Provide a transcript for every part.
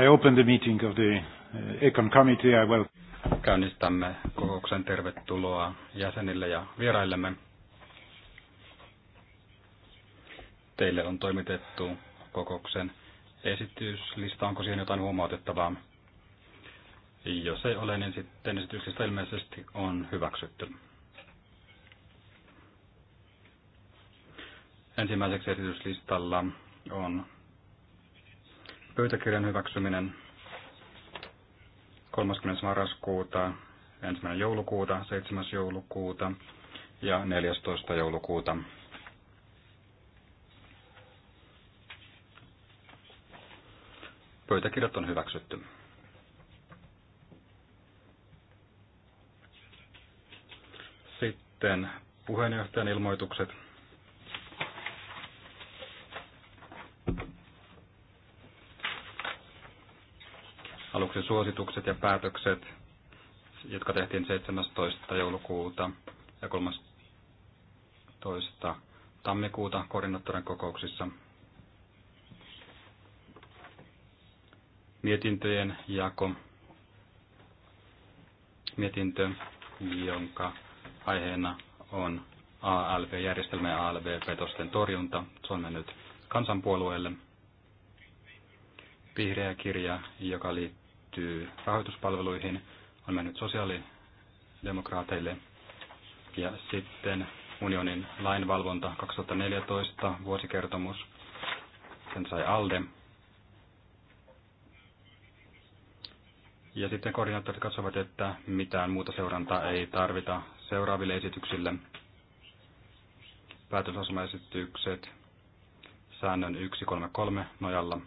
I open the meeting of the uh, Econ Committee. I will... Käynnistämme kokouksen tervetuloa jäsenille ja vieraillemme. Teille on toimitettu kokouksen esityslista. Onko siihen jotain huomautettavaa? Jos ei ole, niin sitten esityslista ilmeisesti on hyväksytty. Ensimmäiseksi esityslistalla on Pöytäkirjan hyväksyminen 30. marraskuuta, 1. joulukuuta, 7. joulukuuta ja 14. joulukuuta. Pöytäkirjat on hyväksytty. Sitten puheenjohtajan ilmoitukset. Aluksi suositukset ja päätökset, jotka tehtiin 17. joulukuuta ja 13. tammikuuta koordinaattorin kokouksissa. Mietintöjen jako. Mietintö, jonka aiheena on ALV-järjestelmä ja ALV-petosten torjunta. Se on mennyt kansanpuolueelle. Vihreä kirja, joka liittyy liittyy rahoituspalveluihin, on mennyt sosiaalidemokraateille. Ja sitten unionin lainvalvonta 2014 vuosikertomus, sen sai ALDE. Ja sitten koordinaattorit katsovat, että mitään muuta seurantaa ei tarvita seuraaville esityksille. Päätösasemaesitykset säännön 133 nojalla –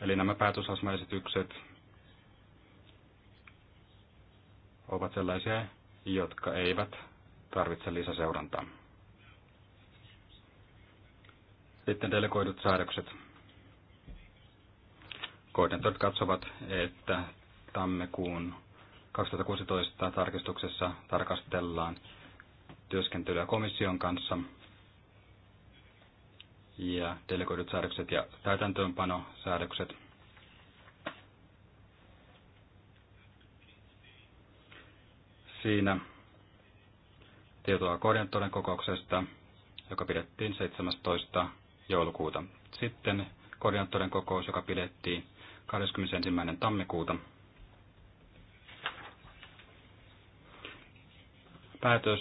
Eli nämä päätösasmaesitykset ovat sellaisia, jotka eivät tarvitse lisäseurantaa. Sitten delegoidut säädökset. Koordinaattorit katsovat, että tammikuun 2016 tarkistuksessa tarkastellaan työskentelyä komission kanssa – ja delegoidut säädökset ja täytäntöönpanosäädökset. Siinä tietoa koordinaattorin kokouksesta, joka pidettiin 17. joulukuuta. Sitten koordinaattorin kokous, joka pidettiin 21. tammikuuta. Päätös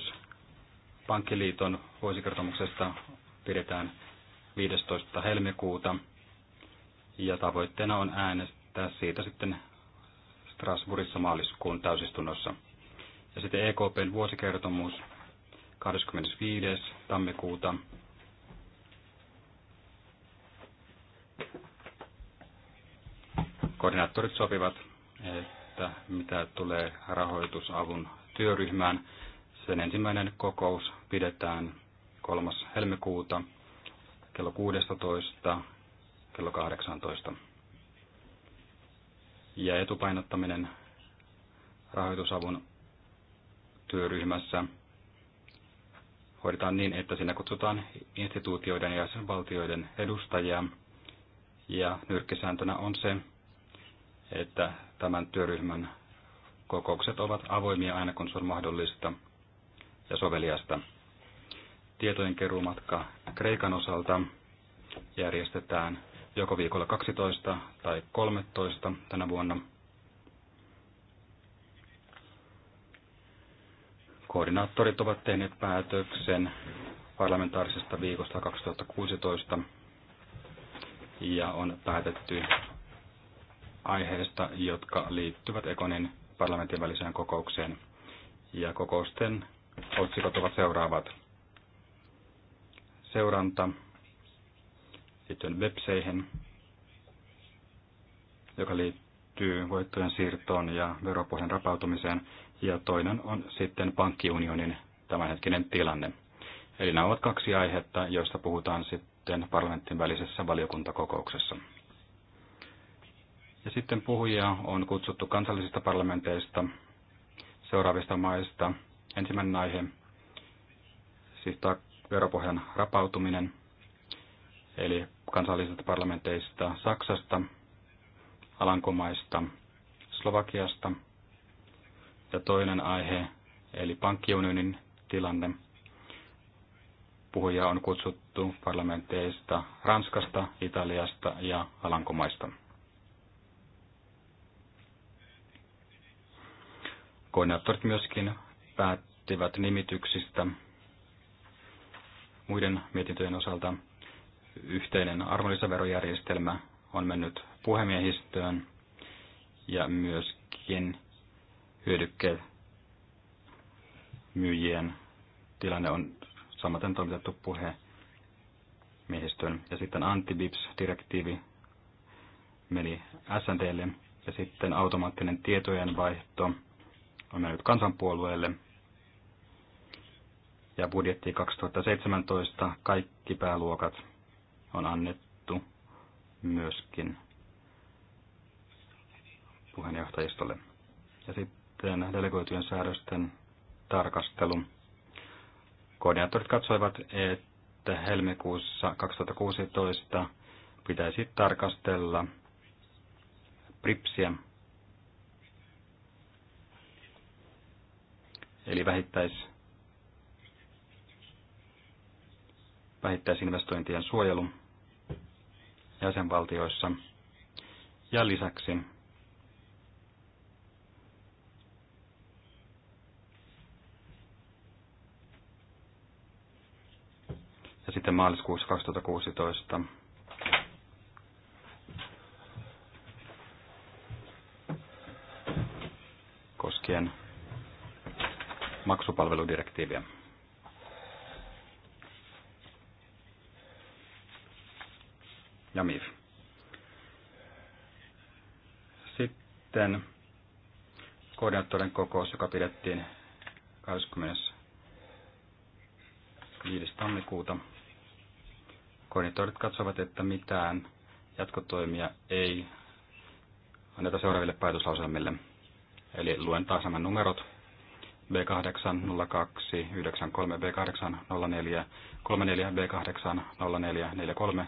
Pankkiliiton vuosikertomuksesta pidetään 15. helmikuuta. Ja tavoitteena on äänestää siitä sitten Strasbourgissa maaliskuun täysistunnossa. Ja sitten EKPn vuosikertomus 25. tammikuuta. Koordinaattorit sopivat, että mitä tulee rahoitusavun työryhmään, sen ensimmäinen kokous pidetään 3. helmikuuta kello 16 kello 18. Ja etupainottaminen rahoitusavun työryhmässä hoidetaan niin, että sinne kutsutaan instituutioiden ja jäsenvaltioiden edustajia. Ja nyrkkisääntönä on se, että tämän työryhmän kokoukset ovat avoimia aina kun se on mahdollista ja soveliasta tietojenkeruumatka Kreikan osalta järjestetään joko viikolla 12 tai 13 tänä vuonna. Koordinaattorit ovat tehneet päätöksen parlamentaarisesta viikosta 2016 ja on päätetty aiheista, jotka liittyvät Ekonin parlamentin väliseen kokoukseen. Ja kokousten otsikot ovat seuraavat seuranta liittyen webseihin, joka liittyy voittojen siirtoon ja veropohjan rapautumiseen, ja toinen on sitten pankkiunionin tämänhetkinen tilanne. Eli nämä ovat kaksi aihetta, joista puhutaan sitten parlamentin välisessä valiokuntakokouksessa. Ja sitten puhujia on kutsuttu kansallisista parlamenteista, seuraavista maista. Ensimmäinen aihe, siis veropohjan rapautuminen, eli kansallisista parlamenteista Saksasta, Alankomaista, Slovakiasta ja toinen aihe, eli pankkiunionin tilanne. Puhuja on kutsuttu parlamenteista Ranskasta, Italiasta ja Alankomaista. Koordinaattorit myöskin päättivät nimityksistä muiden mietintöjen osalta yhteinen arvonlisäverojärjestelmä on mennyt puhemiehistöön ja myöskin hyödykkeen myyjien tilanne on samaten toimitettu puhemiehistöön. Ja sitten anti-BIPS-direktiivi meni SNDlle ja sitten automaattinen tietojenvaihto on mennyt kansanpuolueelle – ja budjetti 2017 kaikki pääluokat on annettu myöskin puheenjohtajistolle. Ja sitten delegoitujen säädösten tarkastelu. Koordinaattorit katsoivat, että helmikuussa 2016 pitäisi tarkastella PRIPSiä, eli vähittäis vähittäisinvestointien suojelu jäsenvaltioissa. Ja lisäksi ja sitten maaliskuussa 2016 koskien maksupalveludirektiiviä. ja MIF. Sitten koordinaattorin kokous, joka pidettiin 25. tammikuuta. Koordinaattorit katsovat, että mitään jatkotoimia ei anneta seuraaville päätöslauselmille. Eli luen taas nämä numerot. b 8 02, 93, b 8 04, 34, b 8 04, 43,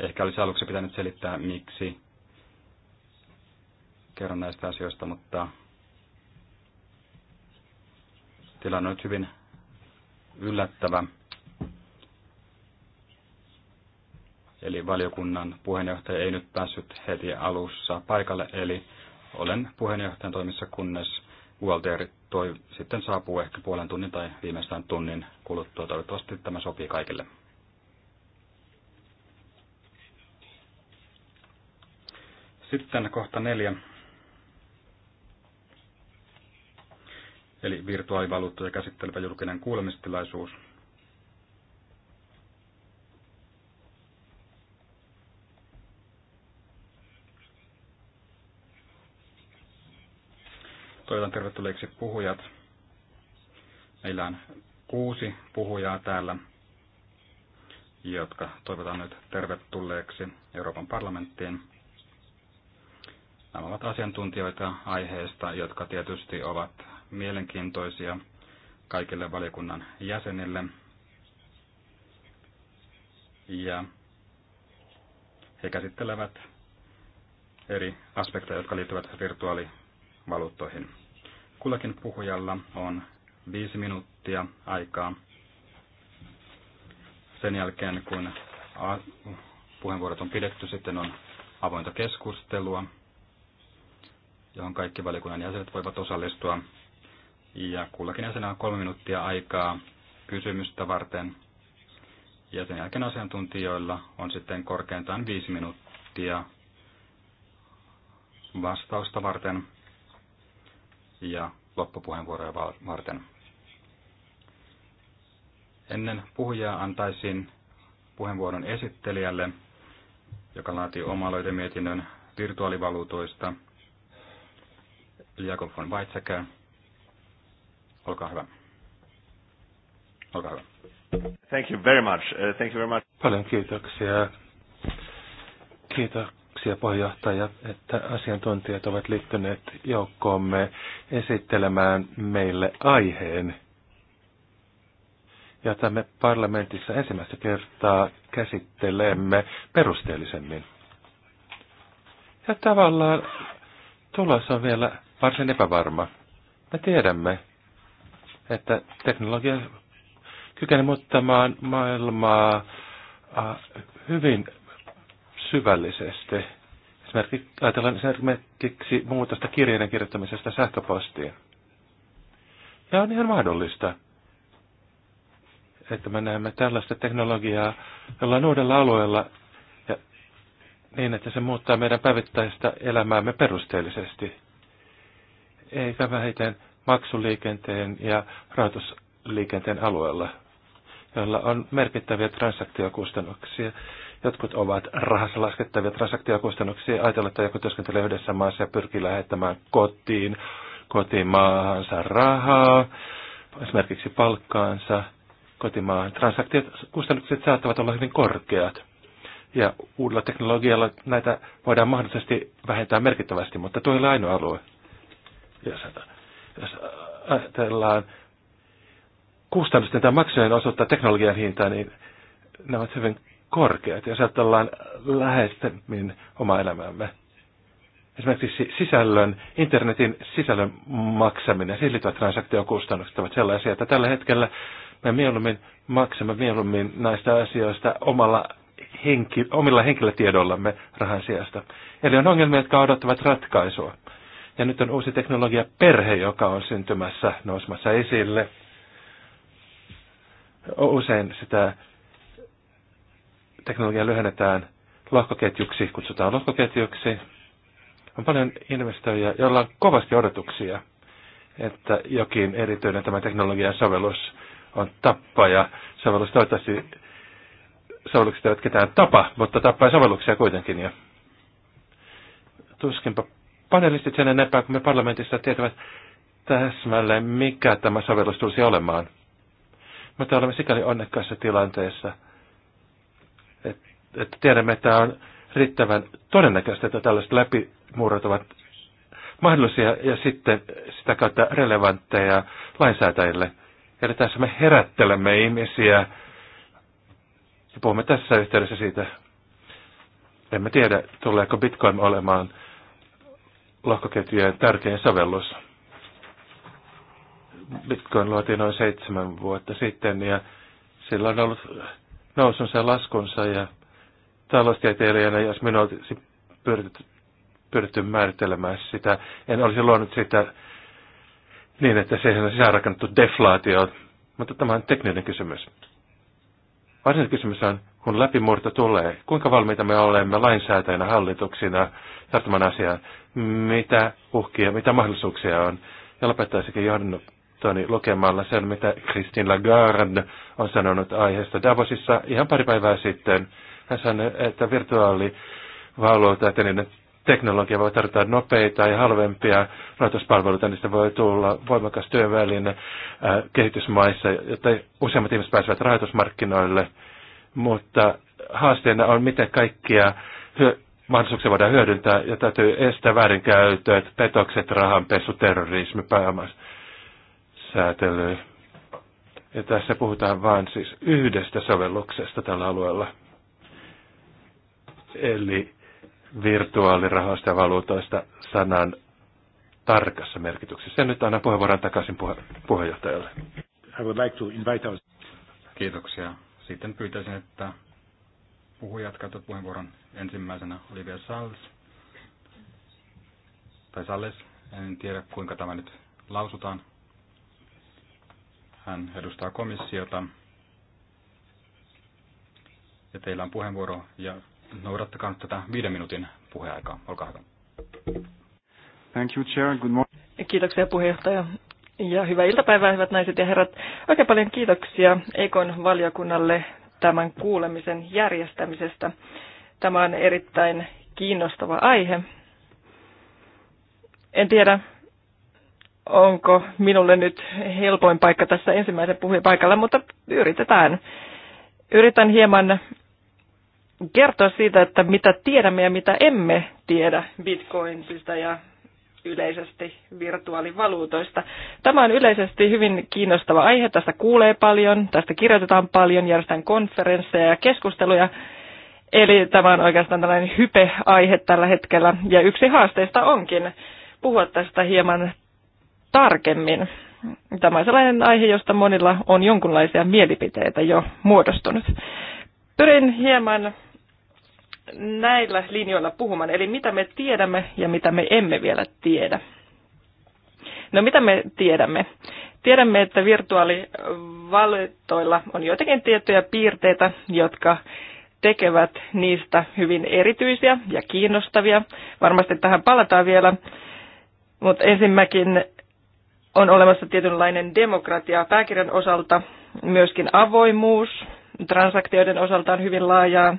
Ehkä olisi aluksi pitänyt selittää, miksi kerron näistä asioista, mutta tilanne on nyt hyvin yllättävä. Eli valiokunnan puheenjohtaja ei nyt päässyt heti alussa paikalle, eli olen puheenjohtajan toimissa, kunnes Walter toi, sitten saapuu ehkä puolen tunnin tai viimeistään tunnin kuluttua. Toivottavasti tämä sopii kaikille. Sitten kohta neljä. Eli virtuaalivaluuttoja käsittelevä julkinen kuulemistilaisuus. Toivotan tervetulleeksi puhujat. Meillä on kuusi puhujaa täällä, jotka toivotan nyt tervetulleeksi Euroopan parlamenttiin. Nämä ovat asiantuntijoita aiheesta, jotka tietysti ovat mielenkiintoisia kaikille valiokunnan jäsenille. Ja he käsittelevät eri aspekteja, jotka liittyvät virtuaalivaluuttoihin. Kullakin puhujalla on viisi minuuttia aikaa sen jälkeen, kun puheenvuorot on pidetty, sitten on avointa keskustelua johon kaikki valiokunnan jäsenet voivat osallistua. Ja kullakin jäsenellä on kolme minuuttia aikaa kysymystä varten. Ja sen jälkeen asiantuntijoilla on sitten korkeintaan viisi minuuttia vastausta varten ja loppupuheenvuoroja varten. Ennen puhujaa antaisin puheenvuoron esittelijälle, joka laati oma mietinnön virtuaalivaluutoista – Jakob von Weizsäcker. Olkaa hyvä. Olkaa hyvä. Thank you very much. Uh, thank you very much. Paljon kiitoksia. Kiitoksia puheenjohtaja, että asiantuntijat ovat liittyneet joukkoomme esittelemään meille aiheen, Ja me parlamentissa ensimmäistä kertaa käsittelemme perusteellisemmin. Ja tavallaan tulos on vielä varsin epävarma. Me tiedämme, että teknologia kykenee muuttamaan maailmaa hyvin syvällisesti. Esimerkiksi, ajatellaan esimerkiksi muutosta kirjeiden kirjoittamisesta sähköpostiin. Ja on ihan mahdollista, että me näemme tällaista teknologiaa jollain uudella alueella ja niin, että se muuttaa meidän päivittäistä elämäämme perusteellisesti eikä vähiten maksuliikenteen ja rahoitusliikenteen alueella, joilla on merkittäviä transaktiokustannuksia. Jotkut ovat rahassa laskettavia transaktiokustannuksia. Ajatellaan, että joku työskentelee yhdessä maassa ja pyrkii lähettämään kotiin, kotimaahansa rahaa, esimerkiksi palkkaansa kotimaan. Transaktiokustannukset saattavat olla hyvin korkeat. Ja uudella teknologialla näitä voidaan mahdollisesti vähentää merkittävästi, mutta tuo ei ole ainoa alue jos, Jos ajatellaan kustannusten tai maksujen osuutta teknologian hintaan, niin ne ovat hyvin korkeat. Jos ajatellaan läheisemmin omaa elämäämme, esimerkiksi sisällön, internetin sisällön maksaminen ja siihen liittyvät transaktiokustannukset ovat sellaisia, että tällä hetkellä me mieluummin maksamme mieluummin näistä asioista omalla henki, omilla henkilötiedollamme rahan sijasta. Eli on ongelmia, jotka odottavat ratkaisua. Ja nyt on uusi teknologia perhe, joka on syntymässä, nousmassa esille. Usein sitä teknologiaa lyhennetään lohkoketjuksi, kutsutaan lohkoketjuksi. On paljon investoijia, joilla on kovasti odotuksia, että jokin erityinen tämä teknologian sovellus on tappaja. Sovellus toivottavasti sovellukset eivät ketään tapa, mutta tappaa sovelluksia kuitenkin. Ja tuskinpa panelistit sen enempää kuin me parlamentissa tietävät täsmälleen, mikä tämä sovellus tulisi olemaan. Mutta olemme sikäli onnekkaassa tilanteessa, että et tiedämme, että tämä on riittävän todennäköistä, että tällaiset läpimurrot ovat mahdollisia ja sitten sitä kautta relevantteja lainsäätäjille. Eli tässä me herättelemme ihmisiä ja puhumme tässä yhteydessä siitä, emme tiedä, tuleeko Bitcoin olemaan lohkoketjujen tärkein sovellus. Bitcoin luotiin noin seitsemän vuotta sitten ja sillä on ollut nousunsa ja laskunsa ja taloustieteilijänä, jos minä olisi pyritty, pyritty määrittelemään sitä, en olisi luonut sitä niin, että siihen on sisäänrakennettu deflaatio, mutta tämä on tekninen kysymys. Varsinainen kysymys on, kun läpimurto tulee, kuinka valmiita me olemme lainsäätäjänä hallituksina tarttumaan asiaan, mitä uhkia, mitä mahdollisuuksia on. Ja lopettaisikin johdantoni lukemalla sen, mitä Christine Lagarde on sanonut aiheesta Davosissa ihan pari päivää sitten. Hän sanoi, että virtuaalivaluutat ja niiden teknologia voi tarjota nopeita ja halvempia rahoituspalveluita, niistä voi tulla voimakas työväline kehitysmaissa, jotta useimmat ihmiset pääsevät rahoitusmarkkinoille. Mutta haasteena on, miten kaikkia mahdollisuuksia voidaan hyödyntää ja täytyy estää väärinkäytöt, petokset, rahanpesu, terrorismi, pääomasäätely. Ja tässä puhutaan vain siis yhdestä sovelluksesta tällä alueella. Eli virtuaalirahoista ja valuutoista sanan tarkassa merkityksessä. Ja nyt annan puheenvuoron takaisin puhe- puheenjohtajalle. I would like to invite our... Kiitoksia. Sitten pyytäisin, että puhujat katsovat puheenvuoron ensimmäisenä Olivia Salles. Tai Salles, en tiedä kuinka tämä nyt lausutaan. Hän edustaa komissiota. Ja teillä on puheenvuoro ja noudattakaa nyt tätä viiden minuutin puheaikaa. Olkaa hyvä. Thank you, Chair. Good morning. Kiitoksia puheenjohtaja. Ja hyvää iltapäivää, hyvät naiset ja herrat. Oikein paljon kiitoksia Ekon valiokunnalle tämän kuulemisen järjestämisestä. Tämä on erittäin kiinnostava aihe. En tiedä, onko minulle nyt helpoin paikka tässä ensimmäisen puheen paikalla, mutta yritetään. Yritän hieman kertoa siitä, että mitä tiedämme ja mitä emme tiedä bitcoinista ja yleisesti virtuaalivaluutoista. Tämä on yleisesti hyvin kiinnostava aihe, tästä kuulee paljon, tästä kirjoitetaan paljon, järjestetään konferensseja ja keskusteluja. Eli tämä on oikeastaan tällainen hype-aihe tällä hetkellä, ja yksi haasteista onkin puhua tästä hieman tarkemmin. Tämä on sellainen aihe, josta monilla on jonkunlaisia mielipiteitä jo muodostunut. Pyrin hieman näillä linjoilla puhumaan, eli mitä me tiedämme ja mitä me emme vielä tiedä. No mitä me tiedämme? Tiedämme, että virtuaalivaluuttoilla on joitakin tiettyjä piirteitä, jotka tekevät niistä hyvin erityisiä ja kiinnostavia. Varmasti tähän palataan vielä, mutta ensimmäkin on olemassa tietynlainen demokratia pääkirjan osalta, myöskin avoimuus, transaktioiden osalta on hyvin laajaa,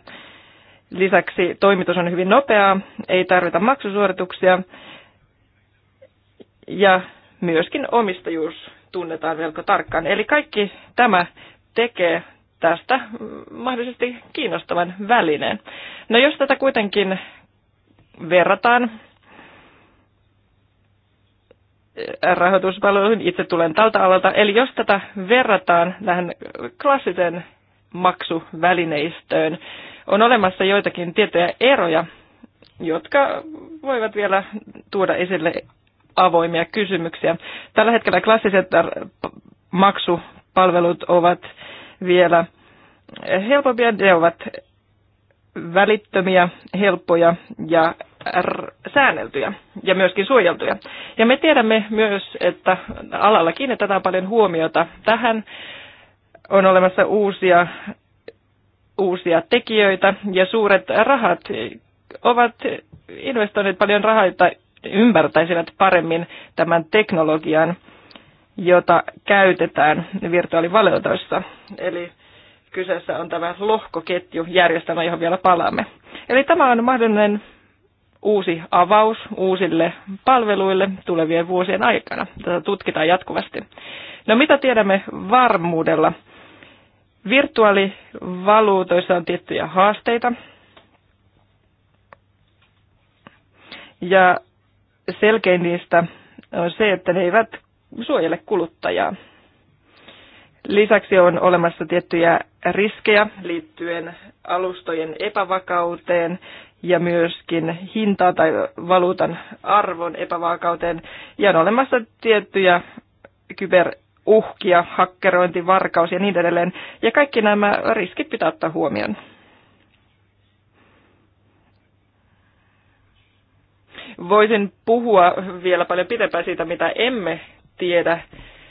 Lisäksi toimitus on hyvin nopeaa, ei tarvita maksusuorituksia ja myöskin omistajuus tunnetaan melko tarkkaan. Eli kaikki tämä tekee tästä mahdollisesti kiinnostavan välineen. No jos tätä kuitenkin verrataan rahoituspalveluihin, itse tulen tältä alalta, eli jos tätä verrataan tähän klassisen maksuvälineistöön, on olemassa joitakin tietoja eroja, jotka voivat vielä tuoda esille avoimia kysymyksiä. Tällä hetkellä klassiset maksupalvelut ovat vielä helpompia, ne ovat välittömiä, helppoja ja säänneltyjä ja myöskin suojeltuja. Ja me tiedämme myös, että alalla kiinnitetään paljon huomiota tähän. On olemassa uusia uusia tekijöitä ja suuret rahat ovat investoineet paljon rahaa, jotta ymmärtäisivät paremmin tämän teknologian, jota käytetään virtuaalivalinnoissa. Eli kyseessä on tämä lohkoketjujärjestelmä, johon vielä palaamme. Eli tämä on mahdollinen uusi avaus uusille palveluille tulevien vuosien aikana. Tätä tutkitaan jatkuvasti. No mitä tiedämme varmuudella Virtuaalivaluutoissa on tiettyjä haasteita. Ja selkein niistä on se, että ne eivät suojele kuluttajaa. Lisäksi on olemassa tiettyjä riskejä liittyen alustojen epävakauteen ja myöskin hintaan tai valuutan arvon epävakauteen. Ja on olemassa tiettyjä kyber uhkia, hakkerointi, varkaus ja niin edelleen. Ja kaikki nämä riskit pitää ottaa huomioon. Voisin puhua vielä paljon pitempään siitä, mitä emme tiedä.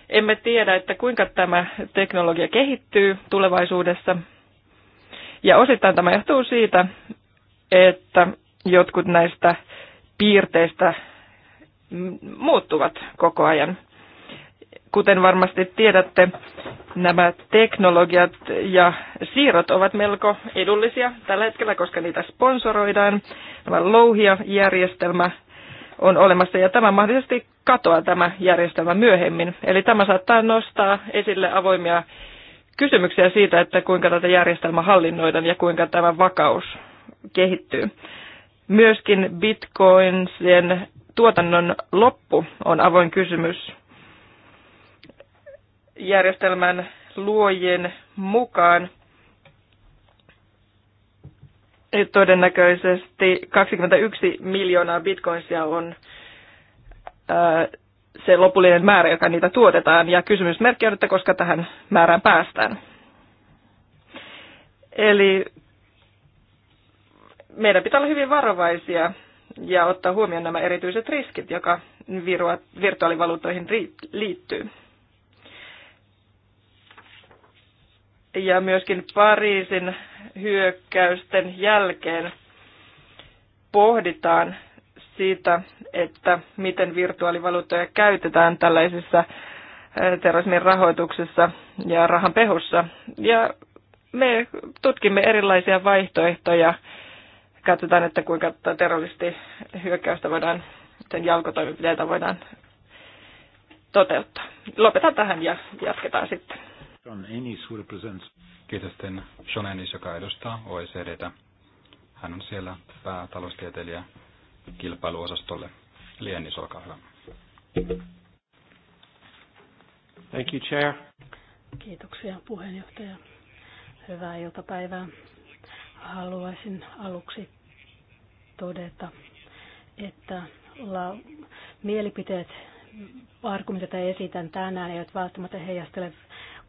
Emme tiedä, että kuinka tämä teknologia kehittyy tulevaisuudessa. Ja osittain tämä johtuu siitä, että jotkut näistä piirteistä muuttuvat koko ajan. Kuten varmasti tiedätte, nämä teknologiat ja siirrot ovat melko edullisia tällä hetkellä, koska niitä sponsoroidaan. Tämä louhia-järjestelmä on olemassa ja tämä mahdollisesti katoaa tämä järjestelmä myöhemmin. Eli tämä saattaa nostaa esille avoimia kysymyksiä siitä, että kuinka tätä järjestelmää hallinnoidaan ja kuinka tämä vakaus kehittyy. Myöskin bitcoinsien tuotannon loppu on avoin kysymys järjestelmän luojien mukaan todennäköisesti 21 miljoonaa bitcoinsia on äh, se lopullinen määrä, joka niitä tuotetaan. Ja kysymysmerkki on, että koska tähän määrään päästään. Eli meidän pitää olla hyvin varovaisia ja ottaa huomioon nämä erityiset riskit, joka virtuaalivaluuttoihin liittyy. ja myöskin Pariisin hyökkäysten jälkeen pohditaan siitä, että miten virtuaalivaluuttoja käytetään tällaisissa eh, terrorismin rahoituksessa ja pehussa. Ja me tutkimme erilaisia vaihtoehtoja. Katsotaan, että kuinka terroristihyökkäystä voidaan, sen jalkotoimenpiteitä voidaan toteuttaa. Lopetan tähän ja jatketaan sitten. John Ennis, who represents... Kiitos sitten John Ennis, joka edustaa OECDtä. Hän on siellä päätaloustieteilijä kilpailuosastolle. Eli Ennis, olkaa hyvä. Thank you, Chair. Kiitoksia puheenjohtaja. Hyvää iltapäivää. Haluaisin aluksi todeta, että la, mielipiteet, argumentit, joita esitän tänään, eivät välttämättä heijastele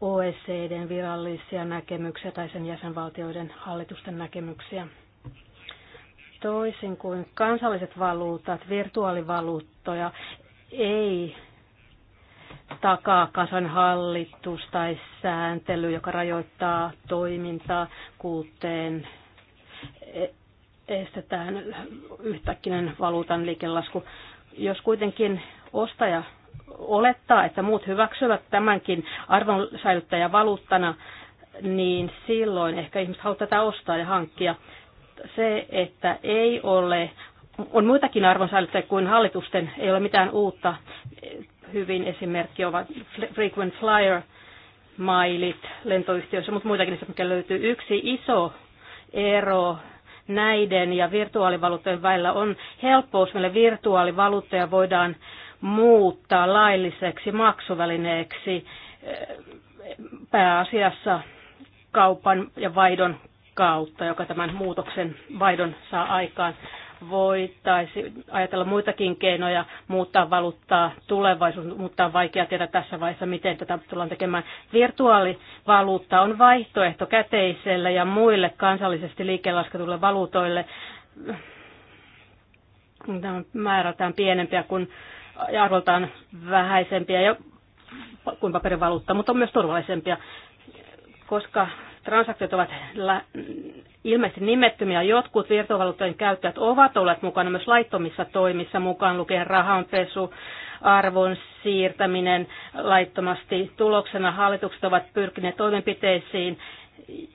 OECDn virallisia näkemyksiä tai sen jäsenvaltioiden hallitusten näkemyksiä. Toisin kuin kansalliset valuutat, virtuaalivaluuttoja ei takaa kansan hallitus tai sääntely, joka rajoittaa toimintaa, kuuteen e- estetään yhtäkkinen valuutan liikelasku. Jos kuitenkin ostaja olettaa, että muut hyväksyvät tämänkin arvonsäilyttäjän valuuttana, niin silloin ehkä ihmiset haluavat tätä ostaa ja hankkia. Se, että ei ole, on muitakin arvonsäilyttäjiä kuin hallitusten, ei ole mitään uutta. Hyvin esimerkki ovat frequent flyer mailit lentoyhtiöissä, mutta muitakin, mikä löytyy. Yksi iso ero näiden ja virtuaalivaluuttojen välillä on helppous. Meillä virtuaalivaluuttoja voidaan muuttaa lailliseksi maksuvälineeksi eh, pääasiassa kaupan ja vaidon kautta, joka tämän muutoksen vaidon saa aikaan. Voitaisiin ajatella muitakin keinoja muuttaa valuuttaa tulevaisuus, mutta on vaikea tietää tässä vaiheessa, miten tätä tullaan tekemään. Virtuaalivaluutta on vaihtoehto käteiselle ja muille kansallisesti liikelasketulle valuutoille. Tämä on määrätään pienempiä kuin ja arvoltaan vähäisempiä ja kuin valuutta, mutta on myös turvallisempia, koska transaktiot ovat ilmeisesti nimettömiä. Jotkut virtuaalivaluuttojen käyttäjät ovat olleet mukana myös laittomissa toimissa, mukaan lukien rahanpesu, arvon siirtäminen laittomasti. Tuloksena hallitukset ovat pyrkineet toimenpiteisiin,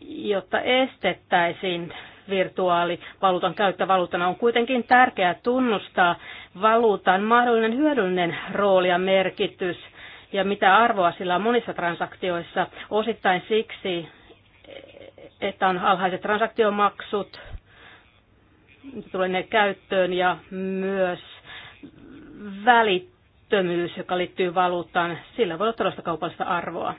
jotta estettäisiin virtuaalivaluutan käyttövaluutana On kuitenkin tärkeää tunnustaa valuutan mahdollinen hyödyllinen rooli ja merkitys ja mitä arvoa sillä on monissa transaktioissa. Osittain siksi, että on alhaiset transaktiomaksut, tulee ne käyttöön ja myös välittömyys, joka liittyy valuuttaan, sillä voi olla todellista kaupallista arvoa.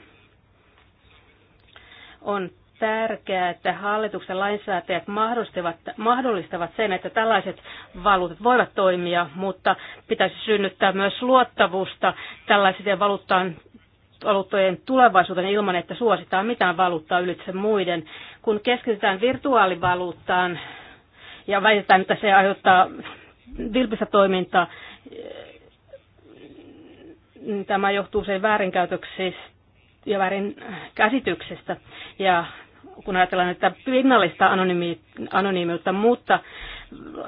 On tärkeää, että hallituksen lainsäätäjät mahdollistavat, mahdollistavat sen, että tällaiset valuutat voivat toimia, mutta pitäisi synnyttää myös luottavusta tällaisiden valuuttaan valuuttojen tulevaisuuteen ilman, että suositaan mitään valuuttaa ylitse muiden. Kun keskitytään virtuaalivaluuttaan ja väitetään, että se aiheuttaa vilpistä toimintaa, niin tämä johtuu sen väärinkäytöksistä ja väärin käsityksestä. Ja kun ajatellaan että pinnallista anonyymiutta, mutta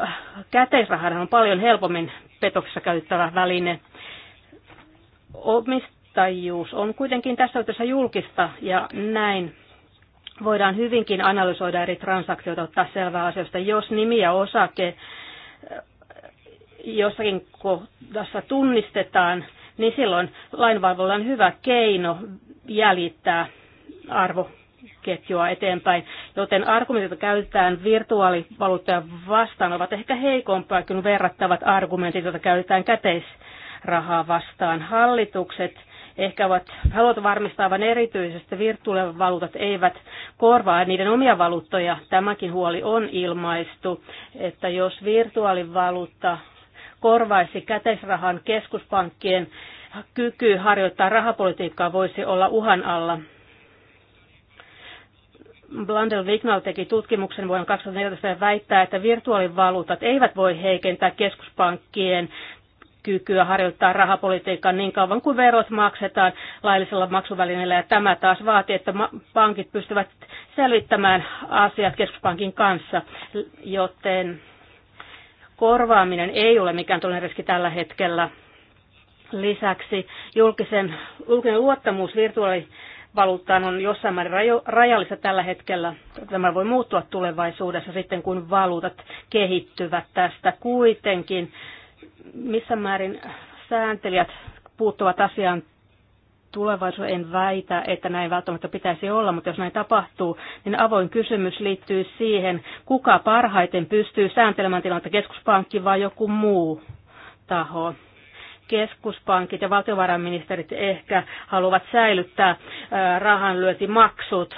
äh, käteisrahahan on paljon helpommin petoksessa käytettävä väline. Omistajuus on kuitenkin tässä yhteydessä julkista ja näin voidaan hyvinkin analysoida eri transaktioita, ottaa selvää asioista, jos nimi ja osake äh, jossakin kohdassa tunnistetaan, niin silloin lainvalvolla on hyvä keino jäljittää arvo ketjua eteenpäin, joten argumentit, joita käytetään virtuaalivaluuttoja vastaan, ovat ehkä heikompaa kuin verrattavat argumentit, joita käytetään käteisrahaa vastaan. Hallitukset ehkä ovat, haluavat varmistaa vain erityisesti virtuaalivaluutat eivät korvaa niiden omia valuuttoja. Tämäkin huoli on ilmaistu, että jos virtuaalivaluutta korvaisi käteisrahan keskuspankkien kyky harjoittaa rahapolitiikkaa voisi olla uhan alla. Blandel Vignal teki tutkimuksen vuonna 2014 ja väittää, että virtuaalivaluutat eivät voi heikentää keskuspankkien kykyä harjoittaa rahapolitiikkaa niin kauan kuin verot maksetaan laillisella maksuvälineellä. Ja tämä taas vaatii, että pankit pystyvät selvittämään asiat keskuspankin kanssa, joten korvaaminen ei ole mikään tuollainen riski tällä hetkellä. Lisäksi julkisen, julkinen luottamus virtuaali valuuttaan on jossain määrin rajallista tällä hetkellä. Tämä voi muuttua tulevaisuudessa sitten, kun valuutat kehittyvät tästä. Kuitenkin missä määrin sääntelijät puuttuvat asiaan tulevaisuudessa en väitä, että näin välttämättä pitäisi olla, mutta jos näin tapahtuu, niin avoin kysymys liittyy siihen, kuka parhaiten pystyy sääntelemään tilannetta, keskuspankki vai joku muu taho keskuspankit ja valtiovarainministerit ehkä haluavat säilyttää rahanlyötimaksut.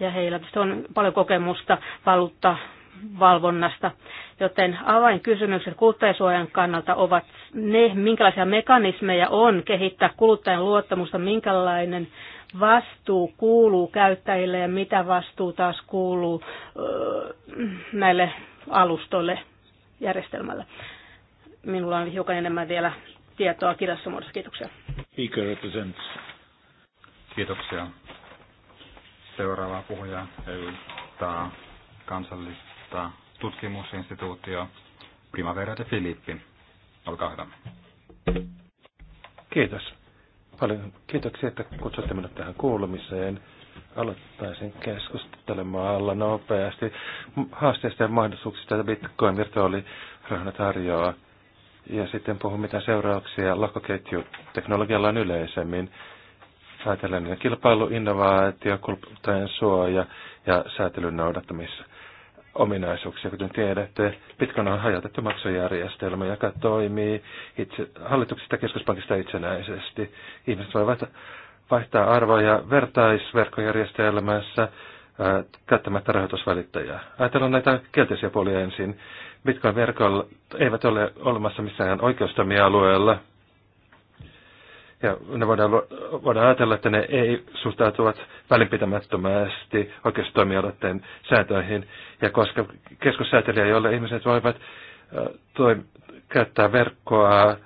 Ja heillä on paljon kokemusta valuutta valvonnasta. Joten avainkysymykset kuluttajasuojan kannalta ovat ne, minkälaisia mekanismeja on kehittää kuluttajan luottamusta, minkälainen vastuu kuuluu käyttäjille ja mitä vastuu taas kuuluu öö, näille alustoille järjestelmällä minulla on hiukan enemmän vielä tietoa kirjassa muodossa. Kiitoksia. Speaker represents. Kiitoksia. Seuraava puhuja edustaa kansallista tutkimusinstituutio Primavera de Filippi. Olkaa hyvä. Kiitos. Paljon kiitoksia, että kutsutte minut tähän kuulumiseen. Aloittaisin alla nopeasti haasteista ja mahdollisuuksista, että Bitcoin virtuaalirahana tarjoaa ja sitten puhun, mitä seurauksia lohkoketjuteknologialla on yleisemmin. Ajatellen kilpailu, innovaatio, kuluttajan suoja ja säätelyn noudattamissa ominaisuuksia. Kuten tiedätte, Bitcoin on hajautettu maksujärjestelmä, joka toimii itse, hallituksista keskuspankista itsenäisesti. Ihmiset voivat vaihtaa arvoja vertaisverkkojärjestelmässä käyttämättä rahoitusvälittäjää. Ajatellaan näitä kielteisiä puolia ensin. Bitcoin-verkolla eivät ole olemassa missään alueella. Ja ne voidaan, voidaan ajatella, että ne ei suhtautuvat välinpitämättömästi oikeustoimialoitteen sääntöihin. Ja koska keskussäätelijä, jolle ihmiset voivat toi, käyttää verkkoa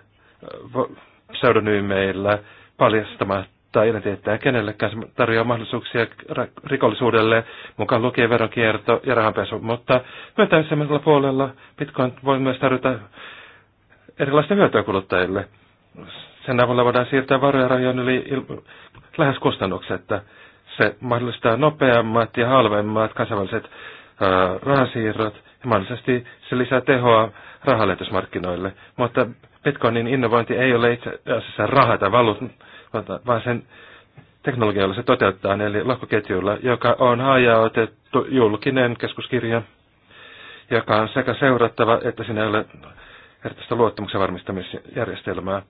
pseudonyymeillä paljastamatta, mutta identiteettää kenellekään tarjoaa mahdollisuuksia rikollisuudelle, mukaan lukien veronkierto ja rahanpesu. Mutta myöntäisemmällä puolella Bitcoin voi myös tarjota erilaista hyötyä kuluttajille. Sen avulla voidaan siirtää varoja rajoin yli il- lähes kustannuksetta. Se mahdollistaa nopeammat ja halvemmat kansainväliset rahansiirrot ja mahdollisesti se lisää tehoa rahaletusmarkkinoille. Mutta Bitcoinin innovointi ei ole itse asiassa raha tai valuutta vaan sen teknologialla se toteutetaan, eli lohkoketjulla, joka on hajautettu julkinen keskuskirja, joka on sekä seurattava että sinä ei ole erityistä luottamuksen varmistamisjärjestelmää.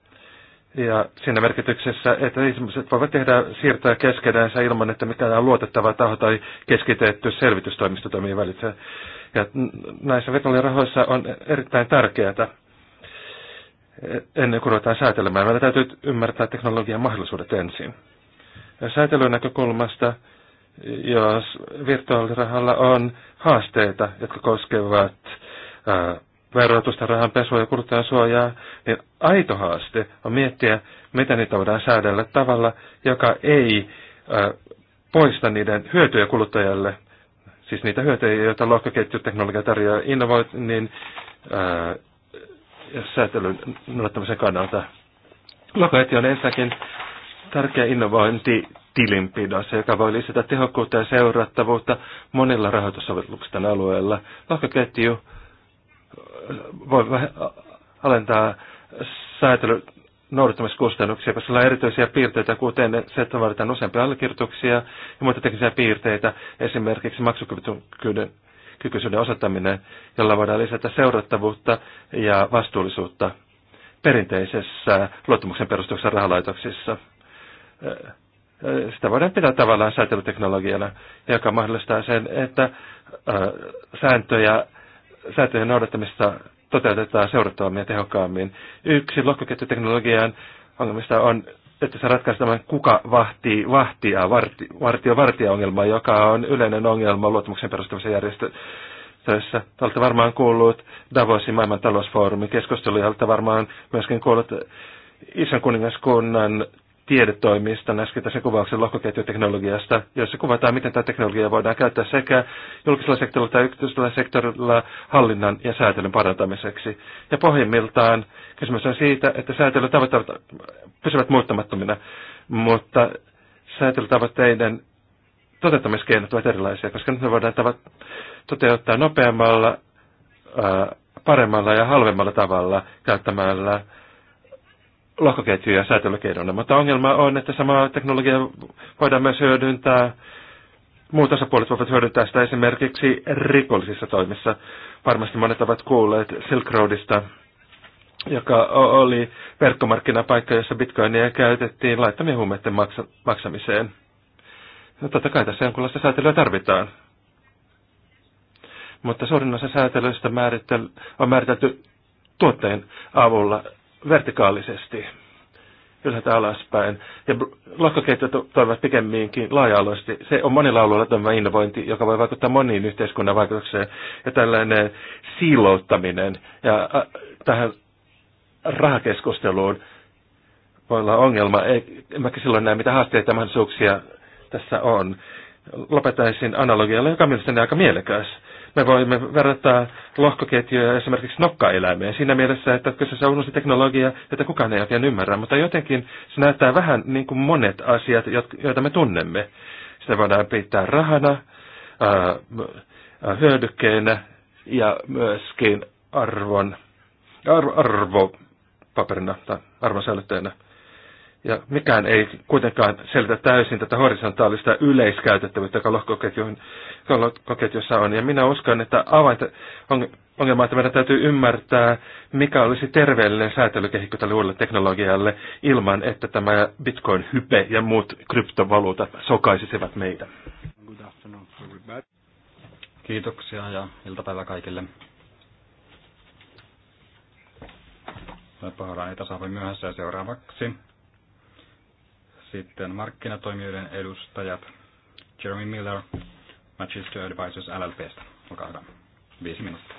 Ja siinä merkityksessä, että ihmiset voivat tehdä siirtoja keskenänsä ilman, että mikään on luotettava taho tai keskitetty selvitystoimisto toimii välissä. Ja näissä vetolirahoissa on erittäin tärkeää, ennen kuin ruvetaan säätelemään. Meidän täytyy ymmärtää teknologian mahdollisuudet ensin. Säätelyn näkökulmasta, jos virtuaalirahalla on haasteita, jotka koskevat ää, verotusta, rahanpesua ja kuluttajan suojaa, niin aito haaste on miettiä, miten niitä voidaan säädellä tavalla, joka ei poista niiden hyötyjä kuluttajalle, siis niitä hyötyjä, joita lohkoketjuteknologia tarjoaa innovoinnin, ja säätelyn noudattamisen kannalta. Lokaetio on ensinnäkin tärkeä innovointi tilinpidossa, joka voi lisätä tehokkuutta ja seurattavuutta monilla rahoitussovellusten alueilla. Lohkoketju äh, voi alentaa säätelyn noudattamiskustannuksia, koska sillä on erityisiä piirteitä, kuten se, että vaaditaan useampia allekirjoituksia ja muita teknisiä piirteitä, esimerkiksi maksukyvyn kykyisyyden osoittaminen, jolla voidaan lisätä seurattavuutta ja vastuullisuutta perinteisessä luottamuksen perustuksessa rahalaitoksissa. Sitä voidaan pitää tavallaan säätelyteknologiana, joka mahdollistaa sen, että sääntöjä, sääntöjen noudattamista toteutetaan seurattavammin ja tehokkaammin. Yksi lohkoketjuteknologian ongelmista on että se ratkaisi tämän kuka vahtii vahtia, varti, vartio vartija ongelma, joka on yleinen ongelma luottamuksen perustuvassa järjestössä. Olette varmaan kuullut Davosin maailman talousfoorumin keskusteluja, olette varmaan myöskin kuullut Isän kuningaskunnan tiedetoimista, äsken tässä kuvauksen lohkoketjuteknologiasta, jossa kuvataan, miten tämä teknologia voidaan käyttää sekä julkisella sektorilla tai yksityisellä sektorilla hallinnan ja säätelyn parantamiseksi. Ja pohjimmiltaan kysymys on siitä, että säätelytavoitteet pysyvät muuttamattomina, mutta säätelytavoitteiden toteuttamiskeinot ovat erilaisia, koska nyt me voidaan toteuttaa nopeammalla, paremmalla ja halvemmalla tavalla käyttämällä lohkoketjuja säätelykeinoina, mutta ongelma on, että samaa teknologiaa voidaan myös hyödyntää, muut osapuolet voivat hyödyntää sitä esimerkiksi rikollisissa toimissa. Varmasti monet ovat kuulleet Silk Roadista, joka oli verkkomarkkinapaikka, jossa bitcoinia käytettiin laittamien huumeiden maksa- maksamiseen. No totta kai tässä jonkunlaista säätelyä tarvitaan. Mutta suurin osa säätelyistä määrittel- on määritelty tuotteen avulla vertikaalisesti ylhäältä alaspäin. Ja lohkoketjut toimivat pikemminkin laaja-alueisesti. Se on monilla alueilla toimiva innovointi, joka voi vaikuttaa moniin yhteiskunnan vaikutukseen. Ja tällainen siilouttaminen ja tähän rahakeskusteluun voi olla ongelma. Mäkin silloin näe, mitä haasteita ja mahdollisuuksia tässä on. Lopetaisin analogialla, joka on mielestäni aika mielekäs me voimme verrata lohkoketjuja esimerkiksi nokkaeläimeen siinä mielessä, että kyseessä on uusi teknologia, jota kukaan ei oikein ymmärrä, mutta jotenkin se näyttää vähän niin kuin monet asiat, joita me tunnemme. Sitä voidaan pitää rahana, hyödykkeenä ja myöskin arvon, arvo, arvopaperina tai arvonsäilyttäjänä. Ja mikään ei kuitenkaan selitä täysin tätä horisontaalista yleiskäytettävyyttä, joka lohkoketjuihin koketjussa on. Ja minä uskon, että avain on, ongelma, että meidän täytyy ymmärtää, mikä olisi terveellinen säätelykehikko tälle uudelle teknologialle ilman, että tämä bitcoin-hype ja muut kryptovaluutat sokaisisivat meitä. Kiitoksia ja iltapäivä kaikille. Pahoillani tasaapäin myöhässä ja seuraavaksi sitten markkinatoimijoiden edustajat Jeremy Miller Manchester Advisors LLPstä. Olkaa hyvä. Viisi minuuttia.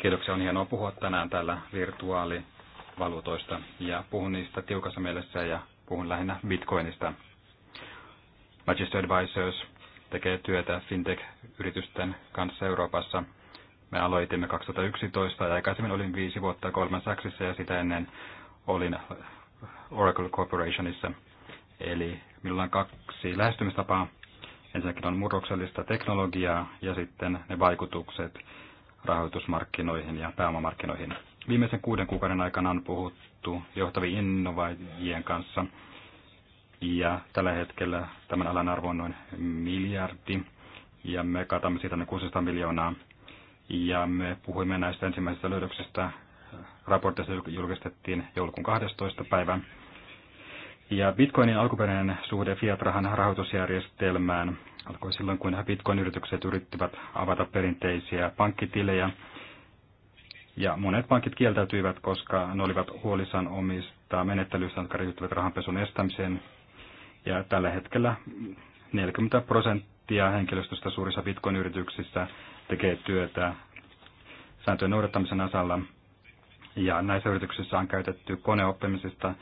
Kiitoksia. On hienoa puhua tänään täällä virtuaalivaluutoista ja puhun niistä tiukassa mielessä ja puhun lähinnä bitcoinista. Manchester Advisors tekee työtä fintech-yritysten kanssa Euroopassa. Me aloitimme 2011 ja aikaisemmin olin viisi vuotta Goldman Sachsissa ja sitä ennen olin Oracle Corporationissa – Eli minulla on kaksi lähestymistapaa. Ensinnäkin on murroksellista teknologiaa ja sitten ne vaikutukset rahoitusmarkkinoihin ja pääomamarkkinoihin. Viimeisen kuuden kuukauden aikana on puhuttu johtavien innovaajien kanssa ja tällä hetkellä tämän alan arvo on noin miljardi ja me katamme siitä noin 600 miljoonaa ja me puhuimme näistä ensimmäisistä löydöksistä raportissa julkistettiin joulukuun 12. päivän ja bitcoinin alkuperäinen suhde Fiat-rahan rahoitusjärjestelmään alkoi silloin, kun bitcoin-yritykset yrittivät avata perinteisiä pankkitilejä. Ja monet pankit kieltäytyivät, koska ne olivat huolissaan omista menettelyistä, jotka riittyvät rahanpesun estämiseen. Ja tällä hetkellä 40 prosenttia henkilöstöstä suurissa bitcoin-yrityksissä tekee työtä sääntöjen noudattamisen asalla. Ja näissä yrityksissä on käytetty koneoppimisesta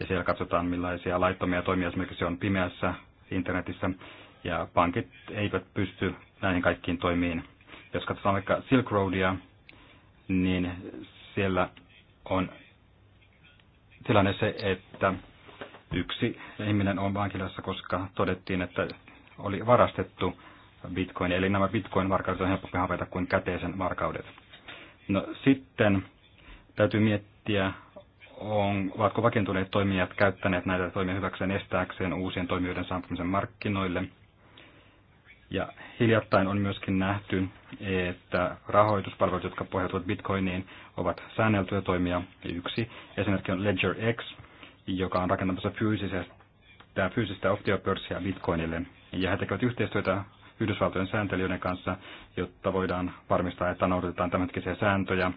ja siellä katsotaan millaisia laittomia toimia esimerkiksi on pimeässä internetissä ja pankit eivät pysty näihin kaikkiin toimiin. Jos katsotaan vaikka Silk Roadia, niin siellä on tilanne se, että yksi ihminen on vankilassa, koska todettiin, että oli varastettu bitcoin. Eli nämä bitcoin-varkaudet on helpompi havaita kuin käteisen varkaudet. No sitten täytyy miettiä, on, ovatko vakiintuneet toimijat käyttäneet näitä toimia hyväkseen estääkseen uusien toimijoiden saapumisen markkinoille. Ja hiljattain on myöskin nähty, että rahoituspalvelut, jotka pohjautuvat bitcoiniin, ovat säänneltyjä toimia. Yksi esimerkki on Ledger X, joka on rakentamassa fyysistä, fyysistä optiopörssiä bitcoinille. Ja he tekevät yhteistyötä Yhdysvaltojen sääntelijöiden kanssa, jotta voidaan varmistaa, että noudatetaan tämänhetkisiä sääntöjä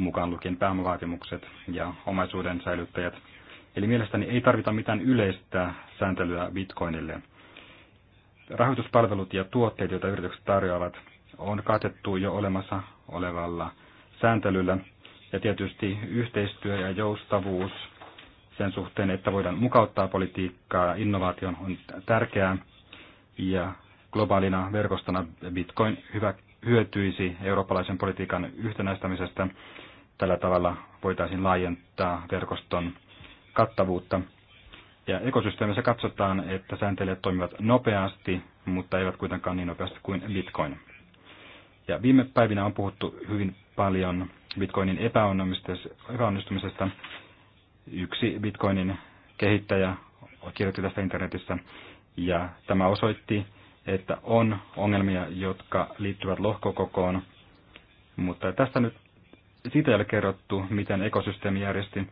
mukaan lukien pääomavaatimukset ja omaisuuden säilyttäjät. Eli mielestäni ei tarvita mitään yleistä sääntelyä bitcoinille. Rahoituspalvelut ja tuotteet, joita yritykset tarjoavat, on katettu jo olemassa olevalla sääntelyllä. Ja tietysti yhteistyö ja joustavuus sen suhteen, että voidaan mukauttaa politiikkaa innovaation on tärkeää. Ja globaalina verkostona Bitcoin hyvä, hyötyisi eurooppalaisen politiikan yhtenäistämisestä Tällä tavalla voitaisiin laajentaa verkoston kattavuutta. Ja ekosysteemissä katsotaan, että sääntelijät toimivat nopeasti, mutta eivät kuitenkaan niin nopeasti kuin Bitcoin. Ja viime päivinä on puhuttu hyvin paljon Bitcoinin epäonnistumisesta. Yksi Bitcoinin kehittäjä kirjoitti tästä internetissä, ja tämä osoitti, että on ongelmia, jotka liittyvät lohkokokoon, mutta tästä nyt siitä ei ole kerrottu, miten ekosysteemi järjesti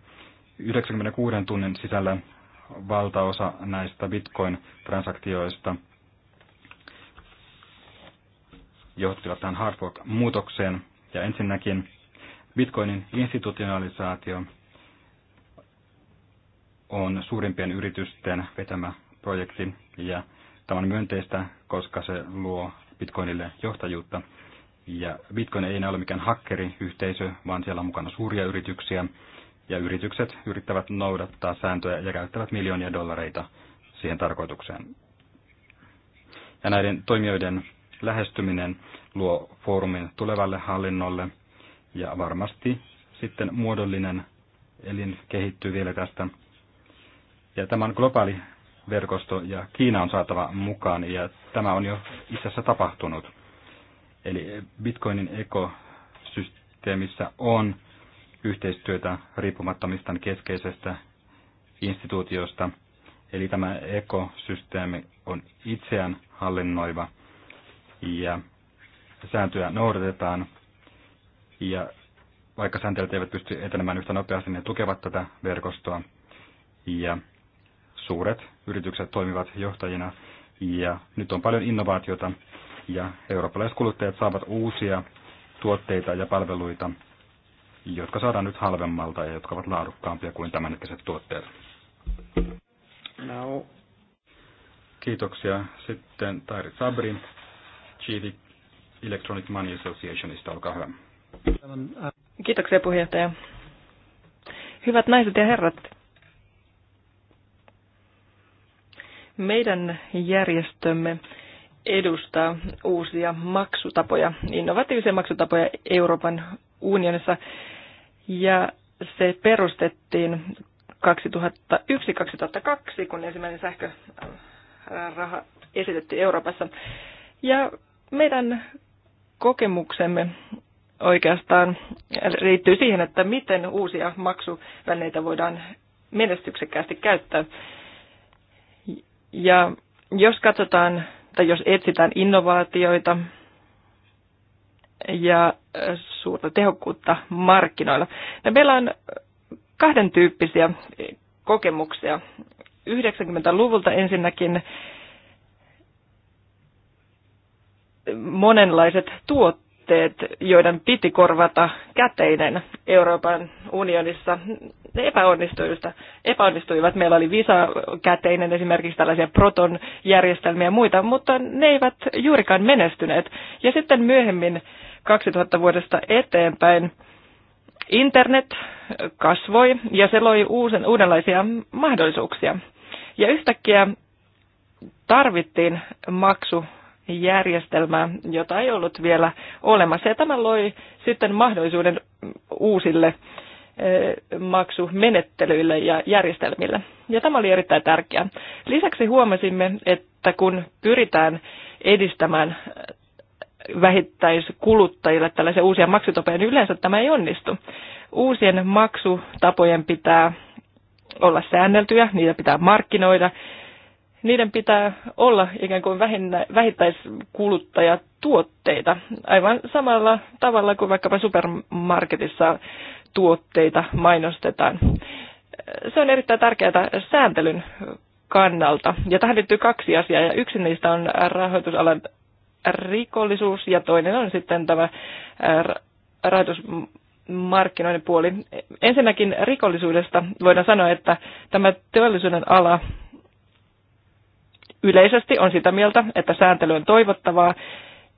96 tunnin sisällä valtaosa näistä bitcoin-transaktioista johtivat tähän hard muutokseen Ja ensinnäkin bitcoinin institutionalisaatio on suurimpien yritysten vetämä projekti ja tämä on myönteistä, koska se luo bitcoinille johtajuutta. Ja Bitcoin ei enää ole mikään hakkeriyhteisö, vaan siellä on mukana suuria yrityksiä. Ja yritykset yrittävät noudattaa sääntöjä ja käyttävät miljoonia dollareita siihen tarkoitukseen. Ja näiden toimijoiden lähestyminen luo foorumin tulevalle hallinnolle ja varmasti sitten muodollinen elin kehittyy vielä tästä. Ja tämä on globaali verkosto ja Kiina on saatava mukaan ja tämä on jo itse asiassa tapahtunut. Eli Bitcoinin ekosysteemissä on yhteistyötä riippumattomista keskeisestä instituutiosta. Eli tämä ekosysteemi on itseään hallinnoiva ja sääntöjä noudatetaan. Ja vaikka sääntelijät eivät pysty etenemään yhtä nopeasti, ne tukevat tätä verkostoa. Ja suuret yritykset toimivat johtajina. Ja nyt on paljon innovaatiota ja eurooppalaiset kuluttajat saavat uusia tuotteita ja palveluita, jotka saadaan nyt halvemmalta ja jotka ovat laadukkaampia kuin tämänhetkiset tuotteet. No. Kiitoksia. Sitten Tairi Sabri, Chief Electronic Money Associationista, olkaa hyvä. Kiitoksia puheenjohtaja. Hyvät naiset ja herrat, meidän järjestömme edustaa uusia maksutapoja, innovatiivisia maksutapoja Euroopan unionissa. Ja se perustettiin 2001-2002, kun ensimmäinen sähköraha esitettiin Euroopassa. Ja meidän kokemuksemme oikeastaan riittyy siihen, että miten uusia maksuvälineitä voidaan menestyksekkäästi käyttää. Ja jos katsotaan että jos etsitään innovaatioita ja suurta tehokkuutta markkinoilla. Ja meillä on kahden tyyppisiä kokemuksia. 90-luvulta ensinnäkin monenlaiset tuot, laitteet, joiden piti korvata käteinen Euroopan unionissa, ne epäonnistuivat. epäonnistuivat. Meillä oli Visa-käteinen esimerkiksi tällaisia Proton-järjestelmiä ja muita, mutta ne eivät juurikaan menestyneet. Ja sitten myöhemmin 2000 vuodesta eteenpäin internet kasvoi ja se loi uusen, uudenlaisia mahdollisuuksia. Ja yhtäkkiä tarvittiin maksu järjestelmää, jota ei ollut vielä olemassa. Ja tämä loi sitten mahdollisuuden uusille eh, maksumenettelyille ja järjestelmille. Ja tämä oli erittäin tärkeää. Lisäksi huomasimme, että kun pyritään edistämään eh, vähittäiskuluttajille tällaisia uusia maksutapoja, niin yleensä tämä ei onnistu. Uusien maksutapojen pitää olla säänneltyjä, niitä pitää markkinoida niiden pitää olla ikään kuin vähinnä, vähittäiskuluttajatuotteita, aivan samalla tavalla kuin vaikkapa supermarketissa tuotteita mainostetaan. Se on erittäin tärkeää sääntelyn kannalta. Ja tähän liittyy kaksi asiaa, ja yksi niistä on rahoitusalan rikollisuus, ja toinen on sitten tämä äh, rahoitus markkinoiden puoli. Ensinnäkin rikollisuudesta voidaan sanoa, että tämä teollisuuden ala yleisesti on sitä mieltä, että sääntely on toivottavaa,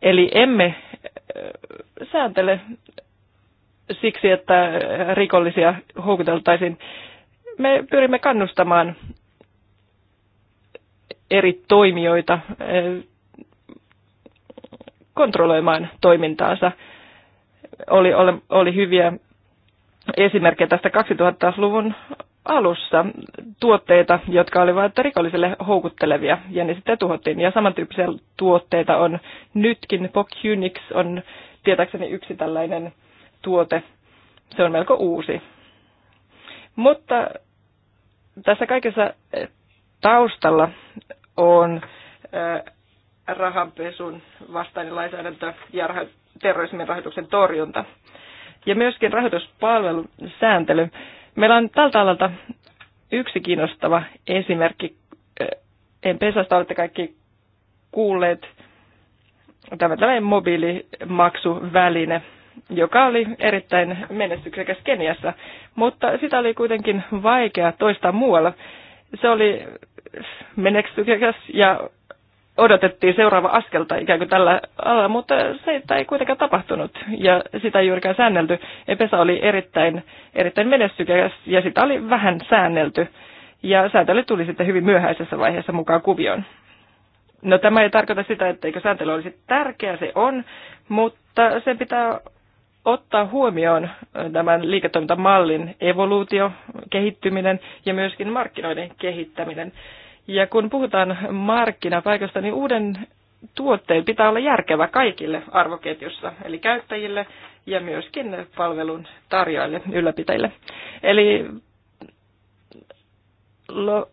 eli emme äh, sääntele siksi, että rikollisia houkuteltaisiin. Me pyrimme kannustamaan eri toimijoita äh, kontrolloimaan toimintaansa. Oli, oli, oli hyviä esimerkkejä tästä 2000-luvun alussa tuotteita, jotka olivat rikollisille houkuttelevia, ja ne sitten tuhottiin. Ja samantyyppisiä tuotteita on nytkin. Pocunix on tietääkseni yksi tällainen tuote. Se on melko uusi. Mutta tässä kaikessa eh, taustalla on eh, rahanpesun vastainen lainsäädäntö ja terrorismin rahoituksen torjunta. Ja myöskin rahoituspalvelun sääntely Meillä on tältä alalta yksi kiinnostava esimerkki. En pesasta olette kaikki kuulleet tämä tällainen mobiilimaksuväline, joka oli erittäin menestyksekäs Keniassa, mutta sitä oli kuitenkin vaikea toistaa muualla. Se oli menestyksekäs ja odotettiin seuraava askelta ikään kuin tällä alalla, mutta se ei kuitenkaan tapahtunut ja sitä ei juurikaan säännelty. Epesa oli erittäin, erittäin menestykäs ja sitä oli vähän säännelty ja sääntely tuli sitten hyvin myöhäisessä vaiheessa mukaan kuvioon. No tämä ei tarkoita sitä, etteikö sääntely olisi tärkeä, se on, mutta se pitää ottaa huomioon tämän liiketoimintamallin evoluutio, kehittyminen ja myöskin markkinoiden kehittäminen. Ja kun puhutaan markkinapaikasta, niin uuden tuotteen pitää olla järkevä kaikille arvoketjussa, eli käyttäjille ja myöskin palvelun tarjoajille, ylläpitäjille. Eli lo,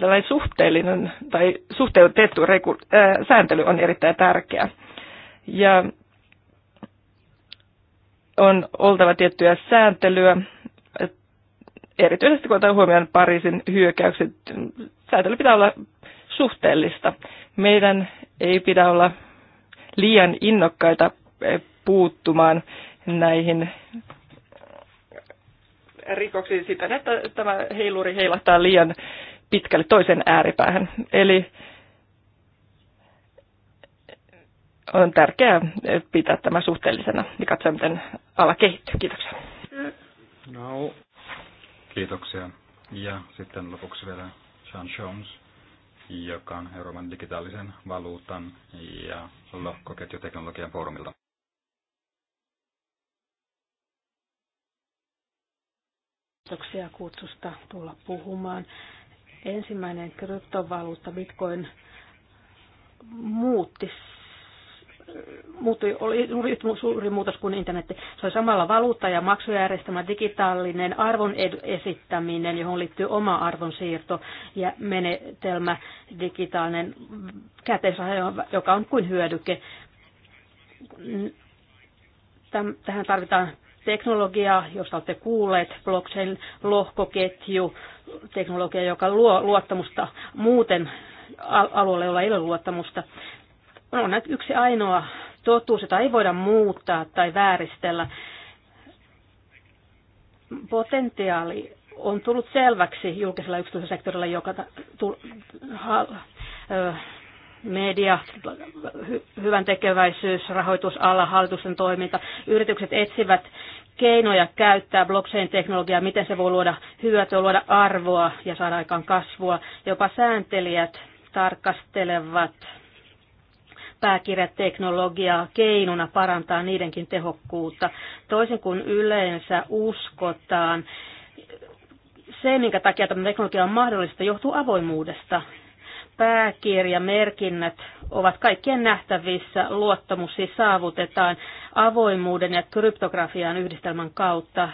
tällainen suhteellinen tai suhteutettu reku, ää, äh, sääntely on erittäin tärkeä. Ja on oltava tiettyä sääntelyä erityisesti kun otan huomioon Pariisin hyökkäykset, säätely pitää olla suhteellista. Meidän ei pidä olla liian innokkaita eh, puuttumaan näihin rikoksiin siten, että tämä heiluri heilahtaa liian pitkälle toisen ääripäähän. Eli on tärkeää eh, pitää tämä suhteellisena ja katsoa, miten ala kehittyy. Kiitoksia. No. Kiitoksia. Ja sitten lopuksi vielä Sean Jones, joka on Euroopan digitaalisen valuutan ja lohkoketjuteknologian foorumilta. Kiitoksia kutsusta tulla puhumaan. Ensimmäinen kryptovaluutta Bitcoin muutti muuttui, oli suuri muutos kuin internet. Se oli samalla valuutta ja maksujärjestelmä, digitaalinen arvon esittäminen, johon liittyy oma arvonsiirto ja menetelmä, digitaalinen käteisraha, joka on kuin hyödyke. Tähän tarvitaan teknologiaa, josta olette kuulleet, blockchain, lohkoketju, teknologia, joka luo luottamusta muuten alueelle, jolla ei ole luottamusta on yksi ainoa totuus, jota ei voida muuttaa tai vääristellä. Potentiaali on tullut selväksi julkisella yksityisellä sektorilla, joka media, hyvän tekeväisyys, rahoitusala, hallitusten toiminta. Yritykset etsivät keinoja käyttää blockchain-teknologiaa, miten se voi luoda hyötyä, luoda arvoa ja saada aikaan kasvua. Jopa sääntelijät tarkastelevat pääkirjateknologiaa keinona parantaa niidenkin tehokkuutta. Toisin kuin yleensä uskotaan, se, minkä takia tämä teknologia on mahdollista, johtuu avoimuudesta. Pääkirjamerkinnät ovat kaikkien nähtävissä, luottamus siis saavutetaan avoimuuden ja kryptografian yhdistelmän kautta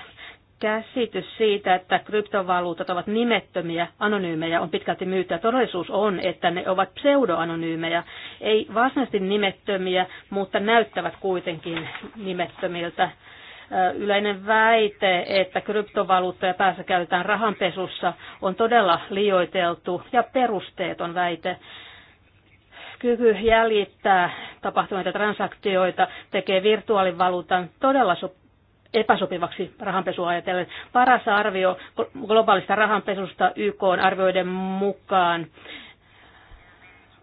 käsitys siitä, että kryptovaluutat ovat nimettömiä, anonyymejä, on pitkälti myyttä. Todellisuus on, että ne ovat pseudoanonyymejä, ei varsinaisesti nimettömiä, mutta näyttävät kuitenkin nimettömiltä. Yleinen väite, että kryptovaluuttoja päässä käytetään rahanpesussa, on todella liioiteltu ja perusteeton väite kyky jäljittää tapahtuneita transaktioita tekee virtuaalivaluutan todella epäsopivaksi rahanpesua ajatellen. Paras arvio globaalista rahanpesusta YK on arvioiden mukaan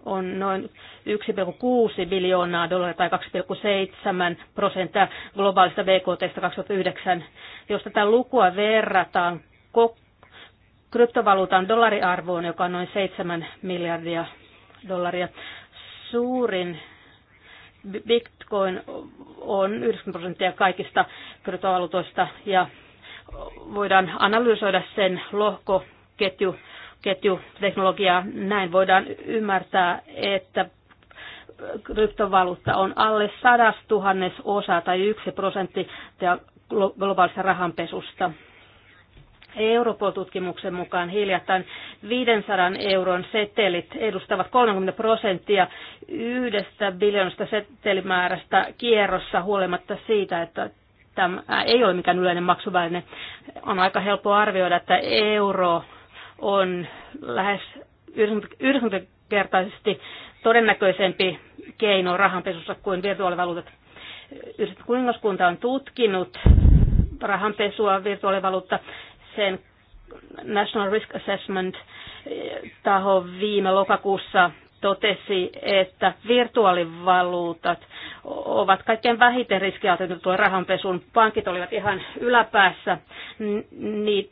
on noin 1,6 biljoonaa dollaria tai 2,7 prosenttia globaalista BKT 2009. Jos tätä lukua verrataan kryptovaluutan dollariarvoon, joka on noin 7 miljardia dollaria, suurin Bitcoin on 90 prosenttia kaikista kryptovaluutoista ja voidaan analysoida sen lohko- ketju ketjuteknologiaa. Näin voidaan ymmärtää, että kryptovaluutta on alle sadastuhannes osa tai yksi prosentti globaalista rahanpesusta. Europol-tutkimuksen mukaan hiljattain 500 euron setelit edustavat 30 prosenttia yhdestä biljoonasta setelimäärästä kierrossa huolimatta siitä, että tämä ei ole mikään yleinen maksuväline. On aika helppo arvioida, että euro on lähes 90-kertaisesti todennäköisempi keino rahanpesussa kuin virtuaalivaluutat. Kuningaskunta on tutkinut rahanpesua, virtuaalivaluutta sen National Risk Assessment-taho eh, viime lokakuussa totesi, että virtuaalivaluutat ovat kaikkein vähiten tuon rahanpesun Pankit olivat ihan yläpäässä, niin,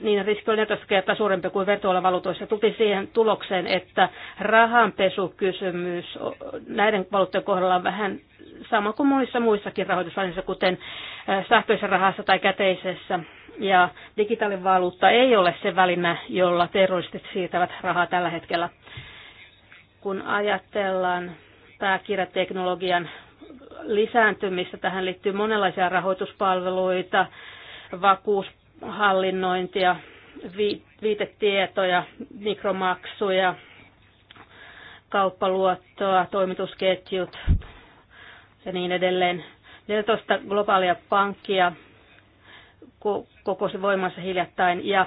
niin riski oli 14 kertaa suurempi kuin virtuaalivaluutoissa. Tuli siihen tulokseen, että rahanpesukysymys näiden valuuttojen kohdalla on vähän sama kuin monissa muissakin rahoitusvälineissä, kuten eh, sähköisessä rahassa tai käteisessä ja valuutta ei ole se väline, jolla terroristit siirtävät rahaa tällä hetkellä. Kun ajatellaan pääkirjateknologian lisääntymistä, tähän liittyy monenlaisia rahoituspalveluita, vakuushallinnointia, viitetietoja, mikromaksuja, kauppaluottoa, toimitusketjut ja niin edelleen. 14 globaalia pankkia kokosi voimassa hiljattain ja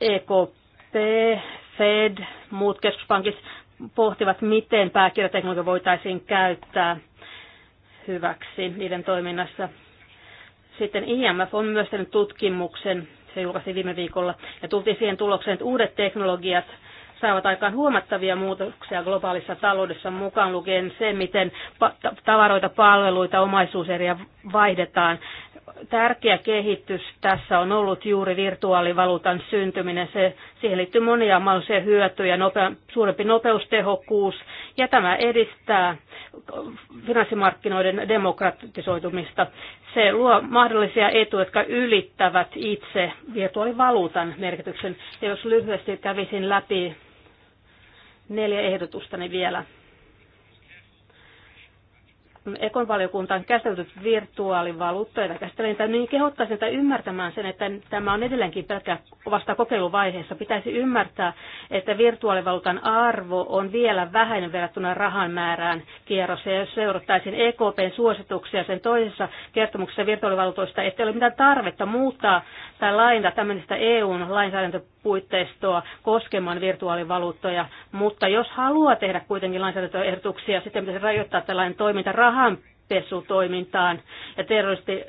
EKP, eh, e Fed, muut keskuspankit pohtivat, miten pääkirjateknologia voitaisiin käyttää hyväksi niiden toiminnassa. Sitten IMF on myös tehnyt tutkimuksen, se julkaisi viime viikolla, ja tultiin siihen tulokseen, että uudet teknologiat saavat aikaan huomattavia muutoksia globaalissa taloudessa mukaan lukien se, miten tavaroita, palveluita, omaisuuseriä vaihdetaan tärkeä kehitys tässä on ollut juuri virtuaalivaluutan syntyminen. Se, siihen liittyy monia mahdollisia hyötyjä, nope, suurempi nopeustehokkuus ja tämä edistää finanssimarkkinoiden demokratisoitumista. Se luo mahdollisia etuja, jotka ylittävät itse virtuaalivaluutan merkityksen. Ja jos lyhyesti kävisin läpi neljä ehdotustani niin vielä. Ekon on käsitelty virtuaalivaluuttoja ja käsitellään niitä, niin kehottaisin sitä ymmärtämään sen, että tämä on edelleenkin pelkkä vasta kokeiluvaiheessa. Pitäisi ymmärtää, että virtuaalivaluutan arvo on vielä vähäinen verrattuna rahan määrään kierrossa. Ja jos seurattaisiin EKPn suosituksia sen toisessa kertomuksessa virtuaalivaluutoista, ettei ole mitään tarvetta muuttaa tai lainata tämmöistä EUn lainsäädäntöpuitteistoa koskemaan virtuaalivaluuttoja. Mutta jos haluaa tehdä kuitenkin lainsäädäntöehdotuksia, sitten pitäisi rajoittaa tällainen toiminta rahan rahanpesutoimintaan ja terroristi,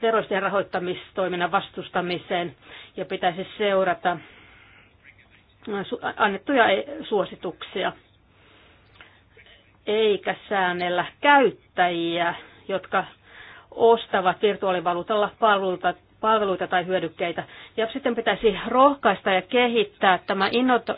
terroristien rahoittamistoiminnan vastustamiseen ja pitäisi seurata annettuja e-, suosituksia eikä säännellä käyttäjiä, jotka ostavat virtuaalivaluutalla palveluita palveluita tai hyödykkeitä. Ja sitten pitäisi rohkaista ja kehittää tämä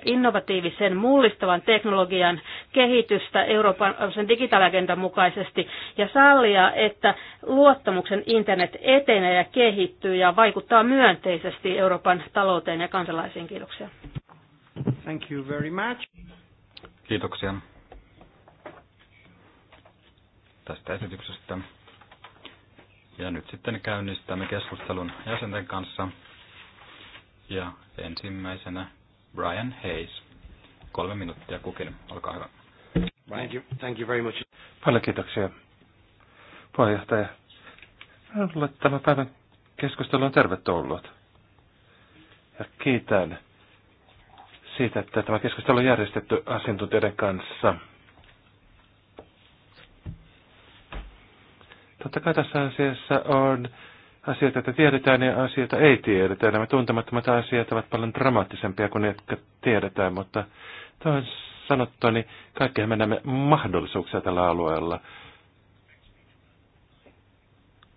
innovatiivisen mullistavan teknologian kehitystä Euroopan sen digitaaliagendan mukaisesti ja sallia, että luottamuksen internet etenee ja kehittyy ja vaikuttaa myönteisesti Euroopan talouteen ja kansalaisiin. Kiitoksia. Thank you very much. Kiitoksia tästä esityksestä. Ja nyt sitten käynnistämme keskustelun jäsenten kanssa. Ja ensimmäisenä Brian Hayes. Kolme minuuttia kukin, olkaa hyvä. Thank you, thank you very much. Paljon kiitoksia, puheenjohtaja. Minulle tämän päivän keskustelu on tervetullut. Ja kiitän siitä, että tämä keskustelu on järjestetty asiantuntijoiden kanssa – Totta kai tässä asiassa on asioita, että tiedetään ja asioita ei tiedetä. Nämä tuntemattomat asiat ovat paljon dramaattisempia kuin ne, jotka tiedetään, mutta toin sanottu, niin kaikkihan me näemme mahdollisuuksia tällä alueella,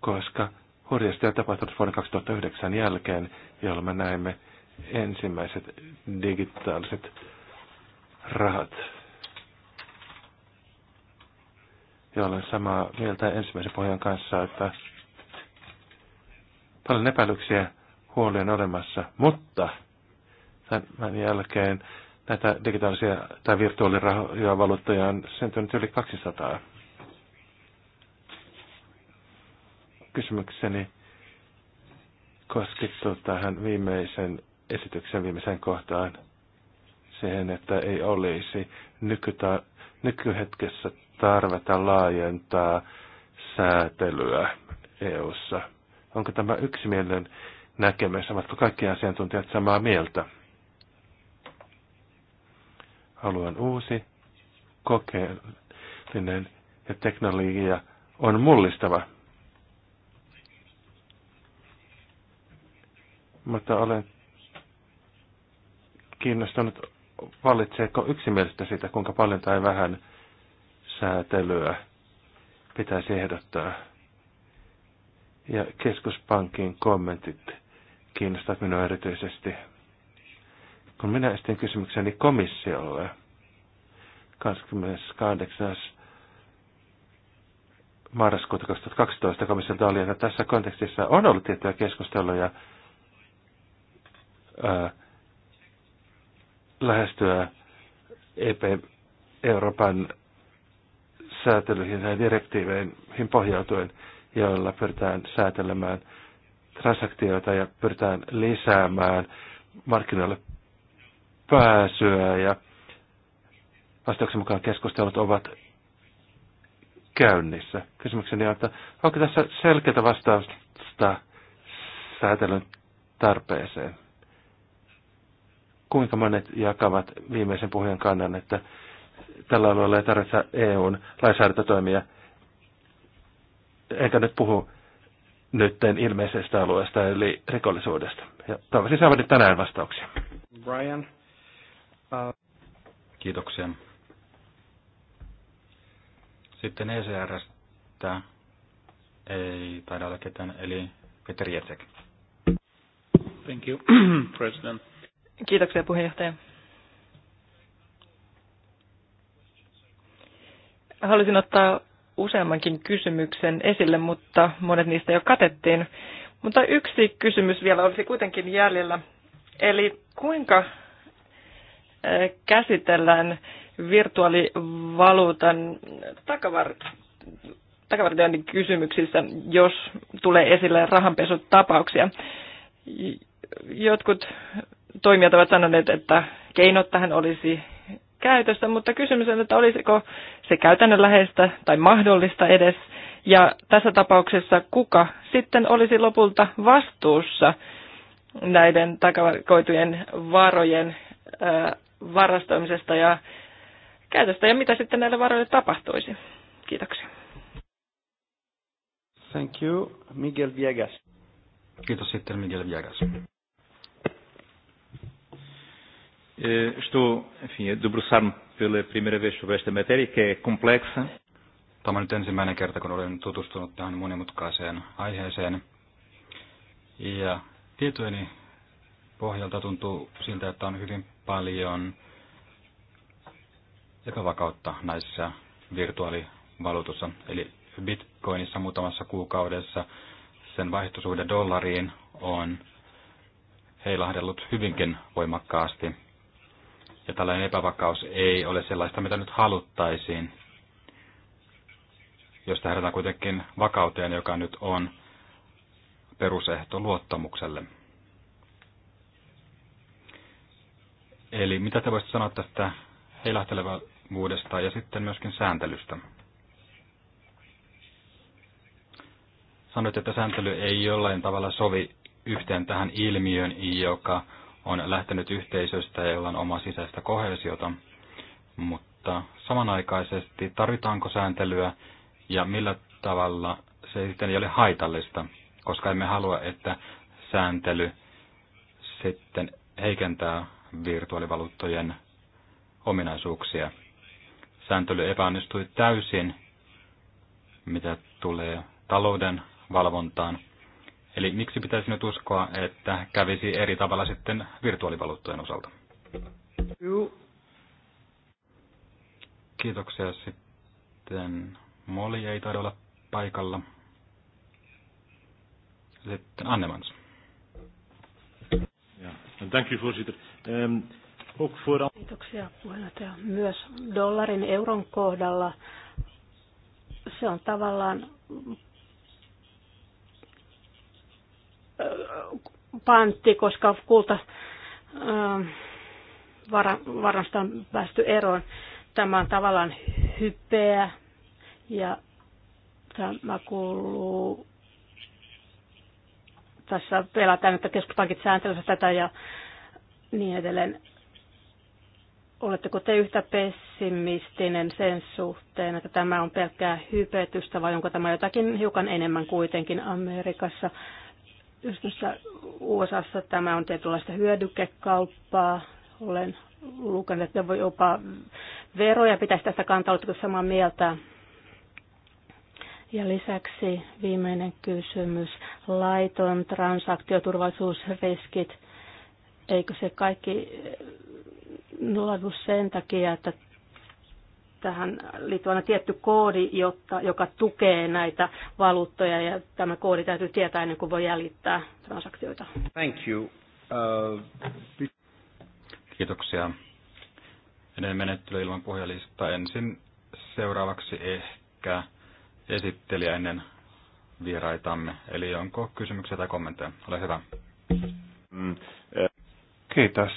koska hurjasti on tapahtunut vuoden 2009 jälkeen, jolloin me näemme ensimmäiset digitaaliset rahat. ja olen samaa mieltä ensimmäisen pohjan kanssa, että paljon epäilyksiä huoli on olemassa, mutta tämän jälkeen näitä digitaalisia tai virtuaalirahoja valuuttoja on syntynyt yli 200. Kysymykseni koskittu tähän viimeisen esityksen viimeiseen kohtaan siihen, että ei olisi nykyta, nykyhetkessä tarvetta laajentaa säätelyä EU:ssa. Onko tämä yksimielinen näkemys? Ovatko kaikki asiantuntijat samaa mieltä? Haluan uusi kokeellinen ja teknologia on mullistava. Mutta olen kiinnostunut, valitseeko yksimielistä siitä, kuinka paljon tai vähän säätelyä pitäisi ehdottaa. Ja keskuspankin kommentit kiinnostavat minua erityisesti. Kun minä esitin kysymykseni komissiolle 28. marraskuuta 2012 komissiolta oli, että tässä kontekstissa on ollut tiettyjä keskusteluja ää, lähestyä EP, Euroopan säätelyihin ja direktiiveihin pohjautuen, joilla pyritään säätelemään transaktioita ja pyritään lisäämään markkinoille pääsyä ja vastauksen mukaan keskustelut ovat käynnissä. Kysymykseni on, että onko tässä selkeää vastausta säätelyn tarpeeseen? Kuinka monet jakavat viimeisen puhujan kannan, että tällä alueella ei tarvitse EUn lainsäädäntötoimia. Enkä nyt puhu nytten ilmeisestä alueesta, eli rikollisuudesta. Ja toivottavasti saavani tänään vastauksia. Brian. Uh... Kiitoksia. Sitten ECRstä ei taida olla ketään, eli Peter Jetsek. Thank you, President. Kiitoksia puheenjohtaja. Haluaisin ottaa useammankin kysymyksen esille, mutta monet niistä jo katettiin. Mutta yksi kysymys vielä olisi kuitenkin jäljellä. Eli kuinka käsitellään virtuaalivaluutan takavar- takavartioinnin kysymyksissä, jos tulee esille rahanpesutapauksia. Jotkut toimijat ovat sanoneet, että keinot tähän olisi käytössä, mutta kysymys on, että olisiko se käytännönläheistä tai mahdollista edes. Ja tässä tapauksessa kuka sitten olisi lopulta vastuussa näiden takavarikoitujen varojen varastoimisesta ja käytöstä ja mitä sitten näille varoille tapahtuisi. Kiitoksia. Thank you, Miguel Viegas. Kiitos sitten Miguel Viegas. Eh, estou, enfim, a debruçar-me pela primeira vez sobre esta matéria, que é complexa. Tämä on nyt ensimmäinen kerta, kun olen tutustunut tähän monimutkaiseen aiheeseen. Ja tietojeni pohjalta tuntuu siltä, että on hyvin paljon epävakautta näissä virtuaalivaluutossa. Eli bitcoinissa muutamassa kuukaudessa sen vaihtosuhde dollariin on heilahdellut hyvinkin voimakkaasti. Ja tällainen epävakaus ei ole sellaista, mitä nyt haluttaisiin. Jos tähdätään kuitenkin vakauteen, joka nyt on perusehto luottamukselle. Eli mitä te voisitte sanoa tästä heilahtelevuudesta ja sitten myöskin sääntelystä? Sanoit, että sääntely ei jollain tavalla sovi yhteen tähän ilmiöön, joka on lähtenyt yhteisöstä, jolla on oma sisäistä kohesiota, mutta samanaikaisesti tarvitaanko sääntelyä ja millä tavalla se sitten ei ole haitallista, koska emme halua, että sääntely sitten heikentää virtuaalivaluuttojen ominaisuuksia. Sääntely epäonnistui täysin, mitä tulee talouden valvontaan, Eli miksi pitäisi nyt uskoa, että kävisi eri tavalla sitten virtuaalivaluuttojen osalta? Kiitoksia sitten. Moli ei taida olla paikalla. Sitten Annemans. Ja, no, thank you, voorzitter. Um, Kiitoksia puheenjohtaja. Myös dollarin euron kohdalla se on tavallaan pantti, koska kulta varasta on päästy eroon. Tämä on tavallaan hypeä ja tämä kuuluu tässä pelätään, että keskuspankit sääntelevät tätä ja niin edelleen. Oletteko te yhtä pessimistinen sen suhteen, että tämä on pelkkää hypetystä vai onko tämä jotakin hiukan enemmän kuitenkin Amerikassa? Yhdessä USAssa tämä on tietynlaista hyödykekauppaa. Olen lukenut, että voi jopa veroja pitäisi tästä kantaa, oletko samaa mieltä? Ja lisäksi viimeinen kysymys, laiton transaktioturvallisuusriskit. Eikö se kaikki nuladu sen takia, että tähän liittyy aina tietty koodi, jotta, joka tukee näitä valuuttoja, ja tämä koodi täytyy tietää ennen kuin voi jäljittää transaktioita. Thank you. Uh, Kiitoksia. Ennen menettely ilman puhelista ensin seuraavaksi ehkä esittelijä ennen vieraitamme. Eli onko kysymyksiä tai kommentteja? Ole hyvä. Mm, eh. Kiitos.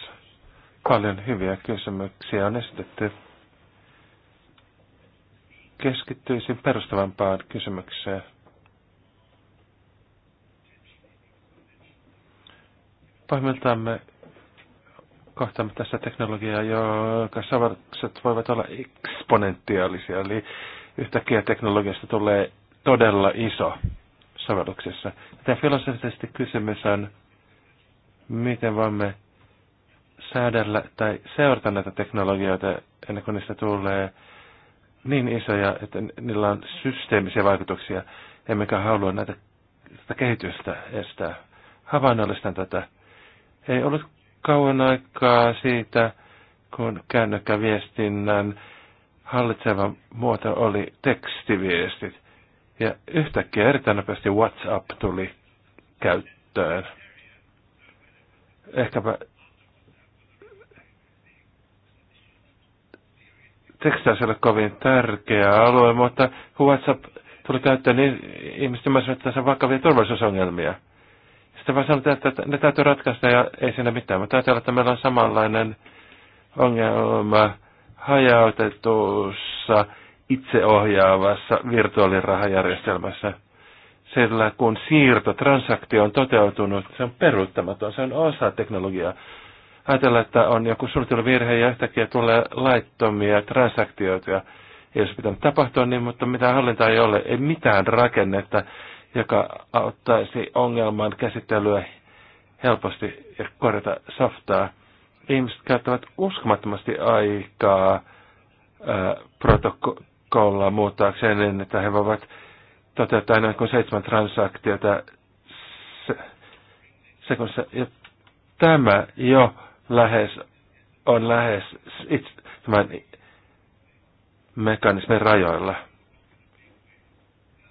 Paljon hyviä kysymyksiä on esitetty keskittyisin perustavampaan kysymykseen. Pahimmiltamme kohtaamme tässä teknologiaa, joka saavutukset voivat olla eksponentiaalisia, eli yhtäkkiä teknologiasta tulee todella iso sovelluksessa. Tämä filosofisesti kysymys on, miten voimme säädellä tai seurata näitä teknologioita ennen kuin niistä tulee niin isoja, että niillä on systeemisiä vaikutuksia, emmekä halua näitä sitä kehitystä estää. Havainnollistan tätä. Ei ollut kauan aikaa siitä, kun kännykkäviestinnän hallitseva muoto oli tekstiviestit. Ja yhtäkkiä erittäin nopeasti WhatsApp tuli käyttöön. Ehkäpä Tekstaus ei kovin tärkeä alue, mutta kun WhatsApp tuli käyttöön, niin ihmiset ymmärsivät, että tässä on vakavia turvallisuusongelmia. Sitten vaan sanotaan, että ne täytyy ratkaista ja ei siinä mitään. Mutta ajatellaan, että meillä on samanlainen ongelma hajautetussa itseohjaavassa virtuaalirahajärjestelmässä. Sillä kun siirto, transaktio on toteutunut, se on peruuttamaton, se on osa teknologiaa ajatella, että on joku virhe ja yhtäkkiä tulee laittomia transaktioita. Ja ei olisi pitänyt tapahtua niin, mutta mitään hallinta ei ole. Ei mitään rakennetta, joka auttaisi ongelman käsittelyä helposti ja korjata softaa. Ihmiset käyttävät uskomattomasti aikaa protokolla muuttaakseen niin, että he voivat toteuttaa enemmän kuin seitsemän transaktiota se, sekunnissa. Ja tämä jo lähes, on lähes itse, tämän mekanismin rajoilla.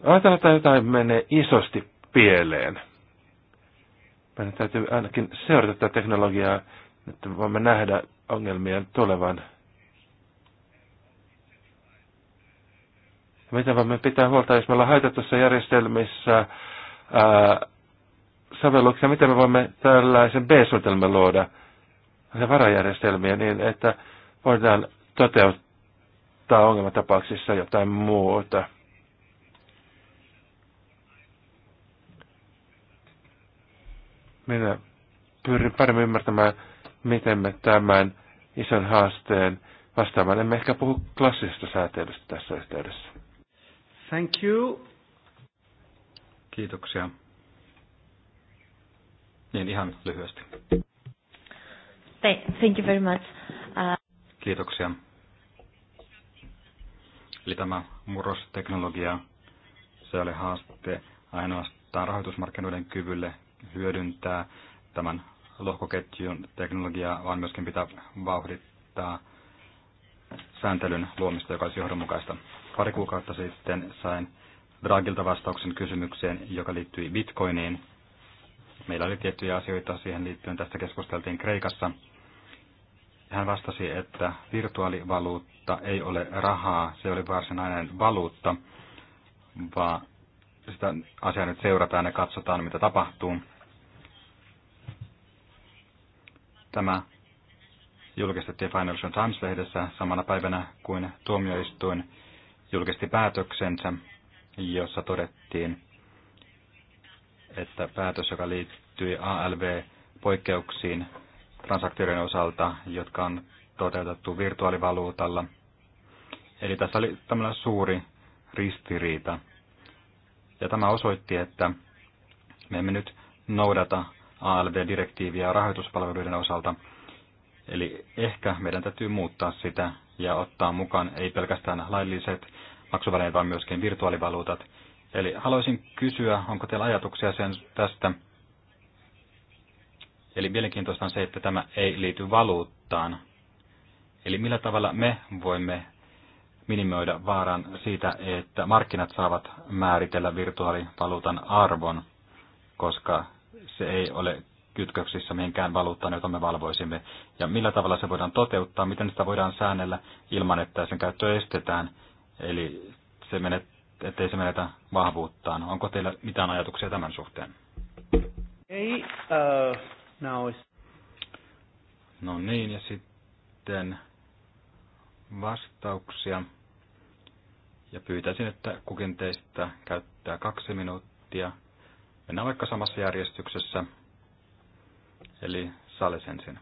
Ajatellaan, että jotain menee isosti pieleen. Meidän täytyy ainakin seurata tätä teknologiaa, että voimme nähdä ongelmien tulevan. Mitä voimme pitää huolta, jos me ollaan haitatussa järjestelmissä ää, sovelluksia, miten me voimme tällaisen B-suunnitelman luoda – varajärjestelmiä niin, että voidaan toteuttaa ongelmatapauksissa jotain muuta. Minä pyrin paremmin ymmärtämään, miten me tämän ison haasteen vastaamaan. Emme ehkä puhu klassisesta säätelystä tässä yhteydessä. Thank you. Kiitoksia. Niin ihan lyhyesti. Thank you very much. Uh, Kiitoksia. Eli tämä murrosteknologia, se oli haaste ainoastaan rahoitusmarkkinoiden kyvylle hyödyntää tämän lohkoketjun teknologiaa, vaan myöskin pitää vauhdittaa sääntelyn luomista, joka olisi johdonmukaista. Pari kuukautta sitten sain Dragilta vastauksen kysymykseen, joka liittyi bitcoiniin Meillä oli tiettyjä asioita siihen liittyen, tästä keskusteltiin Kreikassa. Hän vastasi, että virtuaalivaluutta ei ole rahaa, se oli varsinainen valuutta, vaan sitä asiaa nyt seurataan ja katsotaan, mitä tapahtuu. Tämä julkistettiin Financial Times-lehdessä samana päivänä kuin tuomioistuin julkisti päätöksensä, jossa todettiin, että päätös, joka liittyi ALV-poikkeuksiin transaktioiden osalta, jotka on toteutettu virtuaalivaluutalla. Eli tässä oli tämmöinen suuri ristiriita. Ja tämä osoitti, että me emme nyt noudata ALV-direktiiviä rahoituspalveluiden osalta. Eli ehkä meidän täytyy muuttaa sitä ja ottaa mukaan ei pelkästään lailliset maksuvälineet, vaan myöskin virtuaalivaluutat. Eli haluaisin kysyä, onko teillä ajatuksia sen tästä? Eli mielenkiintoista on se, että tämä ei liity valuuttaan. Eli millä tavalla me voimme minimoida vaaran siitä, että markkinat saavat määritellä virtuaalivaluutan arvon, koska se ei ole kytköksissä mihinkään valuuttaan, jota me valvoisimme, ja millä tavalla se voidaan toteuttaa, miten sitä voidaan säännellä ilman, että sen käyttö estetään. Eli se menet, ettei se menetä vahvuuttaan. Onko teillä mitään ajatuksia tämän suhteen? Ei, uh, no. no niin, ja sitten vastauksia. Ja pyytäisin, että kukin teistä käyttää kaksi minuuttia. Mennään vaikka samassa järjestyksessä. Eli Sales ensin.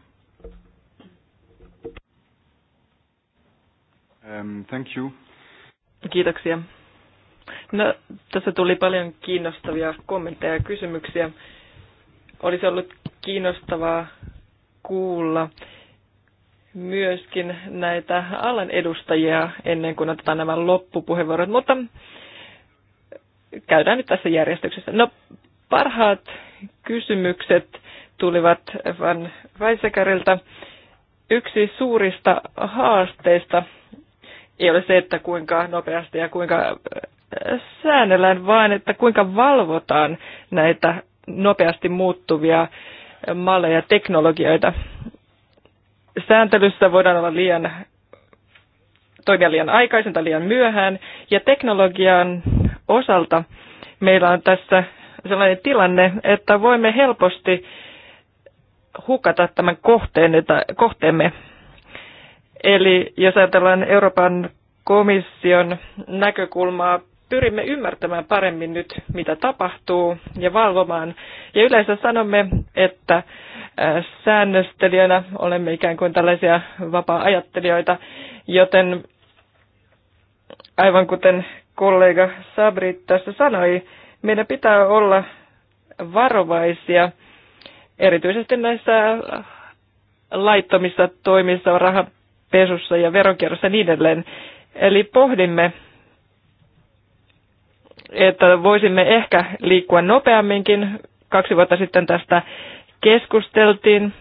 Um, thank you. Kiitoksia. No, tässä tuli paljon kiinnostavia kommentteja ja kysymyksiä. Olisi ollut kiinnostavaa kuulla myöskin näitä alan edustajia ennen kuin otetaan nämä loppupuheenvuorot, mutta käydään nyt tässä järjestyksessä. No, parhaat kysymykset tulivat Van Weisekarilta. Yksi suurista haasteista ei ole se, että kuinka nopeasti ja kuinka säännellään, vaan että kuinka valvotaan näitä nopeasti muuttuvia malleja teknologioita. Sääntelyssä voidaan olla liian, toimia liian aikaisin tai liian myöhään, ja teknologian osalta meillä on tässä sellainen tilanne, että voimme helposti hukata tämän kohteen, kohteemme. Eli jos ajatellaan Euroopan komission näkökulmaa pyrimme ymmärtämään paremmin nyt, mitä tapahtuu ja valvomaan. Ja yleensä sanomme, että äh, säännöstelijöinä olemme ikään kuin tällaisia vapaa-ajattelijoita, joten aivan kuten kollega Sabri tässä sanoi, meidän pitää olla varovaisia, erityisesti näissä laittomissa toimissa, rahapesussa ja veronkierrossa ja niin edelleen. Eli pohdimme että voisimme ehkä liikkua nopeamminkin. Kaksi vuotta sitten tästä keskusteltiin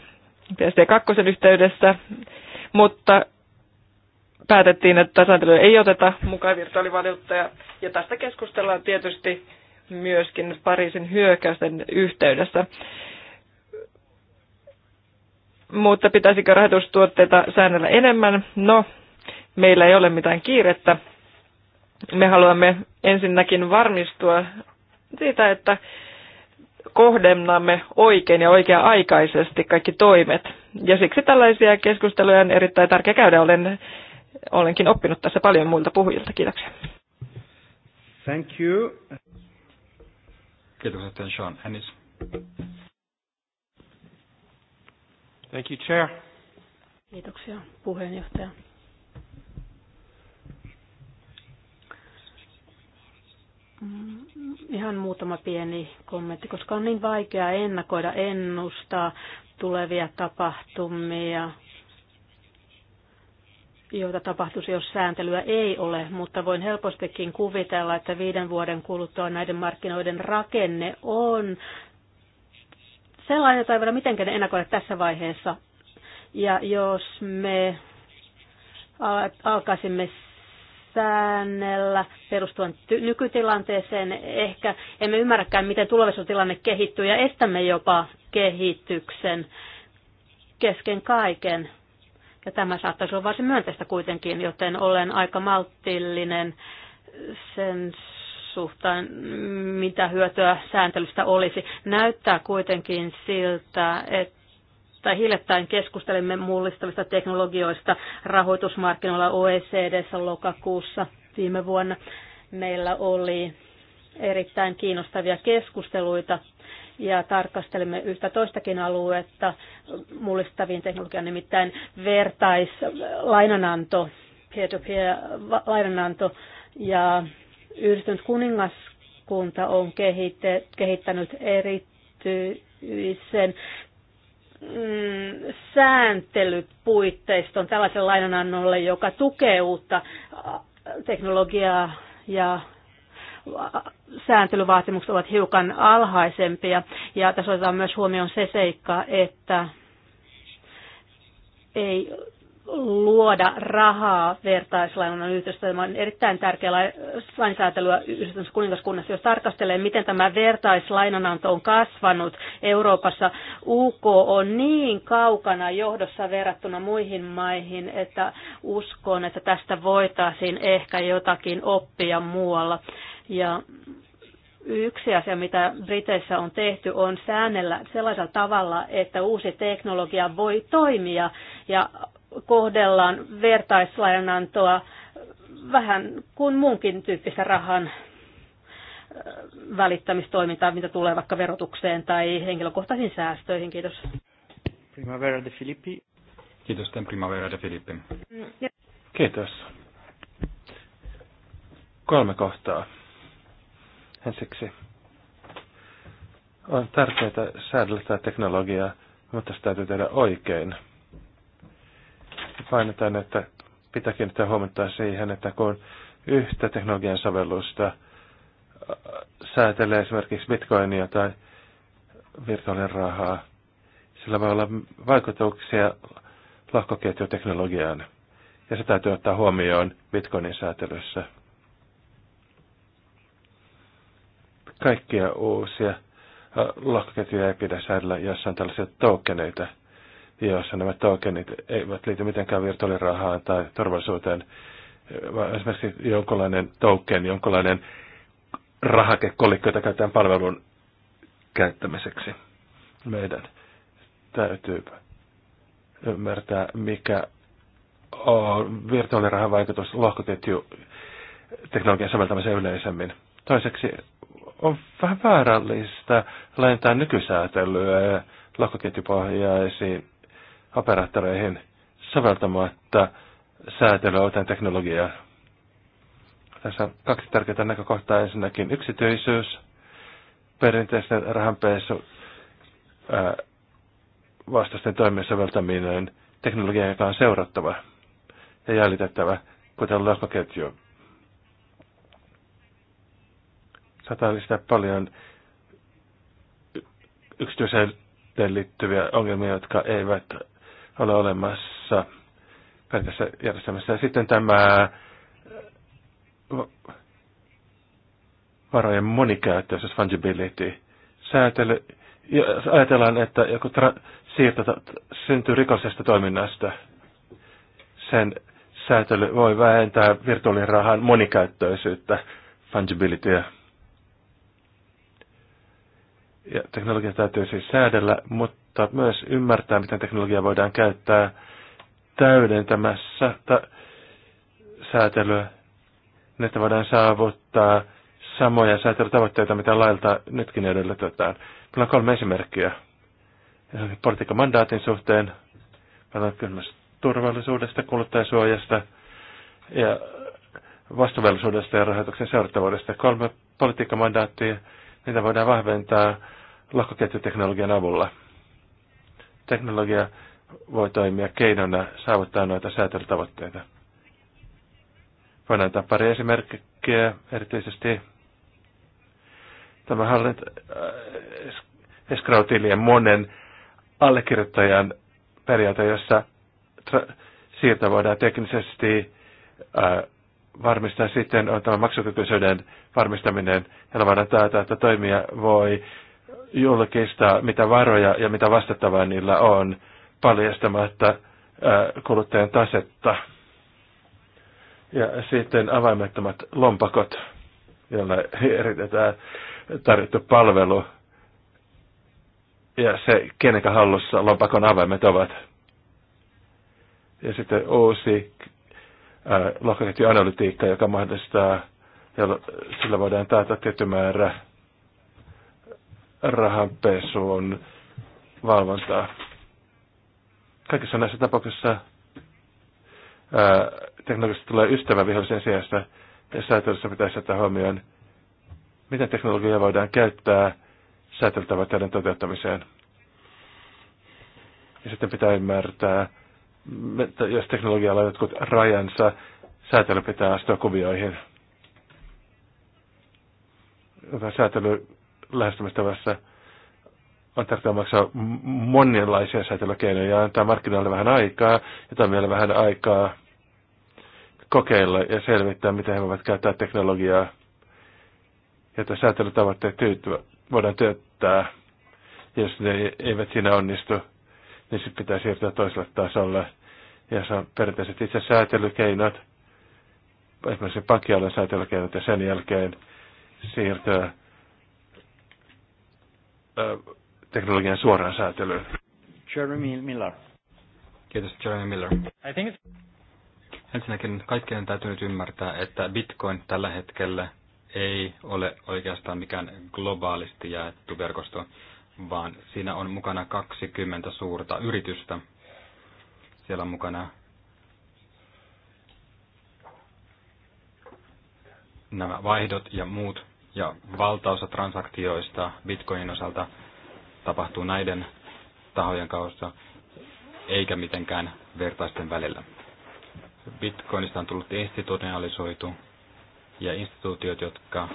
PSD2 yhteydessä, mutta päätettiin, että sääntelyä ei oteta mukaan virtuaalivaluuttoja. Ja tästä keskustellaan tietysti myöskin Pariisin hyökkäysten yhteydessä. Mutta pitäisikö rahoitustuotteita säännellä enemmän? No, meillä ei ole mitään kiirettä me haluamme ensinnäkin varmistua siitä, että kohdennamme oikein ja oikea-aikaisesti kaikki toimet. Ja siksi tällaisia keskusteluja on erittäin tärkeää käydä. Olen, olenkin oppinut tässä paljon muilta puhujilta. Kiitoksia. Thank you. Kiitos, että Sean Ennis. Thank you, Chair. Kiitoksia, puheenjohtaja. Mm, ihan muutama pieni kommentti, koska on niin vaikea ennakoida, ennustaa tulevia tapahtumia, joita tapahtuisi, jos sääntelyä ei ole, mutta voin helpostikin kuvitella, että viiden vuoden kuluttua näiden markkinoiden rakenne on sellainen, jota ei voida mitenkään ennakoida tässä vaiheessa. Ja jos me alkaisimme säännellä perustuen nykytilanteeseen. Ehkä emme ymmärräkään, miten tulevaisuustilanne kehittyy ja estämme jopa kehityksen kesken kaiken. Ja tämä saattaisi olla varsin myönteistä kuitenkin, joten olen aika maltillinen sen suhteen, mitä hyötyä sääntelystä olisi. Näyttää kuitenkin siltä, että tai hiljattain keskustelimme mullistavista teknologioista rahoitusmarkkinoilla OECDssä lokakuussa viime vuonna. Meillä oli erittäin kiinnostavia keskusteluita ja tarkastelimme yhtä toistakin aluetta mullistaviin teknologian nimittäin vertaislainananto, peer-to-peer-lainananto ja yhdistynyt kuningaskunta on kehittänyt erityisen mm, puitteiston tällaisen lainanannolle, joka tukee uutta teknologiaa ja sääntelyvaatimukset ovat hiukan alhaisempia. Ja tässä otetaan myös huomioon se seikka, että ei luoda rahaa vertaislainan yhteistyötä. Tämä on erittäin tärkeä lainsäätelyä yhdistyneessä kuningaskunnassa. Jos tarkastelee, miten tämä vertaislainananto on kasvanut Euroopassa, UK on niin kaukana johdossa verrattuna muihin maihin, että uskon, että tästä voitaisiin ehkä jotakin oppia muualla. Ja yksi asia, mitä Briteissä on tehty, on säännellä sellaisella tavalla, että uusi teknologia voi toimia ja kohdellaan vertaislainantoa vähän kuin muunkin tyyppistä rahan äh, välittämistoimintaa, mitä tulee vaikka verotukseen tai henkilökohtaisiin säästöihin. Kiitos. Primavera de Filippi. Kiitos, tämän Primavera de Filippi. Mm, Kiitos. Kolme kohtaa. Ensiksi on tärkeää säädellä tämä teknologiaa, mutta sitä täytyy tehdä oikein painetaan, että pitää kiinnittää huomiota siihen, että kun yhtä teknologian sovellusta äh, säätelee esimerkiksi bitcoinia tai virtuaalinen rahaa, sillä voi olla vaikutuksia lahkoketjuteknologiaan. Ja se täytyy ottaa huomioon bitcoinin säätelyssä. Kaikkia uusia äh, lahkoketjuja ei pidä säädellä on tällaisia tokeneita – jossa nämä tokenit eivät liity mitenkään virtuaalirahaan tai turvallisuuteen, vaan esimerkiksi jonkinlainen token, jonkinlainen rahakekolikko, jota käytetään palvelun käyttämiseksi. Meidän täytyy ymmärtää, mikä on virtuaalirahan vaikutus lohkoketju teknologian soveltamiseen yleisemmin. Toiseksi on vähän vaarallista laajentaa nykysäätelyä lohkoketjupohjaisiin operaattoreihin soveltamatta säätelyä uuteen teknologiaan. Tässä on kaksi tärkeää näkökohtaa. Ensinnäkin yksityisyys, perinteisten rahanpesu, vastaisten toimien soveltaminen teknologian, joka on seurattava ja jäljitettävä, kuten lohkoketju. Saattaa lisätä paljon yksityiseen liittyviä ongelmia, jotka eivät ole olemassa pelkässä järjestelmässä. Ja sitten tämä äh, varojen monikäyttöisyys, siis fungibility, säätely. Jos ajatellaan, että joku tra- siirto syntyy rikollisesta toiminnasta, sen säätely voi vähentää virtuaalirahan monikäyttöisyyttä, fungibilityä. Ja teknologia täytyy siis säädellä, mutta mutta myös ymmärtää, miten teknologiaa voidaan käyttää täydentämässä ta- säätelyä, niin että voidaan saavuttaa samoja säätelytavoitteita, mitä lailta nytkin edellytetään. Meillä on kolme esimerkkiä. Politiikan mandaatin suhteen, meillä on kysymys turvallisuudesta, kuluttajasuojasta ja vastuullisuudesta ja rahoituksen seurattavuudesta. Kolme politiikkamandaattia, niitä voidaan vahventaa lohkoketjuteknologian avulla teknologia voi toimia keinona saavuttaa noita säätelytavoitteita. Voin antaa pari esimerkkiä, erityisesti tämä hallint, äh, eskrautilien monen allekirjoittajan periaate, jossa tra- siirto voidaan teknisesti äh, varmistaa sitten on tämä maksukykyisyyden varmistaminen, jolla voidaan taata, että toimija voi julkista, mitä varoja ja mitä vastattavaa niillä on, paljastamatta kuluttajan tasetta. Ja sitten avaimettomat lompakot, joilla eritetään tarjottu palvelu ja se, kenenkä hallussa lompakon avaimet ovat. Ja sitten uusi lohkoketjuanalytiikka, joka mahdollistaa, ja sillä voidaan taata tietty määrä rahanpesuun valvontaa. Kaikissa näissä tapauksissa teknologiasta tulee ystävä vihollisen sijasta, ja säätelyssä pitäisi ottaa huomioon, miten teknologiaa voidaan käyttää säätelytavoitteiden toteuttamiseen. Ja sitten pitää ymmärtää, että jos teknologialla on jotkut rajansa, säätely pitää astua kuvioihin. Säätely lähestymistavassa on tärkeää maksaa monenlaisia säätelykeinoja ja antaa markkinoille vähän aikaa, ja toimijoille vähän aikaa kokeilla ja selvittää, miten he voivat käyttää teknologiaa, jotta säätelytavoitteet tyytyvät, voidaan työttää. Jos ne eivät siinä onnistu, niin sitten pitää siirtyä toiselle tasolle. Ja se on perinteiset itse säätelykeinot, esimerkiksi pankkialan säätelykeinot, ja sen jälkeen siirtyä teknologian suoraan säätelyyn. Jeremy Miller. Kiitos Jeremy Miller. I think it's... Ensinnäkin kaikkien täytyy nyt ymmärtää, että Bitcoin tällä hetkellä ei ole oikeastaan mikään globaalisti jaettu verkosto, vaan siinä on mukana 20 suurta yritystä. Siellä on mukana nämä vaihdot ja muut ja valtaosa transaktioista bitcoinin osalta tapahtuu näiden tahojen kautta, eikä mitenkään vertaisten välillä. Bitcoinista on tullut institutionalisoitu, ja instituutiot, jotka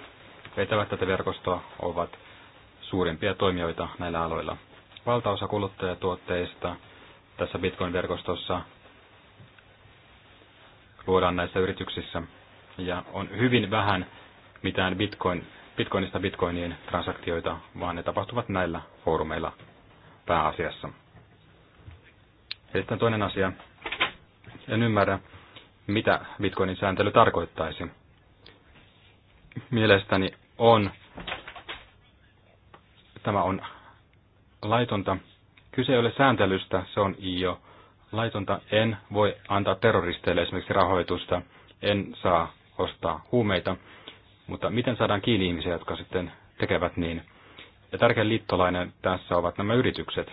vetävät tätä verkostoa, ovat suurimpia toimijoita näillä aloilla. Valtaosa kuluttajatuotteista tässä Bitcoin-verkostossa luodaan näissä yrityksissä, ja on hyvin vähän mitään bitcoin, bitcoinista bitcoinien transaktioita, vaan ne tapahtuvat näillä foorumeilla pääasiassa. Ja sitten toinen asia. En ymmärrä, mitä bitcoinin sääntely tarkoittaisi. Mielestäni on, tämä on laitonta. Kyse ei ole sääntelystä, se on jo laitonta. En voi antaa terroristeille esimerkiksi rahoitusta, en saa ostaa huumeita. Mutta miten saadaan kiinni ihmisiä, jotka sitten tekevät niin? Ja tärkein liittolainen tässä ovat nämä yritykset.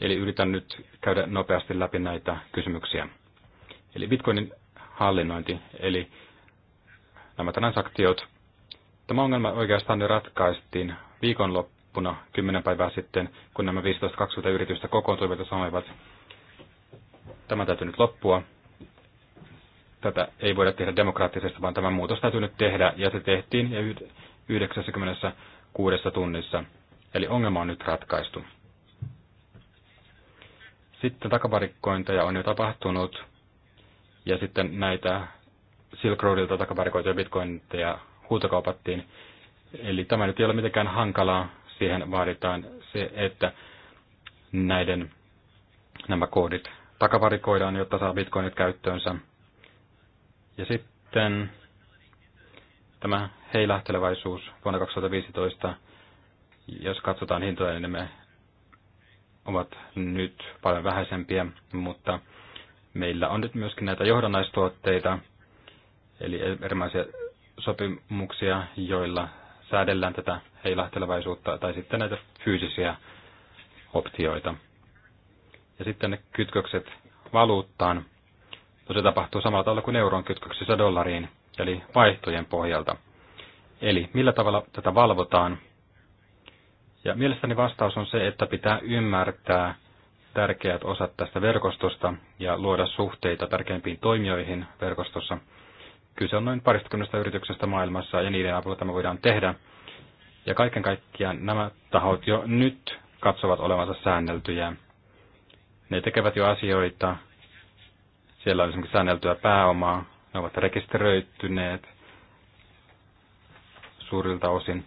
Eli yritän nyt käydä nopeasti läpi näitä kysymyksiä. Eli bitcoinin hallinnointi, eli nämä transaktiot. Tämä ongelma oikeastaan ratkaistiin viikonloppuna 10 päivää sitten, kun nämä 15-20 yritystä kokoontuivat ja sanoivat, tämä täytyy nyt loppua tätä ei voida tehdä demokraattisesti, vaan tämä muutos täytyy nyt tehdä, ja se tehtiin ja 96 tunnissa. Eli ongelma on nyt ratkaistu. Sitten takavarikkointeja on jo tapahtunut, ja sitten näitä Silk Roadilta takavarikoituja bitcointeja huutokaupattiin. Eli tämä nyt ei ole mitenkään hankalaa. Siihen vaaditaan se, että näiden nämä koodit takavarikoidaan, jotta saa bitcoinit käyttöönsä. Ja sitten tämä heilähtelevaisuus vuonna 2015, jos katsotaan hintoja, niin me ovat nyt paljon vähäisempiä, mutta meillä on nyt myöskin näitä johdannaistuotteita, eli erilaisia sopimuksia, joilla säädellään tätä heilahtelevaisuutta, tai sitten näitä fyysisiä optioita. Ja sitten ne kytkökset valuuttaan. No se tapahtuu samalla tavalla kuin euron kytköksessä dollariin, eli vaihtojen pohjalta. Eli millä tavalla tätä valvotaan? Ja mielestäni vastaus on se, että pitää ymmärtää tärkeät osat tästä verkostosta ja luoda suhteita tärkeimpiin toimijoihin verkostossa. Kyse on noin paristakymmenestä yrityksestä maailmassa ja niiden avulla tämä voidaan tehdä. Ja kaiken kaikkiaan nämä tahot jo nyt katsovat olevansa säänneltyjä. Ne tekevät jo asioita, siellä on esimerkiksi säänneltyä pääomaa, ne ovat rekisteröityneet suurilta osin.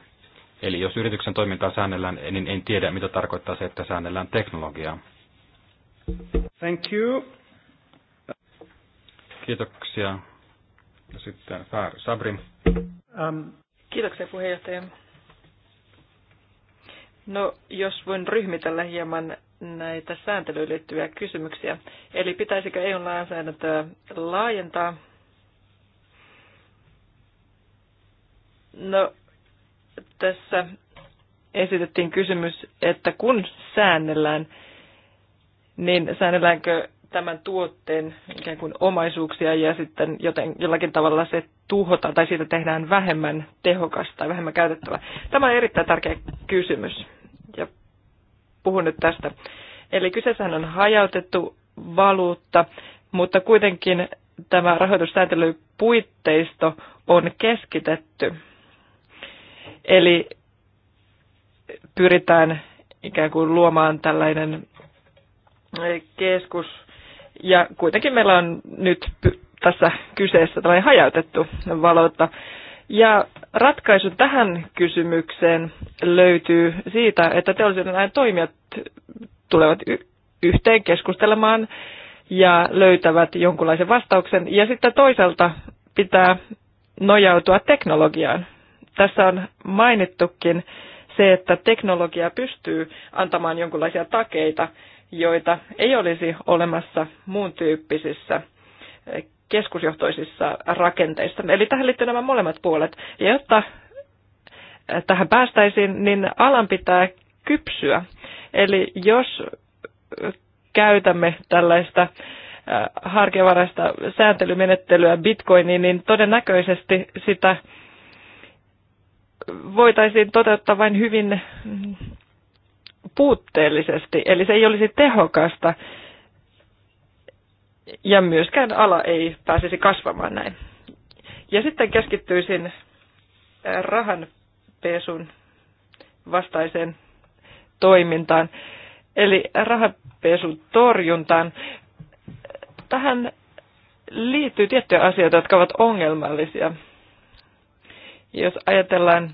Eli jos yrityksen toimintaa säännellään, niin en tiedä, mitä tarkoittaa se, että säännellään teknologiaa. Thank you. Kiitoksia. Sitten Fär Sabri. Um. Kiitoksia puheenjohtaja. No, jos voin ryhmitellä hieman näitä sääntelyyn liittyviä kysymyksiä. Eli pitäisikö EU-lainsäädäntöä laajentaa? No, tässä esitettiin kysymys, että kun säännellään, niin säännelläänkö tämän tuotteen ikään kuin omaisuuksia ja sitten joten, jollakin tavalla se tuhotaan tai siitä tehdään vähemmän tehokasta tai vähemmän käytettävää? Tämä on erittäin tärkeä kysymys puhun nyt tästä. Eli kyseessähän on hajautettu valuutta, mutta kuitenkin tämä rahoitussääntelypuitteisto on keskitetty. Eli pyritään ikään kuin luomaan tällainen keskus. Ja kuitenkin meillä on nyt tässä kyseessä tällainen hajautettu valuutta. Ja ratkaisu tähän kysymykseen löytyy siitä, että teollisuuden ajan toimijat tulevat yhteen keskustelemaan ja löytävät jonkunlaisen vastauksen. Ja sitten toisaalta pitää nojautua teknologiaan. Tässä on mainittukin se, että teknologia pystyy antamaan jonkinlaisia takeita, joita ei olisi olemassa muun tyyppisissä keskusjohtoisissa rakenteissa. Eli tähän liittyy nämä molemmat puolet. Ja jotta tähän päästäisiin, niin alan pitää kypsyä. Eli jos käytämme tällaista harkevaraista sääntelymenettelyä bitcoiniin, niin todennäköisesti sitä voitaisiin toteuttaa vain hyvin mm, puutteellisesti. Eli se ei olisi tehokasta ja myöskään ala ei pääsisi kasvamaan näin. Ja sitten keskittyisin äh, rahanpesun vastaiseen toimintaan, eli rahanpesun torjuntaan. Tähän liittyy tiettyjä asioita, jotka ovat ongelmallisia. Jos ajatellaan,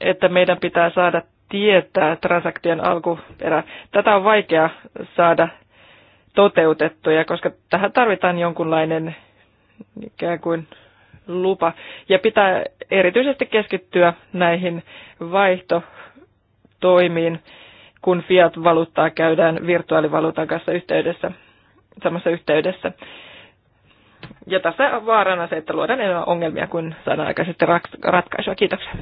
että meidän pitää saada tietää transaktion alkuperä, tätä on vaikea saada toteutettuja, koska tähän tarvitaan jonkunlainen ikään kuin lupa. Ja pitää erityisesti keskittyä näihin vaihtotoimiin, kun fiat-valuuttaa käydään virtuaalivaluutan kanssa yhteydessä, samassa yhteydessä. Ja tässä on vaarana se, että luodaan enemmän ongelmia kuin saadaan aikaisesti ratkaisua. Kiitoksia.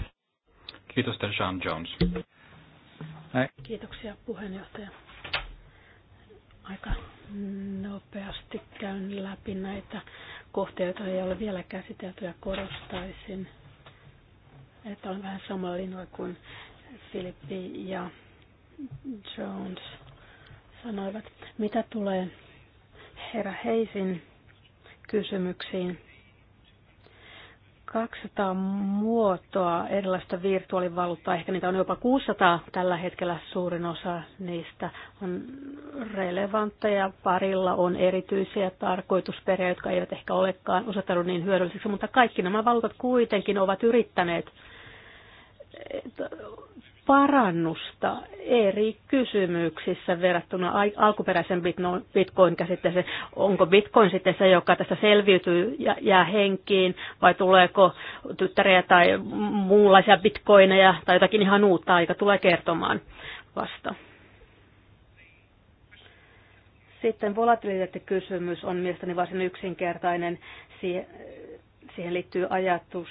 Kiitos, Sean Jones. Näin. Kiitoksia puheenjohtaja. Aika Nopeasti käyn läpi näitä kohtia, joita ei ole vielä käsitelty ja korostaisin, että on vähän samalla linjalla kuin Filippi ja Jones sanoivat. Mitä tulee herra Heisin kysymyksiin, 200 muotoa erilaista virtuaalivaluuttaa, ehkä niitä on jopa 600 tällä hetkellä, suurin osa niistä on relevantteja, parilla on erityisiä tarkoitusperiä, jotka eivät ehkä olekaan osoittaudu niin hyödyllisiksi, mutta kaikki nämä valuutat kuitenkin ovat yrittäneet parannusta eri kysymyksissä verrattuna alkuperäisen bitcoin-käsitteeseen. Onko bitcoin sitten se, joka tästä selviytyy ja jää henkiin, vai tuleeko tyttäriä tai muunlaisia bitcoineja tai jotakin ihan uutta, aika tulee kertomaan vasta. Sitten volatiliteettikysymys on mielestäni varsin yksinkertainen. Siihen liittyy ajatus,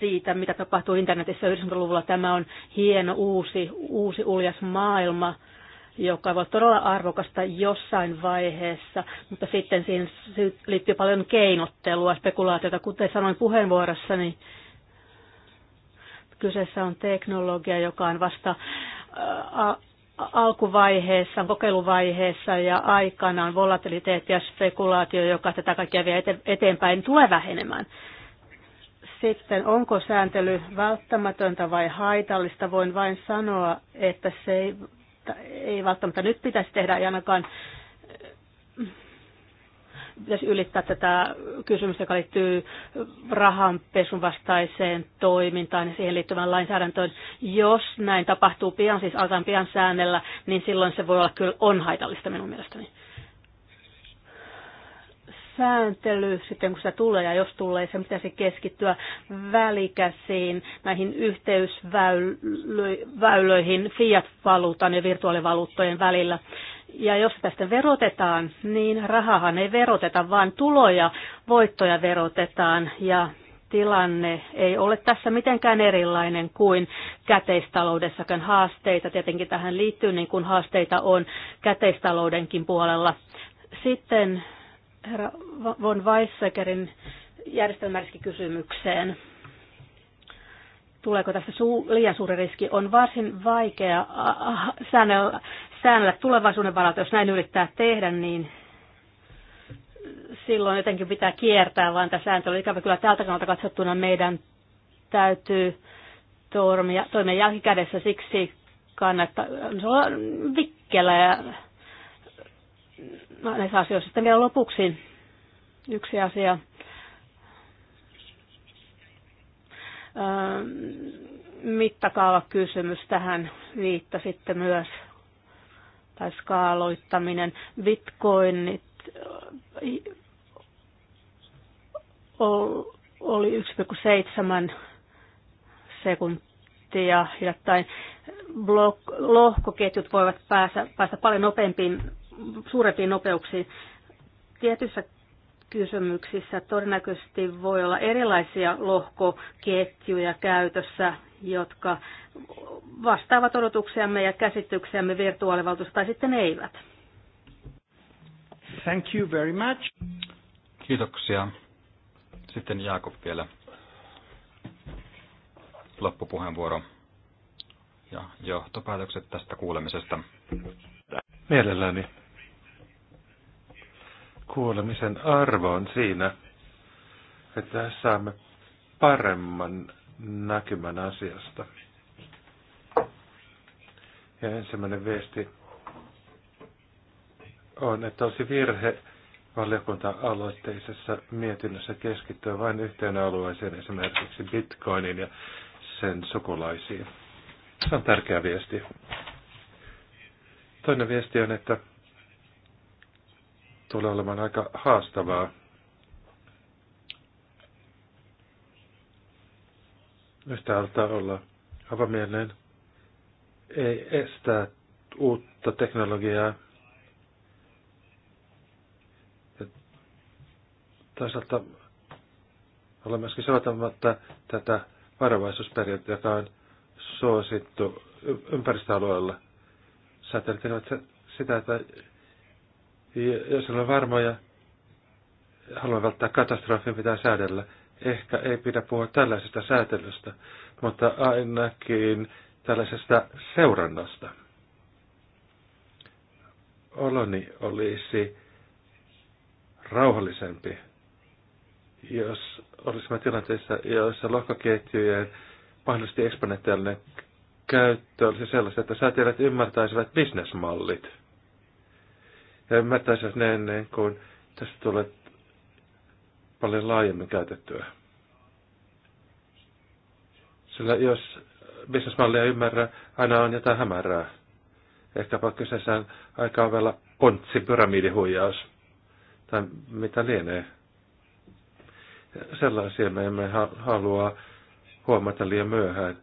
siitä, mitä tapahtuu internetissä 90-luvulla. Tämä on hieno uusi, uusi uljas maailma, joka voi todella arvokasta jossain vaiheessa, mutta sitten siihen liittyy paljon keinottelua, spekulaatiota. Kuten sanoin puheenvuorossani, kyseessä on teknologia, joka on vasta alkuvaiheessa, kokeiluvaiheessa ja aikanaan volatiliteetti ja spekulaatio, joka tätä kaikkea vie eteenpäin, tulee vähenemään. Sitten onko sääntely välttämätöntä vai haitallista? Voin vain sanoa, että se ei, ei välttämättä nyt pitäisi tehdä ei ainakaan äh, pitäisi ylittää tätä kysymystä, joka liittyy rahanpesun vastaiseen toimintaan ja siihen liittyvään lainsäädäntöön. Jos näin tapahtuu pian, siis alkaen pian säännellä, niin silloin se voi olla kyllä on haitallista minun mielestäni sääntely sitten, kun se tulee ja jos tulee, se pitäisi keskittyä välikäsiin, näihin yhteysväylöihin fiat-valuutan ja virtuaalivaluuttojen välillä. Ja jos tästä verotetaan, niin rahahan ei veroteta, vaan tuloja, voittoja verotetaan ja tilanne ei ole tässä mitenkään erilainen kuin käteistaloudessakin haasteita. Tietenkin tähän liittyy niin kuin haasteita on käteistaloudenkin puolella. Sitten herra von Weissäkerin järjestelmäriskikysymykseen. Tuleeko tästä su- liian suuri riski? On varsin vaikea säännellä, säännellä tulevaisuuden varalta. Jos näin yrittää tehdä, niin silloin jotenkin pitää kiertää vain tämä sääntely. Ikävä kyllä tältä kannalta katsottuna meidän täytyy toimia, toimia jälkikädessä siksi kannattaa olla vikkelä ja näissä asioissa. Sitten vielä lopuksi yksi asia. Ähm, Mittakaava kysymys tähän viittasitte myös, tai skaaloittaminen. Bitcoinit äh, oli 1,7 sekuntia hiljattain. Blok- lohkoketjut voivat päästä, päästä paljon nopeampiin suurempiin nopeuksiin. Tietyissä kysymyksissä todennäköisesti voi olla erilaisia lohkoketjuja käytössä, jotka vastaavat odotuksiamme ja käsityksiämme virtuaalivaltuusta tai sitten eivät. Thank you very much. Kiitoksia. Sitten Jaakob vielä loppupuheenvuoro ja johtopäätökset tästä kuulemisesta. Mielelläni kuulemisen arvo on siinä, että saamme paremman näkymän asiasta. Ja ensimmäinen viesti on, että olisi virhe valiokunta-aloitteisessa mietinnössä keskittyä vain yhteen alueeseen, esimerkiksi bitcoinin ja sen sukulaisiin. Se on tärkeä viesti. Toinen viesti on, että tulee olemaan aika haastavaa. Yhtäältä olla avamielinen ei estää uutta teknologiaa. Ja toisaalta olla myöskin soitamatta tätä varovaisuusperiaatetta, joka on suosittu ympäristöalueella. Säätelit sitä, että jos jos ollaan varmoja, haluan välttää katastrofin, pitää säädellä. Ehkä ei pidä puhua tällaisesta säätelystä, mutta ainakin tällaisesta seurannasta. Oloni olisi rauhallisempi, jos olisimme tilanteessa, jossa lohkoketjujen mahdollisesti eksponentiaalinen käyttö olisi sellaista, että säätelijät ymmärtäisivät bisnesmallit – ja ymmärtäisivät ne ennen niin kuin tästä tulee paljon laajemmin käytettyä. Sillä jos bisnesmallia ymmärrä, aina on jotain hämärää. Ehkäpä kyseessä on aikaa vielä pontsi pyramidihuijaus tai mitä lienee. Sellaisia me emme halua huomata liian myöhään.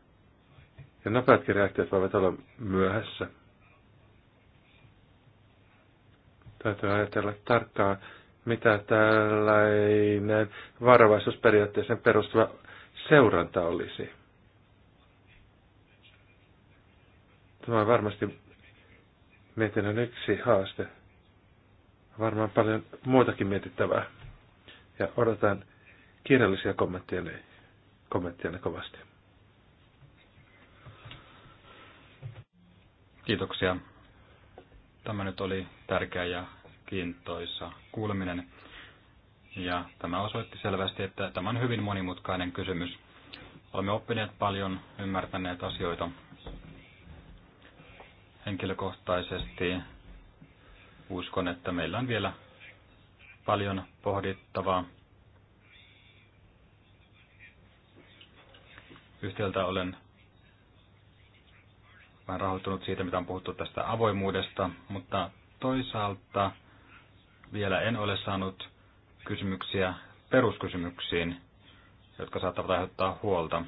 Ja nopeatkin reaktiot voivat olla myöhässä. Täytyy ajatella tarkkaan, mitä tällainen varovaisuusperiaatteeseen perustuva seuranta olisi. Tämä on varmasti mietinnön yksi haaste. Varmaan paljon muutakin mietittävää. Ja odotan kirjallisia kommentteja kommenttejanne kovasti. Kiitoksia. Tämä nyt oli tärkeä ja kiintoisa kuuleminen. Ja tämä osoitti selvästi, että tämä on hyvin monimutkainen kysymys. Olemme oppineet paljon, ymmärtäneet asioita henkilökohtaisesti. Uskon, että meillä on vielä paljon pohdittavaa. Yhtiöltä olen vähän rahoittunut siitä, mitä on puhuttu tästä avoimuudesta, mutta toisaalta vielä en ole saanut kysymyksiä peruskysymyksiin, jotka saattavat aiheuttaa huolta.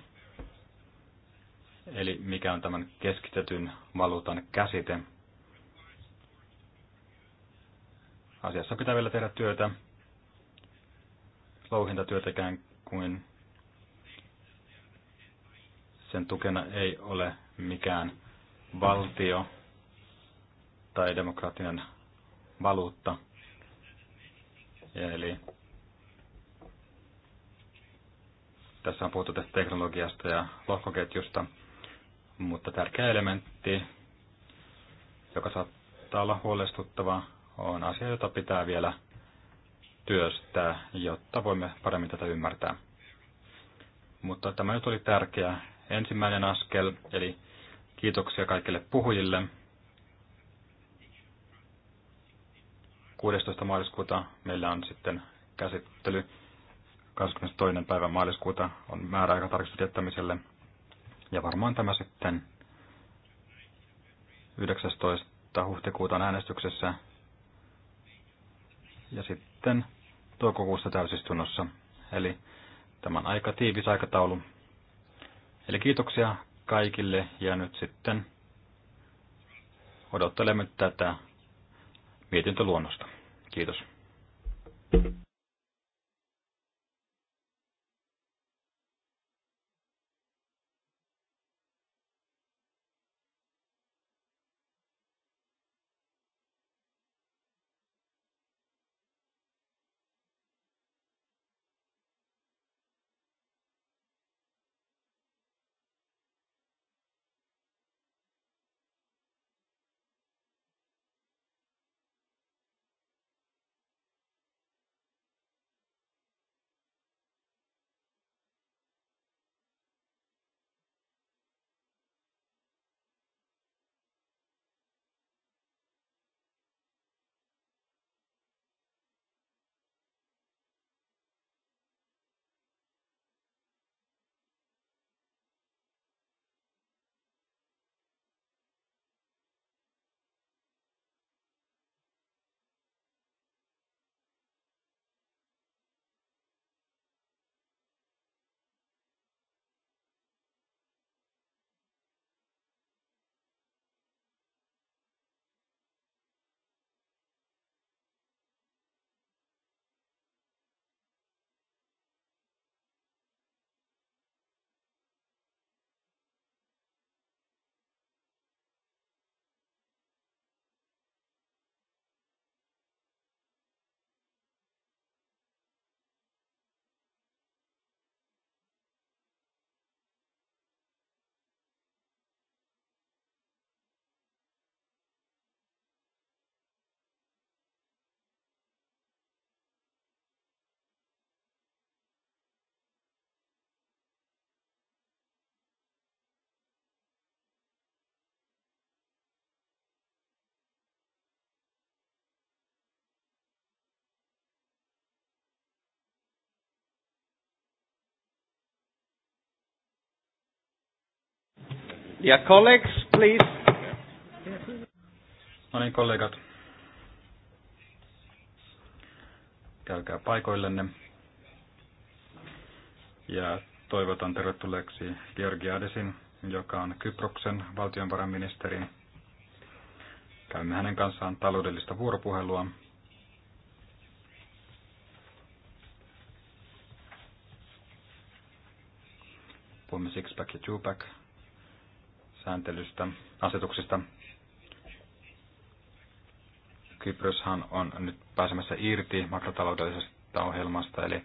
Eli mikä on tämän keskitetyn valuutan käsite? Asiassa pitää vielä tehdä työtä, louhintatyötäkään kuin sen tukena ei ole mikään valtio tai demokraattinen valuutta. Eli tässä on puhuttu tästä teknologiasta ja lohkoketjusta, mutta tärkeä elementti, joka saattaa olla huolestuttava, on asia, jota pitää vielä työstää, jotta voimme paremmin tätä ymmärtää. Mutta tämä nyt oli tärkeä ensimmäinen askel, eli Kiitoksia kaikille puhujille. 16. maaliskuuta meillä on sitten käsittely. 22. päivä maaliskuuta on määräaika tarkistusjättämiselle. Ja varmaan tämä sitten 19. huhtikuuta on äänestyksessä. Ja sitten toukokuussa täysistunnossa. Eli tämän aika tiivis aikataulu. Eli kiitoksia kaikille ja nyt sitten odottelemme tätä mietintöluonnosta. Kiitos. Ja colleagues, please. No niin, kollegat. Käykää paikoillenne. Ja toivotan tervetulleeksi Georgiadesin, joka on Kyproksen valtionvarainministeri. Käymme hänen kanssaan taloudellista vuoropuhelua. Puhumme six-pack ja two-pack sääntelystä, asetuksista. Kyproshan on nyt pääsemässä irti makrotaloudellisesta ohjelmasta, eli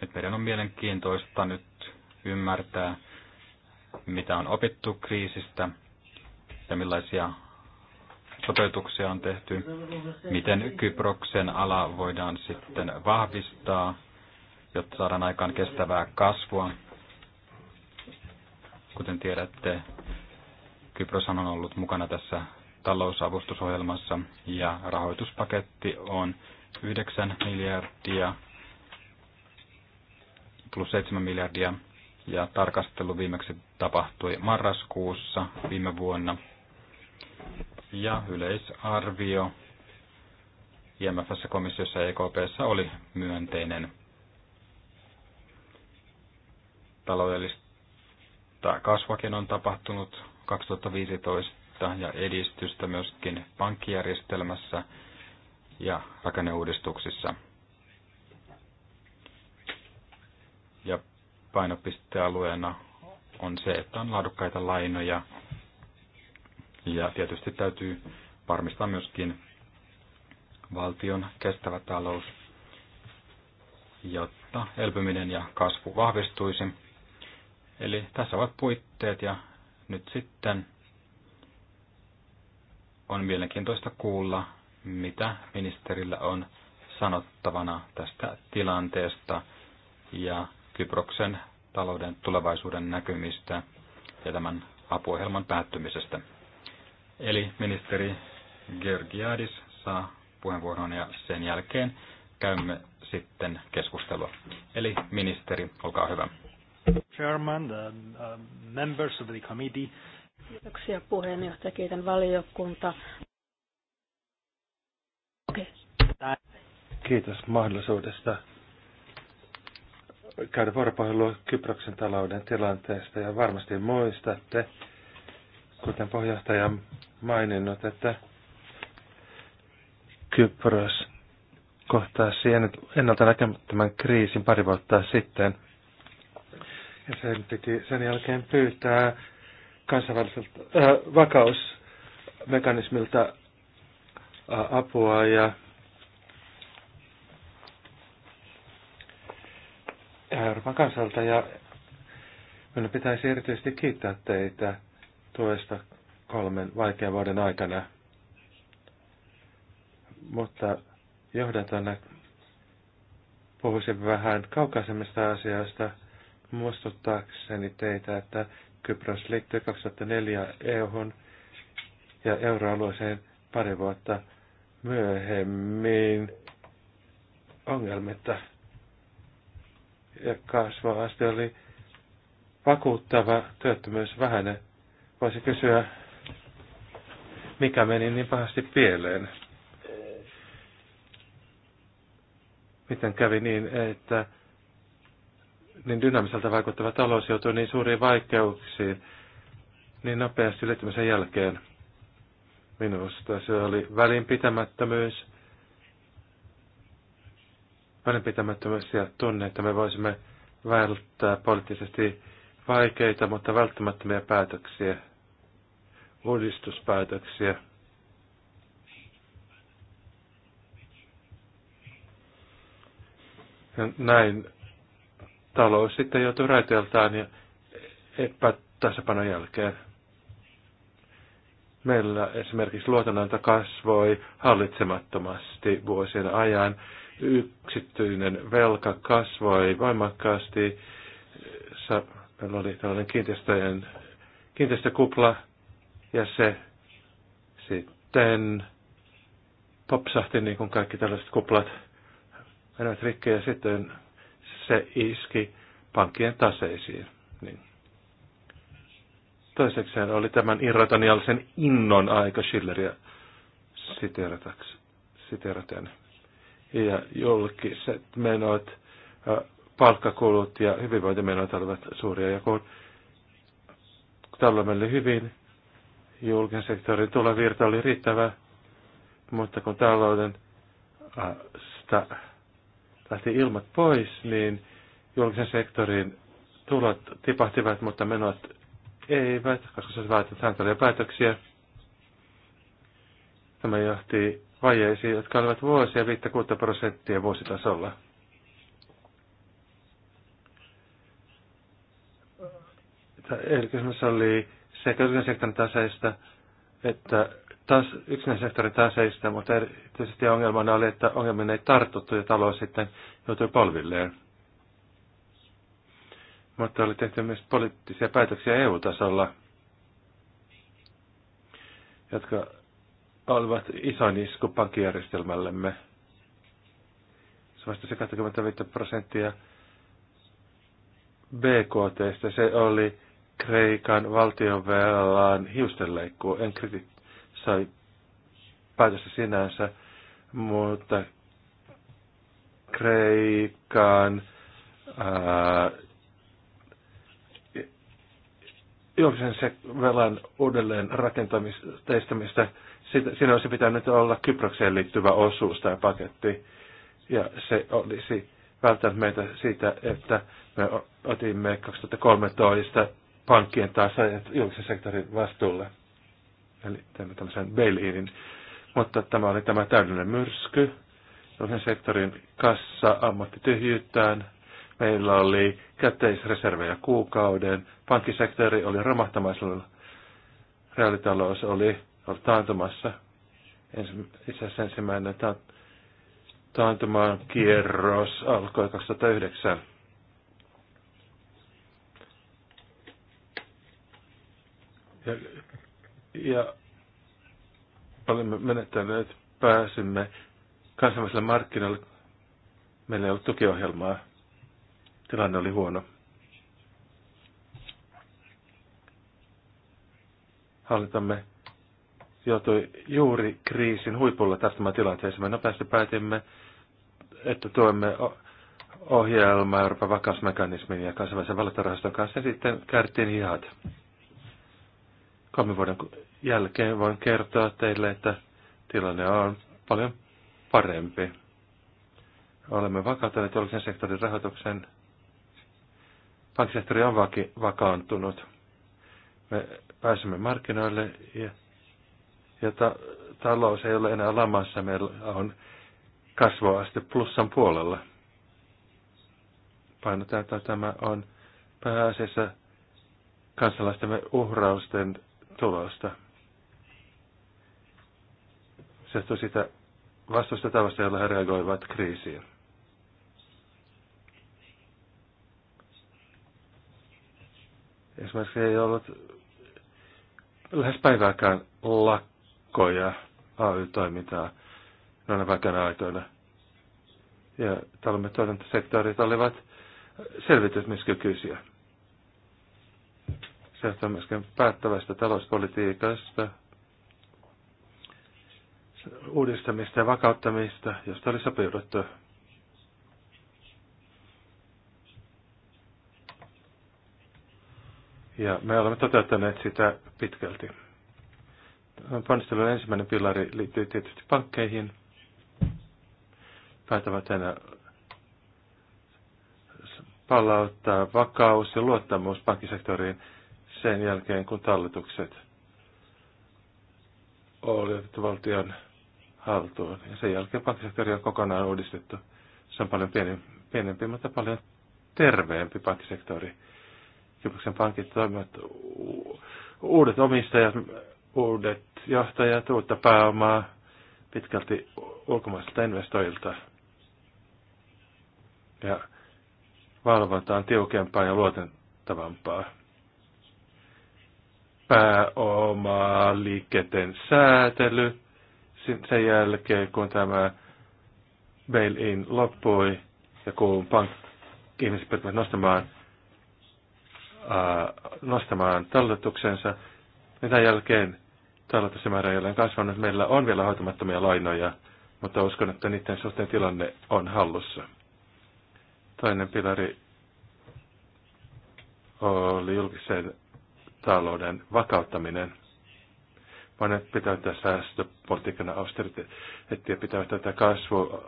nyt meidän on mielenkiintoista nyt ymmärtää, mitä on opittu kriisistä ja millaisia sopeutuksia on tehty, miten Kyproksen ala voidaan sitten vahvistaa, jotta saadaan aikaan kestävää kasvua. Kuten tiedätte, Kypros on ollut mukana tässä talousavustusohjelmassa ja rahoituspaketti on 9 miljardia plus 7 miljardia ja tarkastelu viimeksi tapahtui marraskuussa viime vuonna. Ja yleisarvio IMFssä komissiossa ja EKPssä oli myönteinen. Taloudellista kasvakin on tapahtunut 2015 ja edistystä myöskin pankkijärjestelmässä ja rakenneuudistuksissa. Ja painopistealueena on se, että on laadukkaita lainoja ja tietysti täytyy varmistaa myöskin valtion kestävä talous, jotta elpyminen ja kasvu vahvistuisi. Eli tässä ovat puitteet ja nyt sitten on mielenkiintoista kuulla, mitä ministerillä on sanottavana tästä tilanteesta ja Kyproksen talouden tulevaisuuden näkymistä ja tämän apuohjelman päättymisestä. Eli ministeri Georgiadis saa puheenvuoron ja sen jälkeen käymme sitten keskustelua. Eli ministeri, olkaa hyvä. Chairman, the uh, members of the committee. Kiitoksia puheenjohtaja, kiitän valiokunta. Okay. Kiitos mahdollisuudesta käydä vuoropuhelua Kyproksen talouden tilanteesta ja varmasti muistatte, kuten puheenjohtaja maininnut, että Kypros kohtaa siihen ennalta näkemättömän kriisin pari vuotta sitten – ja sen piti sen jälkeen pyytää kansainväliseltä äh, vakausmekanismilta äh, apua ja Euroopan kansalta ja minun pitäisi erityisesti kiittää teitä tuesta kolmen vaikean vuoden aikana. Mutta johdatana puhuisin vähän kaukaisemmista asioista – muistuttaakseni teitä, että Kypros liittyi 2004 EU:hun ja euroalueeseen pari vuotta myöhemmin ongelmitta. Ja kasvava oli vakuuttava, työttömyys vähäinen. Voisi kysyä, mikä meni niin pahasti pieleen. Miten kävi niin, että niin dynaamiselta vaikuttava talous joutui niin suuriin vaikeuksiin niin nopeasti liittymisen jälkeen. Minusta se oli välinpitämättömyys, välinpitämättömyys ja tunne, että me voisimme välttää poliittisesti vaikeita, mutta välttämättömiä päätöksiä, uudistuspäätöksiä. Ja näin talous sitten joutui raiteeltaan ja epätasapanon jälkeen. Meillä esimerkiksi luotonanto kasvoi hallitsemattomasti vuosien ajan. Yksityinen velka kasvoi voimakkaasti. Meillä oli tällainen kiinteistöjen, kiinteistökupla ja se sitten popsahti niin kuin kaikki tällaiset kuplat menivät rikki ja sitten se iski pankkien taseisiin. Niin. Toisekseen oli tämän irratanialisen innon aika Schilleria siteraten. Ja julkiset menot, palkkakulut ja hyvinvointimenot olivat suuria. Ja kun talolla hyvin, julkisen sektorin tulovirta oli riittävä, mutta kun talouden äh, sitä lähti ilmat pois, niin julkisen sektorin tulot tipahtivat, mutta menot eivät, koska se vaatii hankalia päätöksiä. Tämä johti vajeisiin, jotka olivat vuosia 5-6 prosenttia vuositasolla. Eli kysymys oli sekä julkisen sektorin taseista että taas taas ei sitä, mutta erityisesti ongelmana oli, että ongelmien ei tartuttu ja talous sitten joutui polvilleen. Mutta oli tehty myös poliittisia päätöksiä EU-tasolla, jotka olivat isoin isku pankkijärjestelmällemme. Se vastasi 25 prosenttia BKTstä. Se oli Kreikan valtionvelan hiustenleikkuu. En kriti- sai päätöstä sinänsä, mutta Kreikan julkisen se velan uudelleen rakentamisesta, siinä olisi pitänyt olla Kyprokseen liittyvä osuus tai paketti. Ja se olisi välttänyt meitä siitä, että me otimme 2013 pankkien taas julkisen sektorin vastuulle eli tällaisen bail-inin. Mutta tämä oli tämä täydellinen myrsky. Julkisen sektorin kassa ammatti tyhjyyttään. Meillä oli käteisreservejä kuukauden. Pankkisektori oli romahtamaisella. Reaalitalous oli, oli taantumassa. itse asiassa ensimmäinen ta, taantumaan kierros alkoi 2009. ja ja me menettäneet pääsimme kansainväliselle markkinoille. Meillä ei ollut tukiohjelmaa. Tilanne oli huono. Hallintamme joutui juuri kriisin huipulla tästä tilanteeseen. Me nopeasti päätimme, että tuemme ohjelmaa Euroopan vakausmekanismin ja kansainvälisen valuuttarahaston kanssa ja sitten kärtiin hihat. Kolmen vuoden jälkeen voin kertoa teille, että tilanne on paljon parempi. Olemme vakauttaneet julkisen sektorin rahoituksen. Pankkisektori on vaki, vakaantunut. Me pääsemme markkinoille ja, ja ta, talous ei ole enää lamassa. Meillä on kasvuaste plussan puolella. Painotetaan, että tämä on pääasiassa kansalaistemme uhrausten tulosta. Se on sitä vastausta tavasta, jolla he reagoivat kriisiin. Esimerkiksi ei ollut lähes päivääkään lakkoja, AY-toimintaa noina vaikeina aikoina. Ja talomme tuotantosektorit olivat selvitysmiskykyisiä sieltä johtuu myöskin päättävästä talouspolitiikasta, uudistamista ja vakauttamista, josta oli sopiuduttu. Ja me olemme toteuttaneet sitä pitkälti. Ponnistelun ensimmäinen pilari liittyy tietysti pankkeihin. Päätävänä palauttaa vakaus ja luottamus pankkisektoriin sen jälkeen, kun talletukset oli otettu valtion haltuun. Ja sen jälkeen pankkisektori on kokonaan uudistettu. Se on paljon pienempi, pienempi mutta paljon terveempi pankkisektori. Kyproksen pankit toimivat uudet omistajat, uudet johtajat, uutta pääomaa pitkälti ulkomaisilta investoilta Ja valvonta on tiukempaa ja luotettavampaa pääoma, liikkeiden säätely. Sen jälkeen, kun tämä bail-in loppui ja kun pank- ihmiset pyrkivät nostamaan, ää, nostamaan talletuksensa, niin tämän jälkeen talletusmäärä ei ole kasvanut. Meillä on vielä hoitamattomia lainoja, mutta uskon, että niiden suhteen tilanne on hallussa. Toinen pilari oli julkisen talouden vakauttaminen, vaan ne pitää tätä säästöpolitiikan austeriteettia, pitää tätä kasvu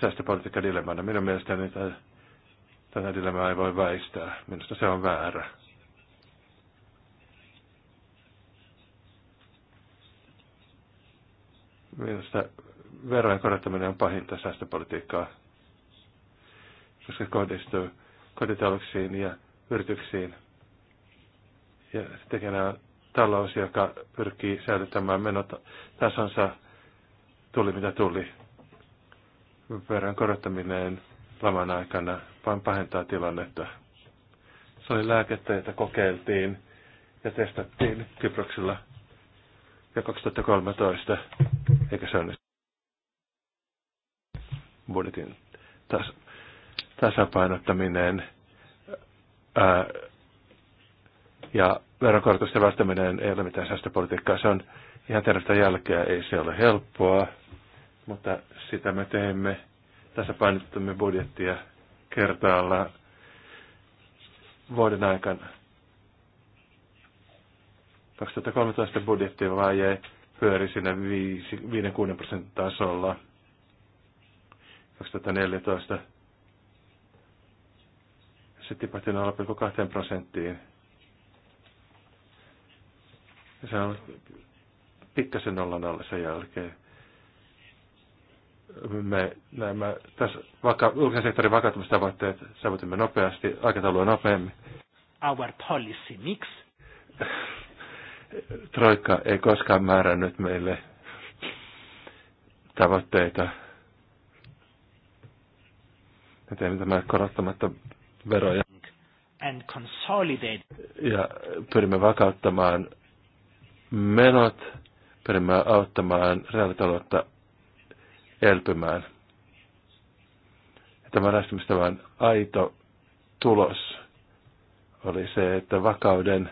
säästöpolitiikan dilemmana. Minun mielestäni tätä, tätä dilemmaa ei voi väistää. Minusta se on väärä. Minusta verojen korottaminen on pahinta säästöpolitiikkaa, koska kohdistuu kotitalouksiin ja yrityksiin ja tekemään talous, joka pyrkii säilyttämään menot tasansa, tuli mitä tuli. Verran korottaminen laman aikana vain pahentaa tilannetta. Se oli lääkettä, jota kokeiltiin ja testattiin Kyproksilla ja 2013, eikä se onnistu. Budjetin tasapainottaminen ää, ja veronkorotusten välttäminen ei ole mitään säästöpolitiikkaa. Se on ihan tervettä jälkeä. Ei se ole helppoa, mutta sitä me teemme. Tässä painottamme budjettia kertaalla vuoden aikana. 2013 budjettivaje pyöri siinä 5-6 prosentin tasolla. 2014 se tipahti 0,2 prosenttiin ja se on pikkasen nollan alle sen jälkeen. Me me, tässä vaka, julkisen sektorin vakautumistavoitteet saavutimme nopeasti, aikataulua nopeammin. Our policy mix. Troikka ei koskaan määrännyt meille tavoitteita. Me teemme tämä korottamatta veroja. And consolidate. Ja pyrimme vakauttamaan menot pyrimme auttamaan reaalitaloutta elpymään. Tämä lähestymistavan aito tulos oli se, että vakauden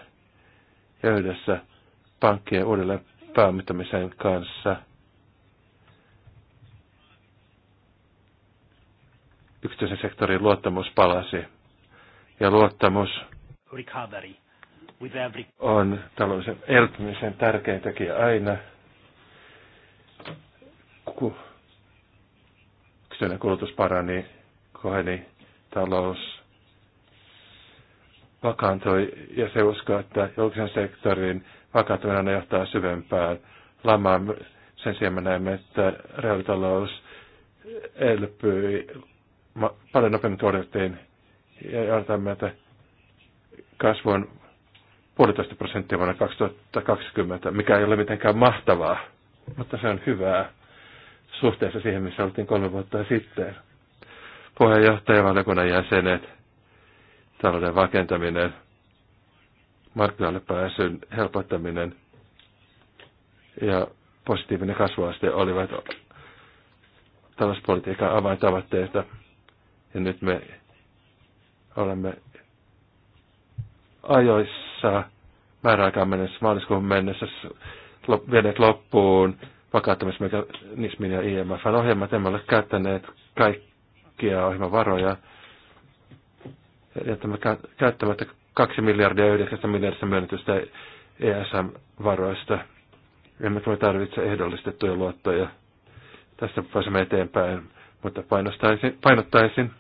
ja yhdessä pankkien uudelleen pääomittamisen kanssa yksityisen sektorin luottamus palasi ja luottamus recovery on taloudellisen elpymisen tärkein tekijä aina. Kun kulutus parani, koheni talous vakaantui ja se uskoo, että julkisen sektorin vakaantuminen johtaa syvempään lamaan. Sen sijaan me näemme, että reaalitalous elpyi paljon nopeammin kuin ja odotamme, että kasvu on puolitoista prosenttia vuonna 2020, mikä ei ole mitenkään mahtavaa, mutta se on hyvää suhteessa siihen, missä oltiin kolme vuotta sitten. Puheenjohtajavaliokunnan jäsenet, talouden vakentaminen, markkinoille pääsyn helpottaminen ja positiivinen kasvuaste olivat talouspolitiikan avaintavoitteita. Ja nyt me olemme ajoissa Saa määräaikaan mennessä, maaliskuun mennessä vieneet loppuun vakauttamismekanismin ja IMFn ohjelmat. Emme ole käyttäneet kaikkia ohjelmavaroja. Jätämme käyttämättä 2 miljardia 9 miljardista myönnetystä ESM-varoista. Emmekä me tarvitse ehdollistettuja luottoja. Tästä pääsemme eteenpäin, mutta painottaisin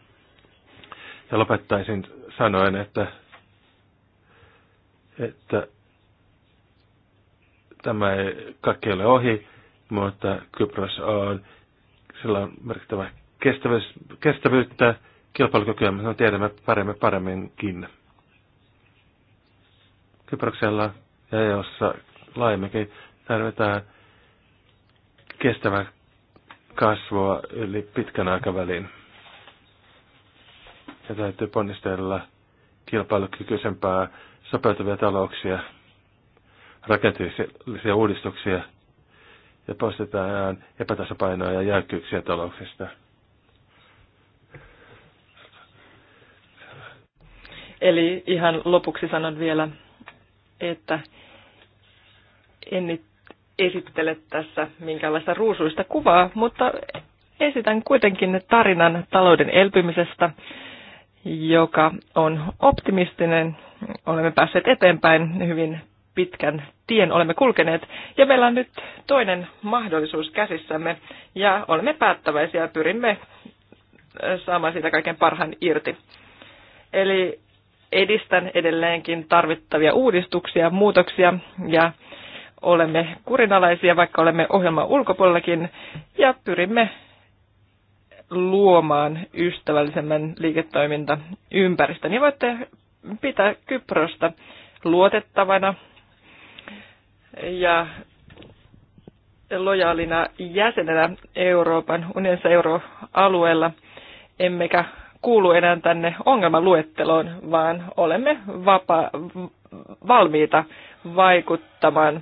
ja lopettaisin sanoen, että että tämä ei kaikki ole ohi, mutta Kypros on, sillä on merkittävä kestävyys, kestävyyttä, kilpailukykyä, mutta tiedämme paremmin paremminkin. Kyproksella ja jossa e laajemminkin tarvitaan kestävää kasvua yli pitkän aikavälin. Ja täytyy ponnistella kilpailukykyisempää sopeutuvia talouksia, rakenteellisia uudistuksia ja poistetaan epätasapainoja ja jäykkyyksiä talouksista. Eli ihan lopuksi sanon vielä, että en nyt esittele tässä minkäänlaista ruusuista kuvaa, mutta esitän kuitenkin tarinan talouden elpymisestä joka on optimistinen. Olemme päässeet eteenpäin hyvin pitkän tien olemme kulkeneet ja meillä on nyt toinen mahdollisuus käsissämme ja olemme päättäväisiä ja pyrimme äh, saamaan siitä kaiken parhaan irti. Eli edistän edelleenkin tarvittavia uudistuksia, muutoksia ja olemme kurinalaisia, vaikka olemme ohjelman ulkopuolellakin ja pyrimme luomaan ystävällisemmän liiketoimintaympäristön. Niin voitte pitää Kyprosta luotettavana ja lojaalina jäsenenä Euroopan unionissa euroalueella, emmekä kuulu enää tänne ongelmaluetteloon, vaan olemme vapa- valmiita vaikuttamaan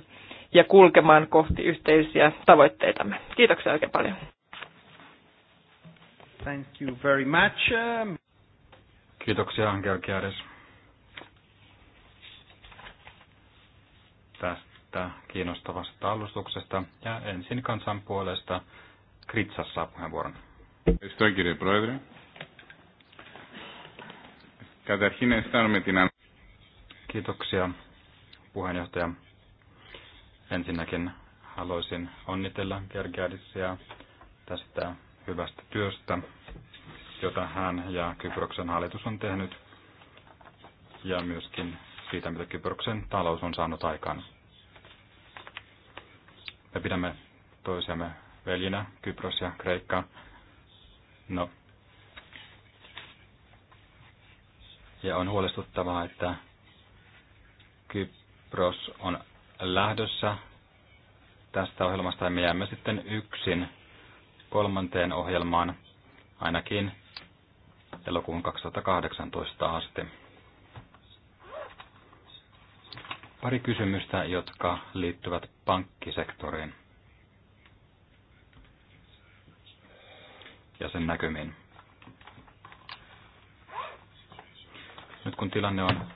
ja kulkemaan kohti yhteisiä tavoitteitamme. Kiitoksia oikein paljon. Thank you very much. Kiitoksia Angel Kieres. tästä kiinnostavasta alustuksesta ja ensin kansan puolesta Kritsas saa puheenvuoron. Ευχαριστώ κύριε Πρόεδρε. Καταρχήν αισθάνομαι την Kiitoksia puheenjohtaja. Ensinnäkin haluaisin onnitella Gergiadisia tästä hyvästä työstä, jota hän ja Kyproksen hallitus on tehnyt, ja myöskin siitä, mitä Kyproksen talous on saanut aikaan. Me pidämme toisiamme veljinä, Kypros ja Kreikka. No. Ja on huolestuttavaa, että Kypros on lähdössä tästä ohjelmasta ja me jäämme sitten yksin kolmanteen ohjelmaan ainakin elokuun 2018 asti. Pari kysymystä, jotka liittyvät pankkisektoriin ja sen näkymiin. Nyt kun tilanne on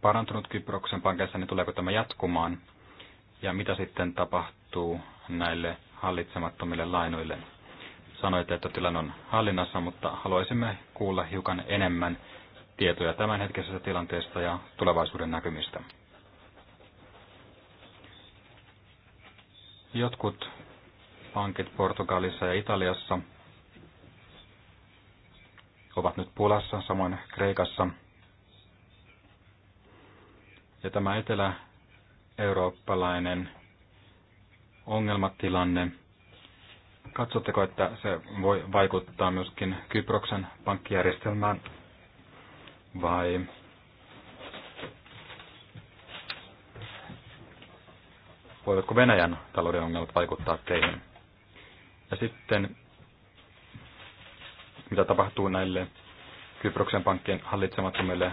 parantunut Kyproksen pankeissa, niin tuleeko tämä jatkumaan? Ja mitä sitten tapahtuu näille hallitsemattomille lainoille. Sanoitte, että tilanne on hallinnassa, mutta haluaisimme kuulla hiukan enemmän tietoja tämänhetkisestä tilanteesta ja tulevaisuuden näkymistä. Jotkut pankit Portugalissa ja Italiassa ovat nyt pulassa, samoin Kreikassa. Ja tämä etelä-eurooppalainen ongelmatilanne. Katsotteko, että se voi vaikuttaa myöskin Kyproksen pankkijärjestelmään vai voivatko Venäjän talouden ongelmat vaikuttaa teihin? Ja sitten, mitä tapahtuu näille Kyproksen pankkien hallitsemattomille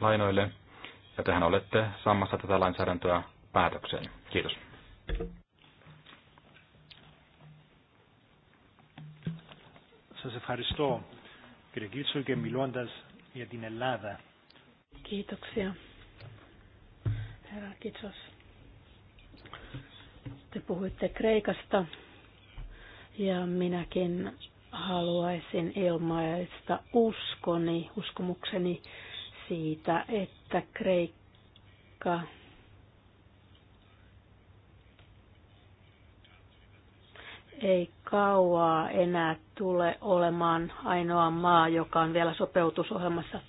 lainoille? Ja tehän olette saamassa tätä lainsäädäntöä päätökseen. Kiitos. Σας ευχαριστώ κύριε Κίτσο και μιλώντας για την Ελλάδα. Kiitoksia. Herra Te puhuitte Kreikasta ja minäkin haluaisin ilmaista uskoni, uskomukseni siitä, että Kreikka ei kauaa enää tule olemaan ainoa maa, joka on vielä sopeutusohjelmassa.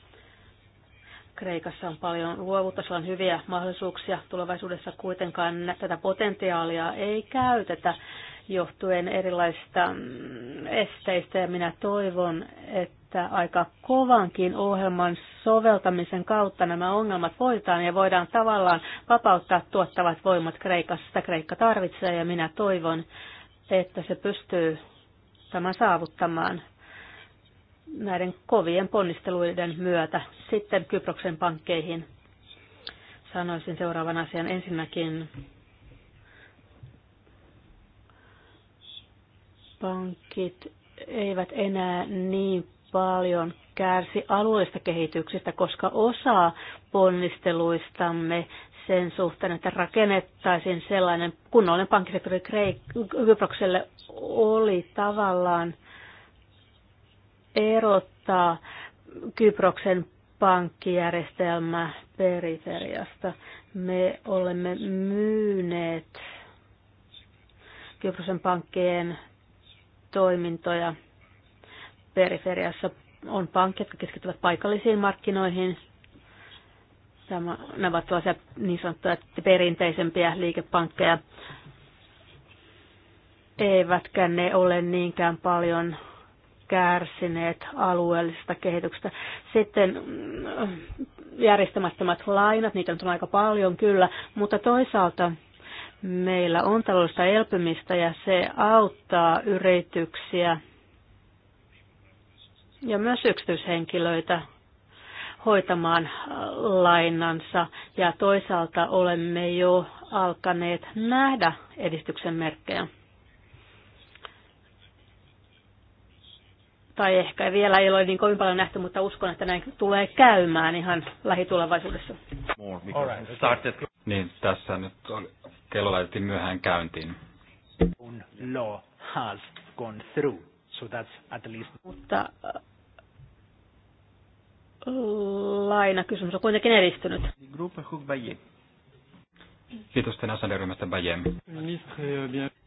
Kreikassa on paljon luovuutta, siellä on hyviä mahdollisuuksia. Tulevaisuudessa kuitenkaan tätä potentiaalia ei käytetä johtuen erilaisista mm, esteistä ja minä toivon, että aika kovankin ohjelman soveltamisen kautta nämä ongelmat voitaan ja voidaan tavallaan vapauttaa tuottavat voimat Kreikassa. Sitä Kreikka tarvitsee ja minä toivon, että se pystyy tämän saavuttamaan näiden kovien ponnisteluiden myötä. Sitten Kyproksen pankkeihin sanoisin seuraavan asian. Ensinnäkin pankit eivät enää niin paljon kärsi alueellisesta kehityksestä, koska osa ponnisteluistamme sen suhteen, että rakennettaisiin sellainen kunnollinen pankkisektori Kyprokselle oli tavallaan erottaa Kyproksen pankkijärjestelmä periferiasta. Me olemme myyneet Kyprosen pankkien toimintoja periferiassa on pankki, jotka keskittyvät paikallisiin markkinoihin, Tämä, ne ovat tuollaisia niin sanottuja perinteisempiä liikepankkeja. Eivätkä ne ole niinkään paljon kärsineet alueellisesta kehityksestä. Sitten mm, järjestämättömät lainat, niitä on aika paljon kyllä, mutta toisaalta meillä on taloudellista elpymistä ja se auttaa yrityksiä ja myös yksityishenkilöitä hoitamaan äh, lainansa ja toisaalta olemme jo alkaneet nähdä edistyksen merkkejä. Tai ehkä vielä ei ole niin kovin paljon nähty, mutta uskon, että näin tulee käymään ihan lähitulevaisuudessa. Niin, tässä nyt on, kello laitettiin myöhään käyntiin. Law has gone through, so that's at least... Mutta äh, lainakysymys on kuitenkin edistynyt. Kiitos teidän asianryhmästä Bajem.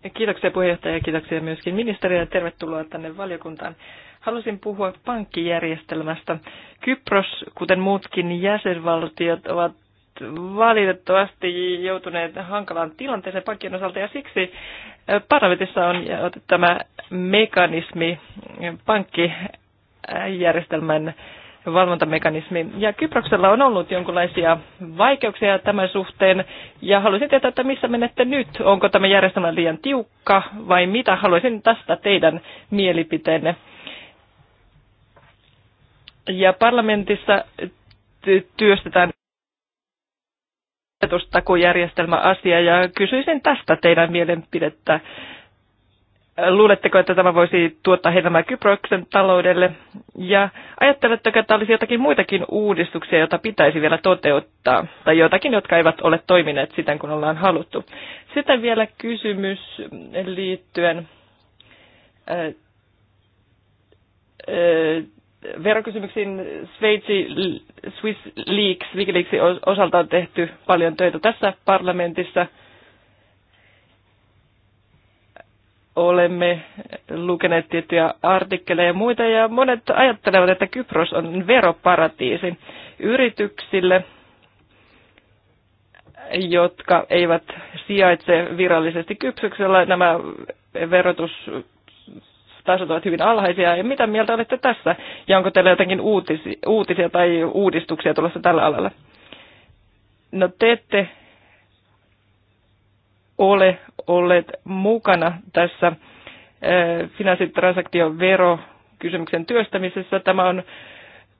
Eh, kiitoksia puheenjohtaja ja kiitoksia myöskin ministerille. Tervetuloa tänne valiokuntaan. Halusin puhua pankkijärjestelmästä. Kypros, kuten muutkin jäsenvaltiot, ovat valitettavasti joutuneet hankalaan tilanteeseen pankkien osalta ja siksi eh, parlamentissa on tämä mekanismi eh, pankkijärjestelmän valvontamekanismi. Ja Kyproksella on ollut jonkinlaisia vaikeuksia tämän suhteen, ja haluaisin tietää, että missä menette nyt? Onko tämä järjestelmä liian tiukka vai mitä? Haluaisin tästä teidän mielipiteenne. Ja parlamentissa työstetään asetustakujärjestelmäasia ja kysyisin tästä teidän mielipidettä Luuletteko, että tämä voisi tuottaa heidän Kyproksen taloudelle? Ja ajatteletteko, että olisi jotakin muitakin uudistuksia, joita pitäisi vielä toteuttaa, tai jotakin, jotka eivät ole toimineet siten, kun ollaan haluttu? Sitten vielä kysymys liittyen äh, äh, verokysymyksiin Sveitsi Swiss Leaks, Wikileaksin osalta on tehty paljon töitä tässä parlamentissa – olemme lukeneet tiettyjä artikkeleja ja muita, ja monet ajattelevat, että Kypros on veroparatiisi yrityksille, jotka eivät sijaitse virallisesti Kypsyksellä. Nämä verotustasot ovat hyvin alhaisia. Ja mitä mieltä olette tässä? Ja onko teillä jotakin uutisia, uutisia tai uudistuksia tulossa tällä alalla? No te ette ole olleet mukana tässä finanssitransaktiovero-kysymyksen työstämisessä. Tämä on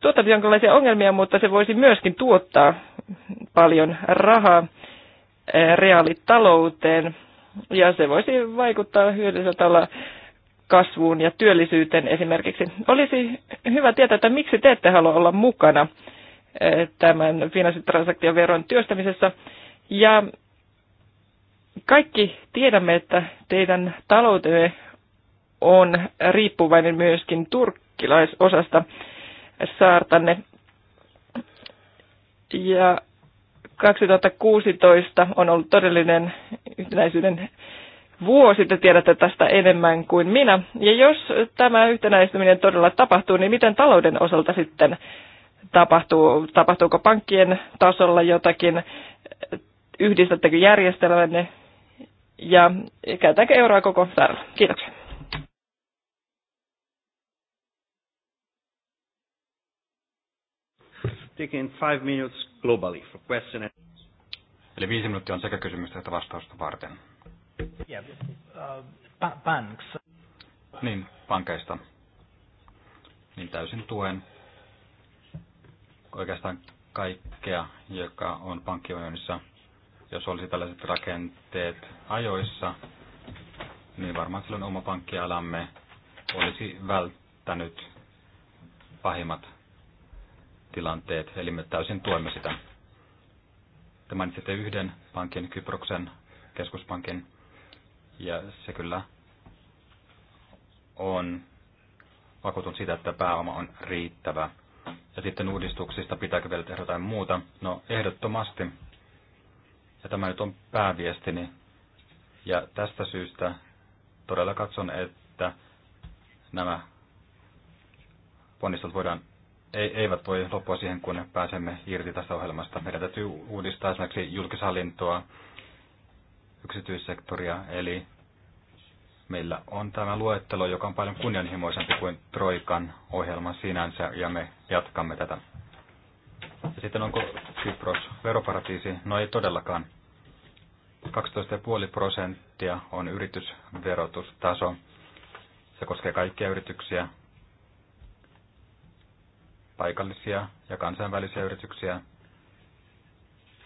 tuottanut jonkinlaisia ongelmia, mutta se voisi myöskin tuottaa paljon rahaa reaalitalouteen ja se voisi vaikuttaa hyödyllisellä tavalla kasvuun ja työllisyyteen esimerkiksi. Olisi hyvä tietää, että miksi te ette halua olla mukana tämän finanssitransaktioveron työstämisessä ja kaikki tiedämme, että teidän taloutenne on riippuvainen myöskin turkkilaisosasta saartanne. Ja 2016 on ollut todellinen yhtenäisyyden vuosi, te tiedätte tästä enemmän kuin minä. Ja jos tämä yhtenäistyminen todella tapahtuu, niin miten talouden osalta sitten tapahtuu? Tapahtuuko pankkien tasolla jotakin? Yhdistättekö järjestelmänne ja käytetäänkö euroa koko saralla. Kiitoksia. Taking five minutes globally for question and... Eli viisi minuuttia on sekä kysymystä että vastausta varten. Yeah, uh, banks. Niin, pankeista. Niin täysin tuen oikeastaan kaikkea, joka on pankkiunionissa jos olisi tällaiset rakenteet ajoissa, niin varmaan silloin oma pankkialamme olisi välttänyt pahimmat tilanteet, eli me täysin tuemme sitä. Te mainitsitte yhden pankin, Kyproksen keskuspankin, ja se kyllä on vakuutun siitä, että pääoma on riittävä. Ja sitten uudistuksista pitääkö vielä tehdä jotain muuta? No ehdottomasti ja tämä nyt on pääviestini. Ja tästä syystä todella katson, että nämä ponnistelut voidaan, ei eivät voi loppua siihen, kun pääsemme irti tästä ohjelmasta. Meidän täytyy uudistaa esimerkiksi julkishallintoa, yksityissektoria, eli meillä on tämä luettelo, joka on paljon kunnianhimoisempi kuin Troikan ohjelma sinänsä, ja me jatkamme tätä. Ja sitten onko Kypros veroparatiisi? No ei todellakaan. 12,5 prosenttia on yritysverotustaso. Se koskee kaikkia yrityksiä, paikallisia ja kansainvälisiä yrityksiä.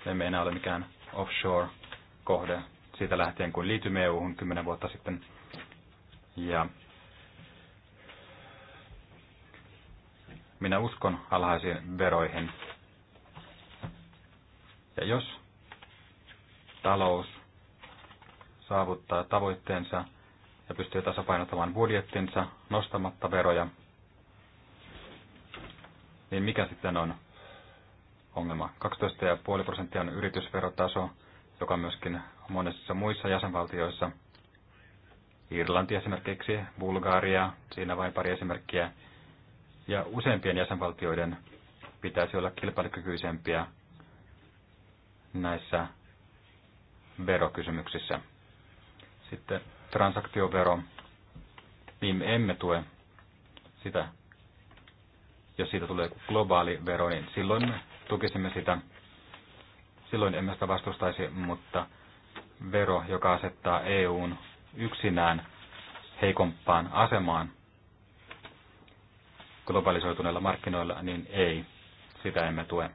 Emme enää ole mikään offshore-kohde siitä lähtien, kun liitymme EU-hun kymmenen vuotta sitten. Ja minä uskon alhaisiin veroihin. Ja jos talous saavuttaa tavoitteensa ja pystyy tasapainottamaan budjettinsa nostamatta veroja, niin mikä sitten on ongelma? 12,5 prosenttia on yritysverotaso, joka on myöskin monessa muissa jäsenvaltioissa. Irlanti esimerkiksi, Bulgaria, siinä vain pari esimerkkiä. Ja useimpien jäsenvaltioiden pitäisi olla kilpailukykyisempiä näissä verokysymyksissä. Sitten transaktiovero. Niin me emme tue sitä. Jos siitä tulee globaali vero, niin silloin me tukisimme sitä. Silloin emme sitä vastustaisi, mutta vero, joka asettaa EUn yksinään heikompaan asemaan globalisoituneilla markkinoilla, niin ei, sitä emme tue.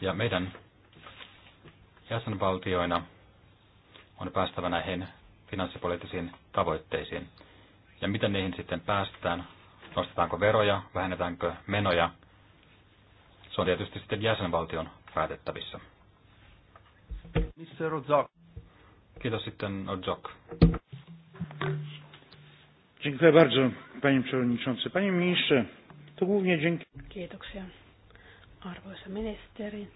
Ja meidän jäsenvaltioina on päästävä näihin finanssipoliittisiin tavoitteisiin. Ja miten niihin sitten päästään? Nostetaanko veroja, vähennetäänkö menoja? Se on tietysti sitten jäsenvaltion päätettävissä. Mr. Ozok. Kiitos sitten Odzok. Dziękuję bardzo, panie przewodniczący. Panie ministrze, to głównie dzięki... Kiitoksia. Arvoisa ministeri,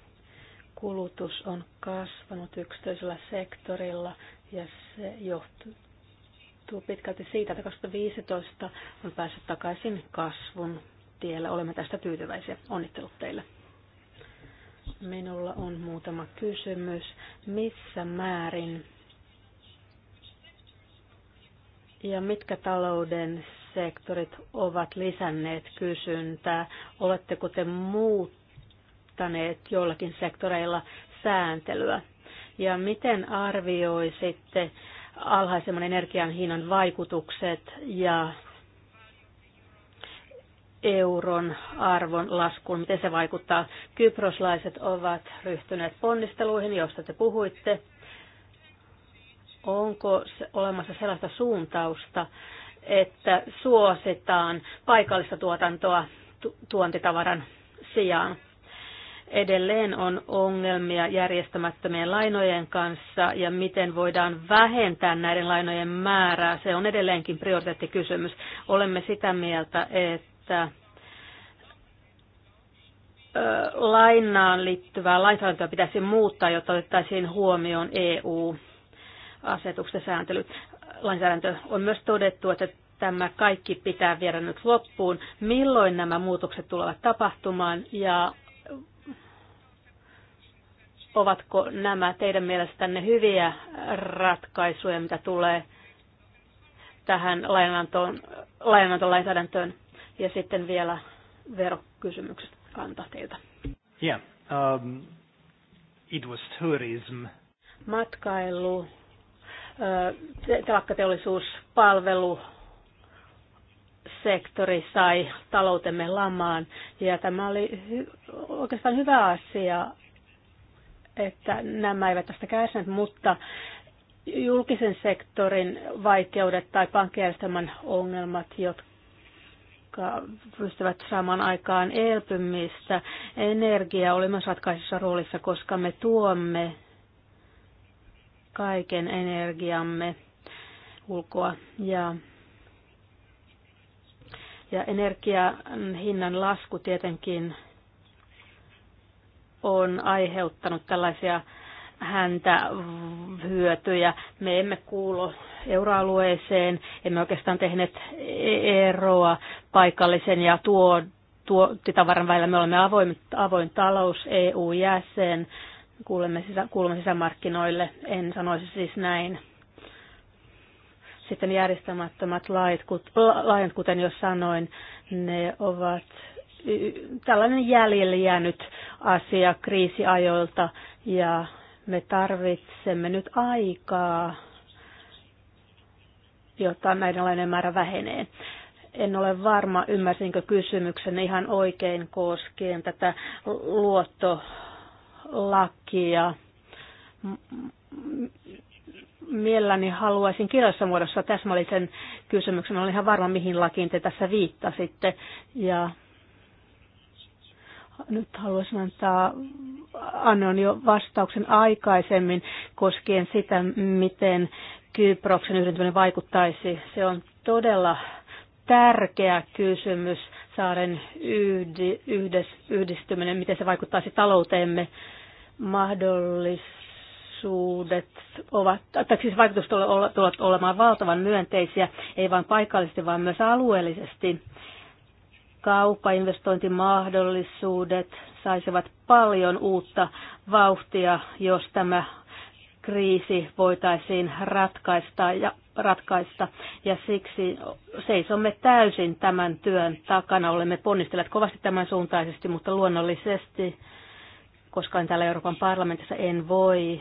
kulutus on kasvanut yksityisellä sektorilla ja se johtuu pitkälti siitä, että 2015 on päässyt takaisin kasvun tielle. Olemme tästä tyytyväisiä. Onnittelut teille. Minulla on muutama kysymys. Missä määrin ja mitkä talouden sektorit ovat lisänneet kysyntää? Oletteko te muut korottaneet jollakin sektoreilla sääntelyä? Ja miten arvioisitte alhaisemman energian hinnan vaikutukset ja euron arvon laskun, miten se vaikuttaa. Kyproslaiset ovat ryhtyneet ponnisteluihin, joista te puhuitte. Onko se olemassa sellaista suuntausta, että suositaan paikallista tuotantoa tuontitavaran sijaan? edelleen on ongelmia järjestämättömien lainojen kanssa ja miten voidaan vähentää näiden lainojen määrää. Se on edelleenkin prioriteettikysymys. Olemme sitä mieltä, että lainaan liittyvää lainsäädäntöä pitäisi muuttaa, jotta otettaisiin huomioon EU-asetuksen sääntely. Lainsäädäntö on myös todettu, että tämä kaikki pitää viedä nyt loppuun. Milloin nämä muutokset tulevat tapahtumaan ja Ovatko nämä teidän mielestänne hyviä ratkaisuja, mitä tulee tähän lainantolainsäädäntöön? Ja sitten vielä verokysymykset kanta teiltä. Yeah, um, it was tourism. Matkailu, telakkateollisuus, palvelu, sektori sai taloutemme lamaan. Ja tämä oli hy- oikeastaan hyvä asia että nämä eivät tästä kärsineet, mutta julkisen sektorin vaikeudet tai pankkijärjestelmän ongelmat, jotka pystyvät saamaan aikaan elpymistä. Energia oli myös ratkaisussa roolissa, koska me tuomme kaiken energiamme ulkoa ja ja energian hinnan lasku tietenkin on aiheuttanut tällaisia häntä hyötyjä. Me emme kuulu euroalueeseen, emme oikeastaan tehneet e- eroa paikallisen ja tuo, tavaran välillä. Me olemme avoin, avoin talous, EU-jäsen, kuulemme, sisä, kuulemme sisämarkkinoille, en sanoisi siis näin. Sitten järjestämättömät lait, kuten jo sanoin, ne ovat tällainen jäljelle jäänyt asia kriisiajoilta ja me tarvitsemme nyt aikaa, jotta näiden määrä vähenee. En ole varma, ymmärsinkö kysymyksen ihan oikein koskien tätä luottolakia. Mielelläni haluaisin kirjallisessa muodossa täsmällisen kysymyksen. Olen ihan varma, mihin lakiin te tässä viittasitte. Ja nyt haluaisin antaa, annan jo vastauksen aikaisemmin koskien sitä, miten Kyproksen yhdentyminen vaikuttaisi. Se on todella tärkeä kysymys, saaren yhdi, yhdes, yhdistyminen, miten se vaikuttaisi talouteemme. Mahdollisuudet ovat, tai siis vaikutukset tulevat olemaan valtavan myönteisiä, ei vain paikallisesti, vaan myös alueellisesti kauppainvestointimahdollisuudet saisivat paljon uutta vauhtia, jos tämä kriisi voitaisiin ratkaista ja ratkaista. Ja siksi seisomme täysin tämän työn takana. Olemme ponnistelleet kovasti tämän suuntaisesti, mutta luonnollisesti, koska en täällä Euroopan parlamentissa, en voi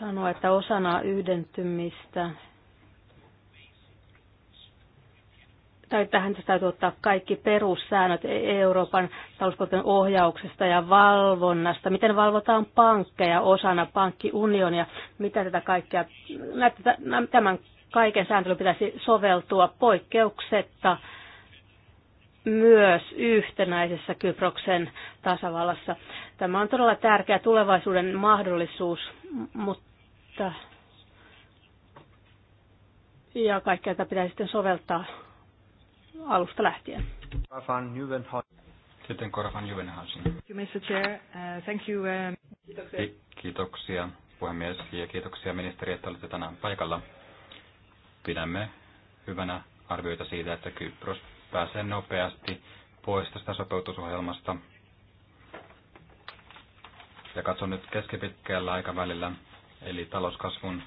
sanoa, että osana yhdentymistä tai tähän täytyy ottaa kaikki perussäännöt e- Euroopan talouspolitiikan ohjauksesta ja valvonnasta. Miten valvotaan pankkeja osana pankkiunionia? Mitä tätä kaikkea, tämän kaiken sääntelyn pitäisi soveltua poikkeuksetta myös yhtenäisessä Kyproksen tasavallassa. Tämä on todella tärkeä tulevaisuuden mahdollisuus, mutta ja kaikkea tätä pitäisi sitten soveltaa alusta lähtien. Sitten Korfan Juvenhausen. Thank you. Uh, uh, kiitoksia. Kiitoksia puhemies ja kiitoksia ministeri, että olette tänään paikalla. Pidämme hyvänä arvioita siitä, että Kypros pääsee nopeasti pois tästä sopeutusohjelmasta. Ja katson nyt keskipitkällä aikavälillä, eli talouskasvun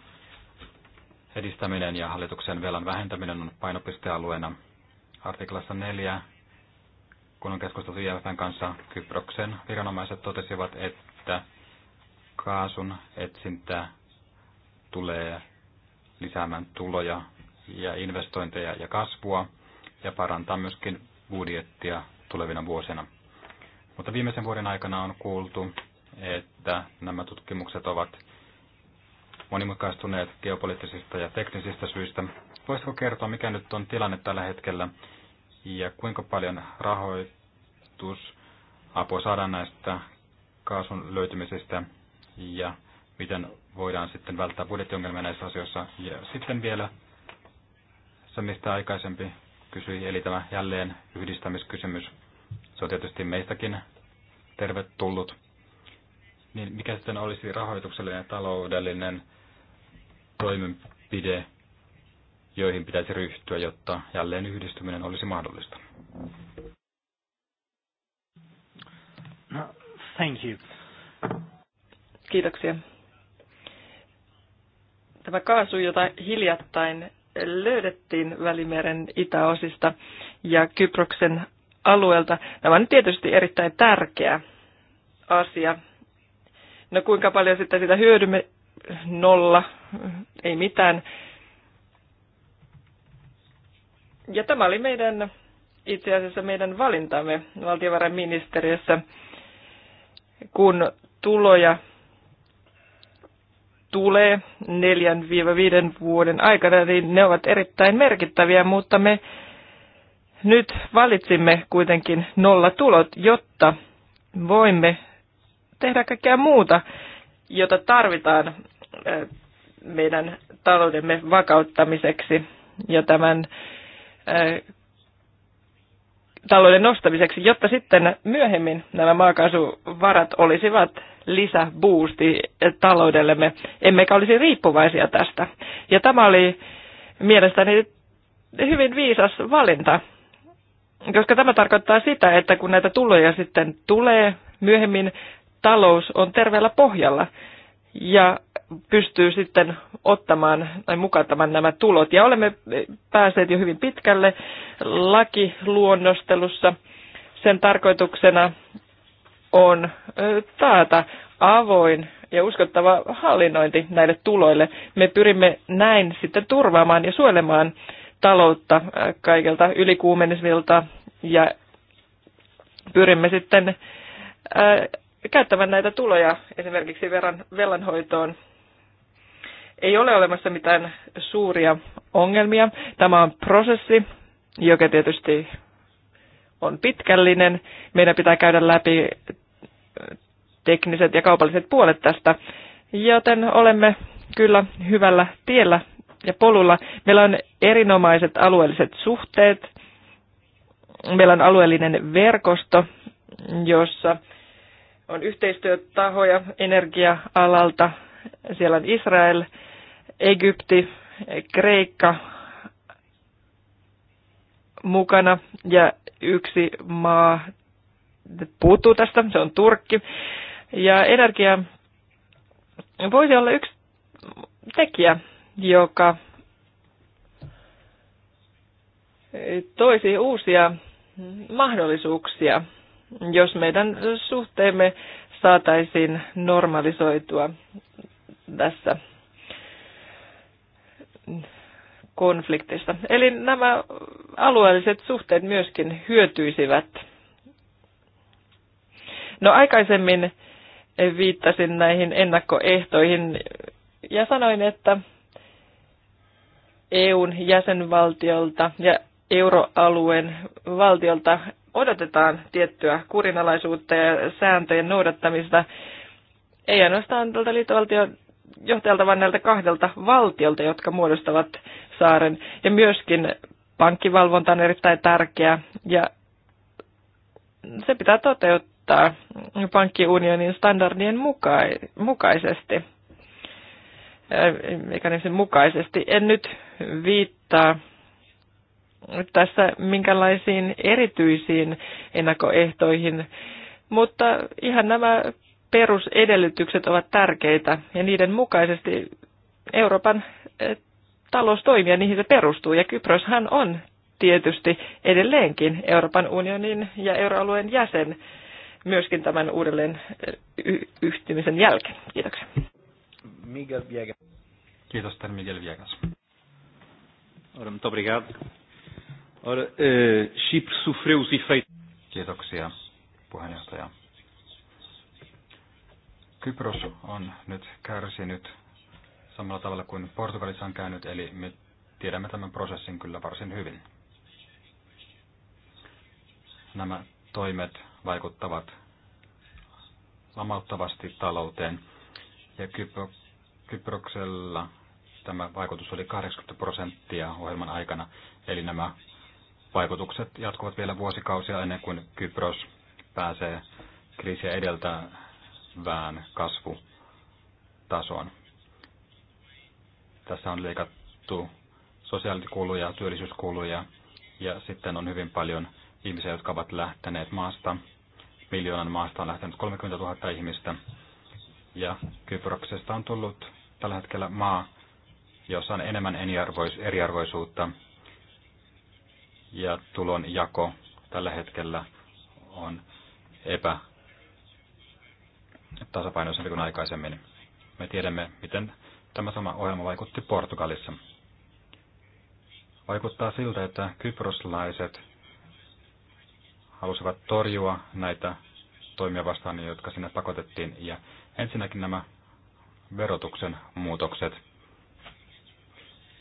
edistäminen ja hallituksen velan vähentäminen on painopistealueena – artiklassa 4, kun on keskusteltu IFN kanssa, Kyproksen viranomaiset totesivat, että kaasun etsintä tulee lisäämään tuloja ja investointeja ja kasvua ja parantaa myöskin budjettia tulevina vuosina. Mutta viimeisen vuoden aikana on kuultu, että nämä tutkimukset ovat monimutkaistuneet geopoliittisista ja teknisistä syistä. Voisitko kertoa, mikä nyt on tilanne tällä hetkellä ja kuinka paljon rahoitusapua saadaan näistä kaasun löytymisistä ja miten voidaan sitten välttää budjettiongelmia näissä asioissa. Ja sitten vielä se, mistä aikaisempi kysyi, eli tämä jälleen yhdistämiskysymys. Se on tietysti meistäkin tervetullut. Niin mikä sitten olisi rahoituksellinen ja taloudellinen toimenpide, joihin pitäisi ryhtyä, jotta jälleen yhdistyminen olisi mahdollista? No, thank you. Kiitoksia. Tämä kaasu, jota hiljattain löydettiin Välimeren itäosista ja Kyproksen alueelta, tämä on tietysti erittäin tärkeä asia. No kuinka paljon sitten sitä hyödymme, nolla, ei mitään. Ja tämä oli meidän, itse asiassa meidän valintamme valtiovarainministeriössä, kun tuloja tulee 4-5 vuoden aikana, niin ne ovat erittäin merkittäviä, mutta me nyt valitsimme kuitenkin nollatulot, jotta voimme tehdä kaikkea muuta jota tarvitaan meidän taloudemme vakauttamiseksi ja tämän talouden nostamiseksi, jotta sitten myöhemmin nämä maakaasuvarat olisivat lisäboosti taloudellemme, emmekä olisi riippuvaisia tästä. Ja tämä oli mielestäni hyvin viisas valinta, koska tämä tarkoittaa sitä, että kun näitä tuloja sitten tulee myöhemmin, talous on terveellä pohjalla ja pystyy sitten ottamaan tai mukaan nämä tulot. Ja olemme päässeet jo hyvin pitkälle lakiluonnostelussa. Sen tarkoituksena on taata avoin ja uskottava hallinnointi näille tuloille. Me pyrimme näin sitten turvaamaan ja suojelemaan taloutta kaikelta ylikuumenisilta ja pyrimme sitten Käyttävän näitä tuloja esimerkiksi veran, velanhoitoon. Ei ole olemassa mitään suuria ongelmia. Tämä on prosessi, joka tietysti on pitkällinen. Meidän pitää käydä läpi äh, tekniset ja kaupalliset puolet tästä, joten olemme kyllä hyvällä tiellä ja polulla. Meillä on erinomaiset alueelliset suhteet. Meillä on alueellinen verkosto, jossa on yhteistyötahoja energia-alalta. Siellä on Israel, Egypti, Kreikka mukana ja yksi maa puuttuu tästä, se on Turkki. Ja energia voisi olla yksi tekijä, joka toisi uusia mahdollisuuksia jos meidän suhteemme saataisiin normalisoitua tässä konfliktissa. Eli nämä alueelliset suhteet myöskin hyötyisivät. No aikaisemmin viittasin näihin ennakkoehtoihin ja sanoin, että EUn jäsenvaltiolta ja euroalueen valtiolta odotetaan tiettyä kurinalaisuutta ja sääntöjen noudattamista, ei ainoastaan tältä liittovaltion johtajalta, vaan näiltä kahdelta valtiolta, jotka muodostavat saaren. Ja myöskin pankkivalvonta on erittäin tärkeää ja se pitää toteuttaa pankkiunionin standardien mukaisesti mekanismin mukaisesti. En nyt viittaa tässä minkälaisiin erityisiin ennakkoehtoihin, mutta ihan nämä perusedellytykset ovat tärkeitä ja niiden mukaisesti Euroopan eh, talous toimii ja niihin se perustuu. Ja Kyproshan on tietysti edelleenkin Euroopan unionin ja euroalueen jäsen myöskin tämän uudelleen eh, yhtymisen jälkeen. Kiitoksia. Miguel Viegas. Kiitos, Miguel Viegas. Obrigado. Ora, eh, Chipre sofreu os efeitos. Kiitoksia, puheenjohtaja. Kypros on nyt kärsinyt samalla tavalla kuin Portugalissa on käynyt, eli me tiedämme tämän prosessin kyllä varsin hyvin. Nämä toimet vaikuttavat lamauttavasti talouteen, ja Kypro, Kyproksella tämä vaikutus oli 80 prosenttia ohjelman aikana, eli nämä vaikutukset jatkuvat vielä vuosikausia ennen kuin Kypros pääsee kriisiä edeltävään kasvutasoon. Tässä on leikattu sosiaalikuluja, työllisyyskuluja ja sitten on hyvin paljon ihmisiä, jotka ovat lähteneet maasta. Miljoonan maasta on lähtenyt 30 000 ihmistä ja Kyproksesta on tullut tällä hetkellä maa, jossa on enemmän eriarvoisuutta ja jako tällä hetkellä on tasapainoisempi kuin aikaisemmin. Me tiedämme, miten tämä sama ohjelma vaikutti Portugalissa. Vaikuttaa siltä, että kyproslaiset halusivat torjua näitä toimia vastaan, jotka sinne pakotettiin. Ja ensinnäkin nämä verotuksen muutokset,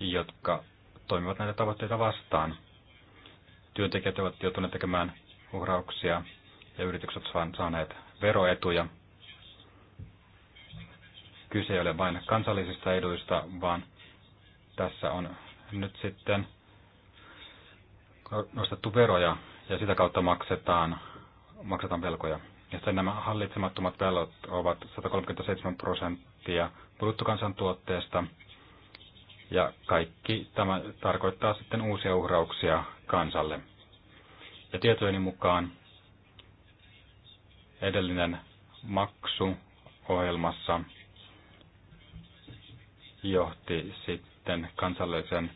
jotka toimivat näitä tavoitteita vastaan – työntekijät ovat joutuneet tekemään uhrauksia ja yritykset ovat saaneet veroetuja. Kyse ei ole vain kansallisista eduista, vaan tässä on nyt sitten nostettu veroja ja sitä kautta maksetaan, maksetaan velkoja. Ja sitten nämä hallitsemattomat velot ovat 137 prosenttia bruttokansantuotteesta – ja kaikki tämä tarkoittaa sitten uusia uhrauksia kansalle. Ja tietojeni mukaan edellinen maksu ohjelmassa johti sitten kansallisen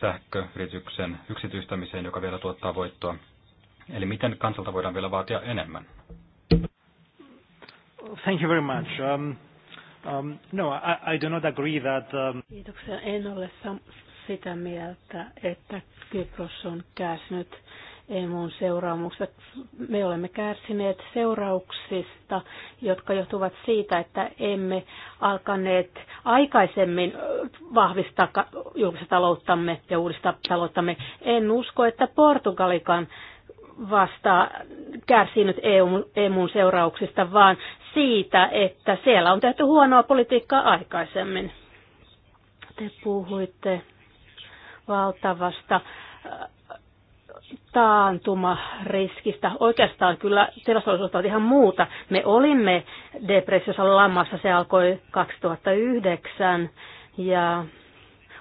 sähköyrityksen yksityistämiseen, joka vielä tuottaa voittoa. Eli miten kansalta voidaan vielä vaatia enemmän? Thank you very much. Um... Um, no, I, do not agree that... Um, Kiitoksia. En ole sitä mieltä, että Kypros on kärsinyt EMUn seuraamukset. Me olemme kärsineet seurauksista, jotka johtuvat siitä, että emme alkaneet aikaisemmin vahvistaa julkista talouttamme ja uudistaa talouttamme. En usko, että Portugalikan vastaa kärsinyt EUn, mun seurauksista, vaan siitä, että siellä on tehty huonoa politiikkaa aikaisemmin. Te puhuitte valtavasta äh, taantumariskistä. Oikeastaan kyllä tilastollisuutta on ihan muuta. Me olimme depressiossa lamassa, se alkoi 2009 ja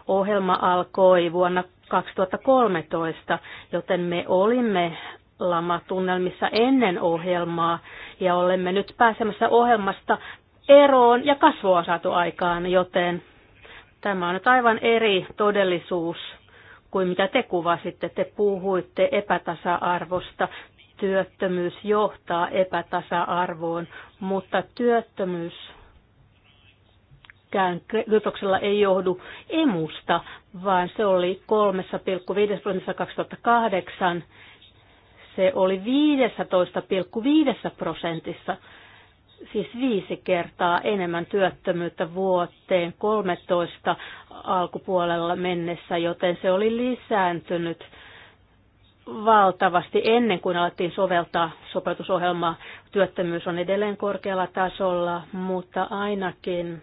ohjelma alkoi vuonna 2013, joten me olimme lamatunnelmissa ennen ohjelmaa ja olemme nyt pääsemässä ohjelmasta eroon ja kasvua saatu aikaan, joten tämä on nyt aivan eri todellisuus kuin mitä te kuvasitte. Te puhuitte epätasa-arvosta. Työttömyys johtaa epätasa-arvoon, mutta työttömyys kytoksella ei johdu emusta, vaan se oli 3,5 prosentissa 2008 se oli 15,5 prosentissa, siis viisi kertaa enemmän työttömyyttä vuoteen 13 alkupuolella mennessä, joten se oli lisääntynyt valtavasti ennen kuin alettiin soveltaa sopeutusohjelmaa. Työttömyys on edelleen korkealla tasolla, mutta ainakin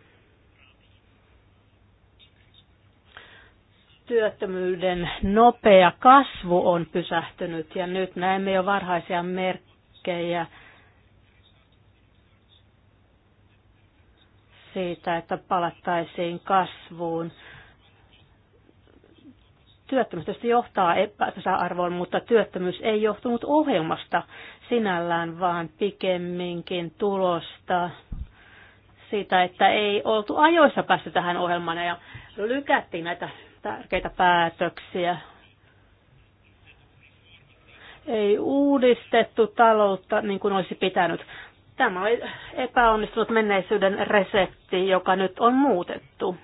työttömyyden nopea kasvu on pysähtynyt ja nyt näemme jo varhaisia merkkejä siitä, että palattaisiin kasvuun. Työttömyys johtaa epätasa-arvoon, mutta työttömyys ei johtunut ohjelmasta sinällään, vaan pikemminkin tulosta siitä, että ei oltu ajoissa päästy tähän ohjelmaan ja lykättiin näitä tärkeitä päätöksiä. Ei uudistettu taloutta niin kuin olisi pitänyt. Tämä oli epäonnistunut menneisyyden resepti, joka nyt on muutettu.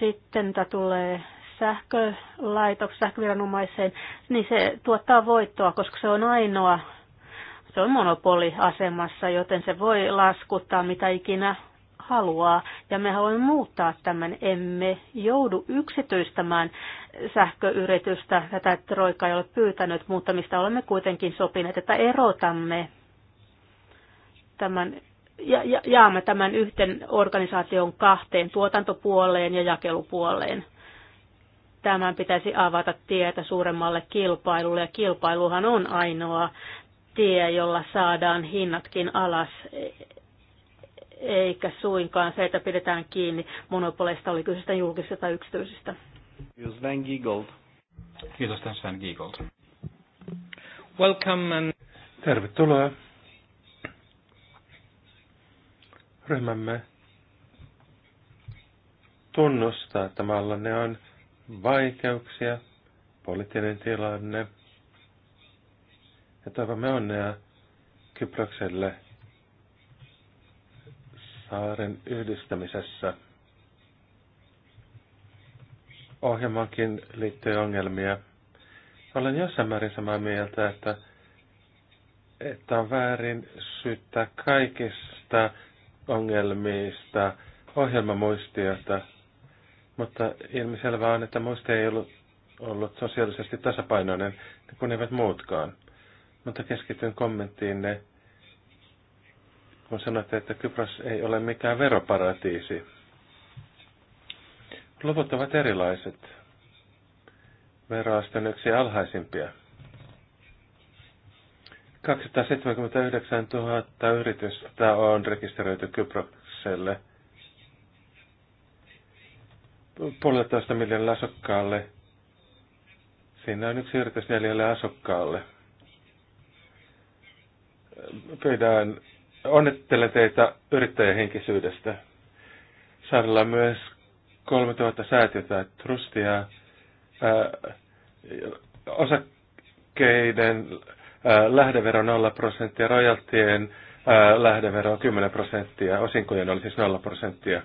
Sitten tämä tulee sähkölaitok, sähköviranomaiseen, niin se tuottaa voittoa, koska se on ainoa, se on monopoliasemassa, joten se voi laskuttaa mitä ikinä haluaa. Ja me haluamme muuttaa tämän. Emme joudu yksityistämään sähköyritystä. Tätä Troika ei ole pyytänyt, mutta mistä olemme kuitenkin sopineet, että erotamme tämän ja, ja, jaamme tämän yhden organisaation kahteen, tuotantopuoleen ja jakelupuoleen. Tämän pitäisi avata tietä suuremmalle kilpailulle, ja kilpailuhan on ainoa tie, jolla saadaan hinnatkin alas, eikä suinkaan se, että pidetään kiinni monopoleista, oli kyseistä julkisista tai yksityisistä. Sven Giegold. Kiitos Sven Giegold. Welcome and... Tervetuloa ryhmämme tunnustaa, että ne on vaikeuksia, poliittinen tilanne ja toivomme onnea Kyprokselle – saaren yhdistämisessä. Ohjelmankin liittyy ongelmia. Olen jossain määrin samaa mieltä, että, että on väärin syyttää kaikista ongelmista ohjelmamuistiota, mutta ilmiselvää on, että muisti ei ollut, ollut sosiaalisesti tasapainoinen, kun eivät muutkaan. Mutta keskityn kommenttiinne kun sanotte, että Kypros ei ole mikään veroparatiisi. Luvut ovat erilaiset. Veroaste on yksi alhaisimpia. 279 000 yritystä on rekisteröity Kyprokselle. Puolitoista miljoonalle asukkaalle. Siinä on yksi yritys neljälle asukkaalle. Pidän Onnittelen teitä yrittäjähenkisyydestä. Saarella on myös 3000 säätiötä trustia, osakkeiden lähdevero 0 prosenttia, rojaltien lähdevero 10 prosenttia, osinkojen oli siis 0 prosenttia.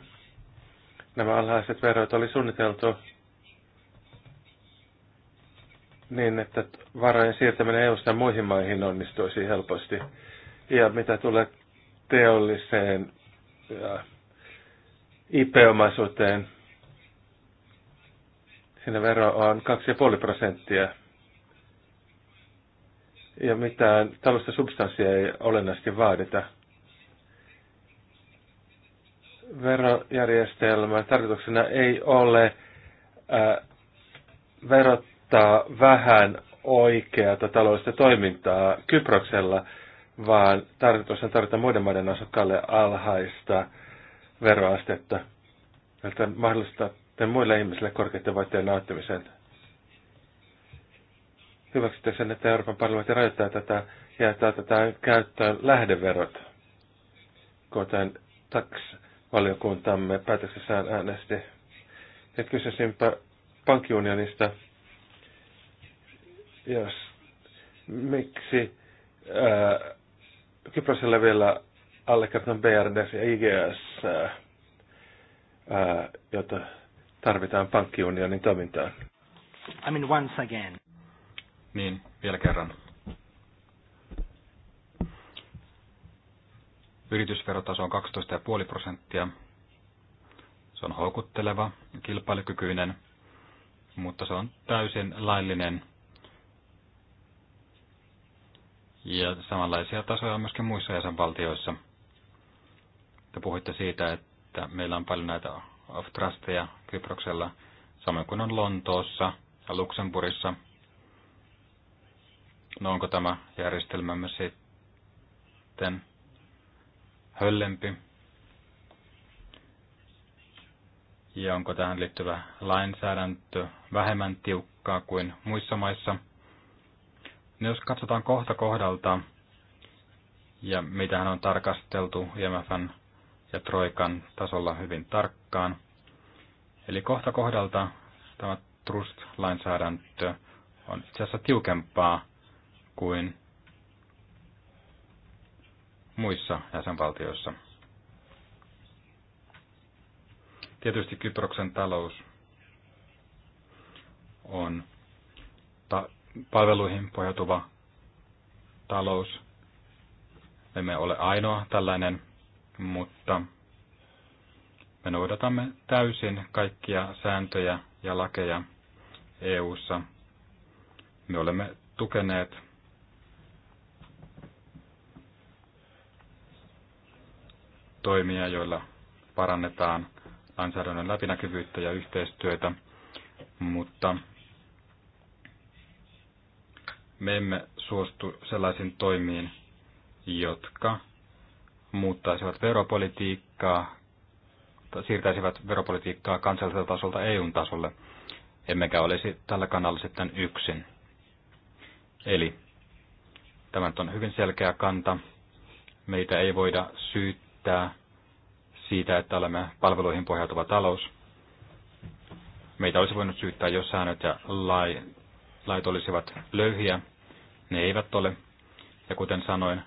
Nämä alhaiset verot oli suunniteltu niin, että varojen siirtäminen EU-sta muihin maihin onnistuisi helposti. Ja mitä tulee teolliseen IP-omaisuuteen. Siinä vero on 2,5 prosenttia. Ja mitään tällaista substanssia ei olennaisesti vaadita. Verojärjestelmän tarkoituksena ei ole äh, verottaa vähän oikeata taloudellista toimintaa Kyproksella – vaan tarkoitus on tarjota muiden maiden asukkaille alhaista veroastetta, että mahdollistatte muille ihmisille korkeiden voittojen nauttimisen. Hyväksytte sen, että Euroopan parlamentti rajoittaa tätä ja että otetaan käyttöön lähdeverot, kuten TAX-valiokuntamme päätöksessään äänesti. Nyt kysyisinpä pankkiunionista, jos miksi ää, Kyprosella vielä allekirjoitan BRDS ja IGS, ää, jota tarvitaan pankkiunionin toimintaan. I mean once again. Niin, vielä kerran. Yritysverotaso on 12,5 prosenttia. Se on houkutteleva ja kilpailukykyinen, mutta se on täysin laillinen Ja samanlaisia tasoja on myöskin muissa jäsenvaltioissa. Te puhuitte siitä, että meillä on paljon näitä of trusteja Kyproksella, samoin kuin on Lontoossa ja Luxemburissa. No onko tämä järjestelmämme sitten höllempi? Ja onko tähän liittyvä lainsäädäntö vähemmän tiukkaa kuin muissa maissa? No jos katsotaan kohta kohdalta, ja hän on tarkasteltu IMFn ja Troikan tasolla hyvin tarkkaan. Eli kohta kohdalta tämä trust-lainsäädäntö on itse asiassa tiukempaa kuin muissa jäsenvaltioissa. Tietysti Kyproksen talous on palveluihin pohjautuva talous. Emme ole ainoa tällainen, mutta me noudatamme täysin kaikkia sääntöjä ja lakeja EU:ssa. Me olemme tukeneet toimia, joilla parannetaan lainsäädännön läpinäkyvyyttä ja yhteistyötä, mutta me emme suostu sellaisiin toimiin, jotka muuttaisivat veropolitiikkaa, tai siirtäisivät veropolitiikkaa kansalliselta tasolta EUn tasolle, emmekä olisi tällä kannalla sitten yksin. Eli tämä on hyvin selkeä kanta. Meitä ei voida syyttää siitä, että olemme palveluihin pohjautuva talous. Meitä olisi voinut syyttää, jos säännöt ja lai, lait olisivat löyhiä. Ne eivät ole. Ja kuten sanoin,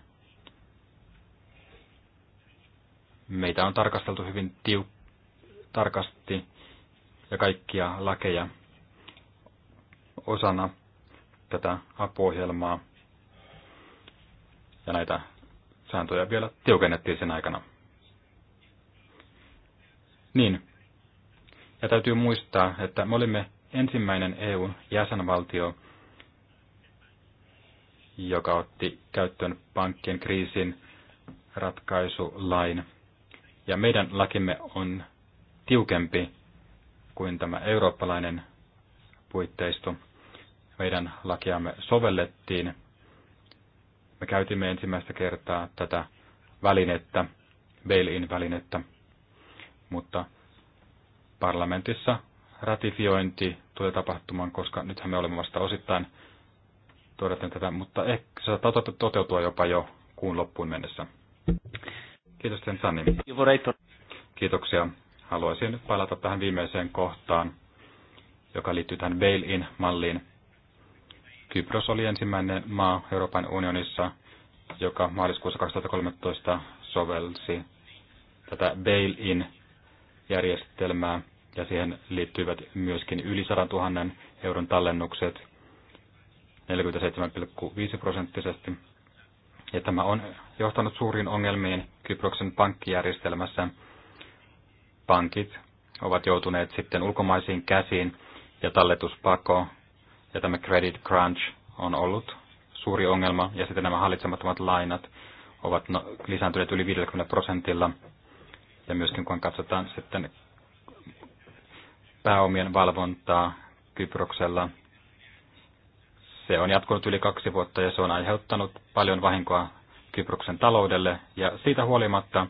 meitä on tarkasteltu hyvin tiu- tarkasti ja kaikkia lakeja osana tätä apuohjelmaa. Ja näitä sääntöjä vielä tiukennettiin sen aikana. Niin. Ja täytyy muistaa, että me olimme ensimmäinen EU-jäsenvaltio, joka otti käyttöön pankkien kriisin ratkaisulain. Ja meidän lakimme on tiukempi kuin tämä eurooppalainen puitteisto. Meidän lakiamme sovellettiin. Me käytimme ensimmäistä kertaa tätä välinettä, bail-in-välinettä, mutta parlamentissa ratifiointi tulee tapahtumaan, koska nythän me olemme vasta osittain todetaan tätä, mutta ehkä se saattaa toteutua jopa jo kuun loppuun mennessä. Kiitos sen Sani. Kiitoksia. Haluaisin palata tähän viimeiseen kohtaan, joka liittyy tähän bail-in-malliin. Kypros oli ensimmäinen maa Euroopan unionissa, joka maaliskuussa 2013 sovelsi tätä bail-in-järjestelmää ja siihen liittyivät myöskin yli 100 000 euron tallennukset 47,5 prosenttisesti. Ja tämä on johtanut suuriin ongelmiin Kyproksen pankkijärjestelmässä. Pankit ovat joutuneet sitten ulkomaisiin käsiin ja talletuspako ja tämä credit crunch on ollut suuri ongelma ja sitten nämä hallitsemattomat lainat ovat no, lisääntyneet yli 50 prosentilla. Ja myöskin kun katsotaan sitten pääomien valvontaa Kyproksella. Se on jatkunut yli kaksi vuotta ja se on aiheuttanut paljon vahinkoa Kyproksen taloudelle ja siitä huolimatta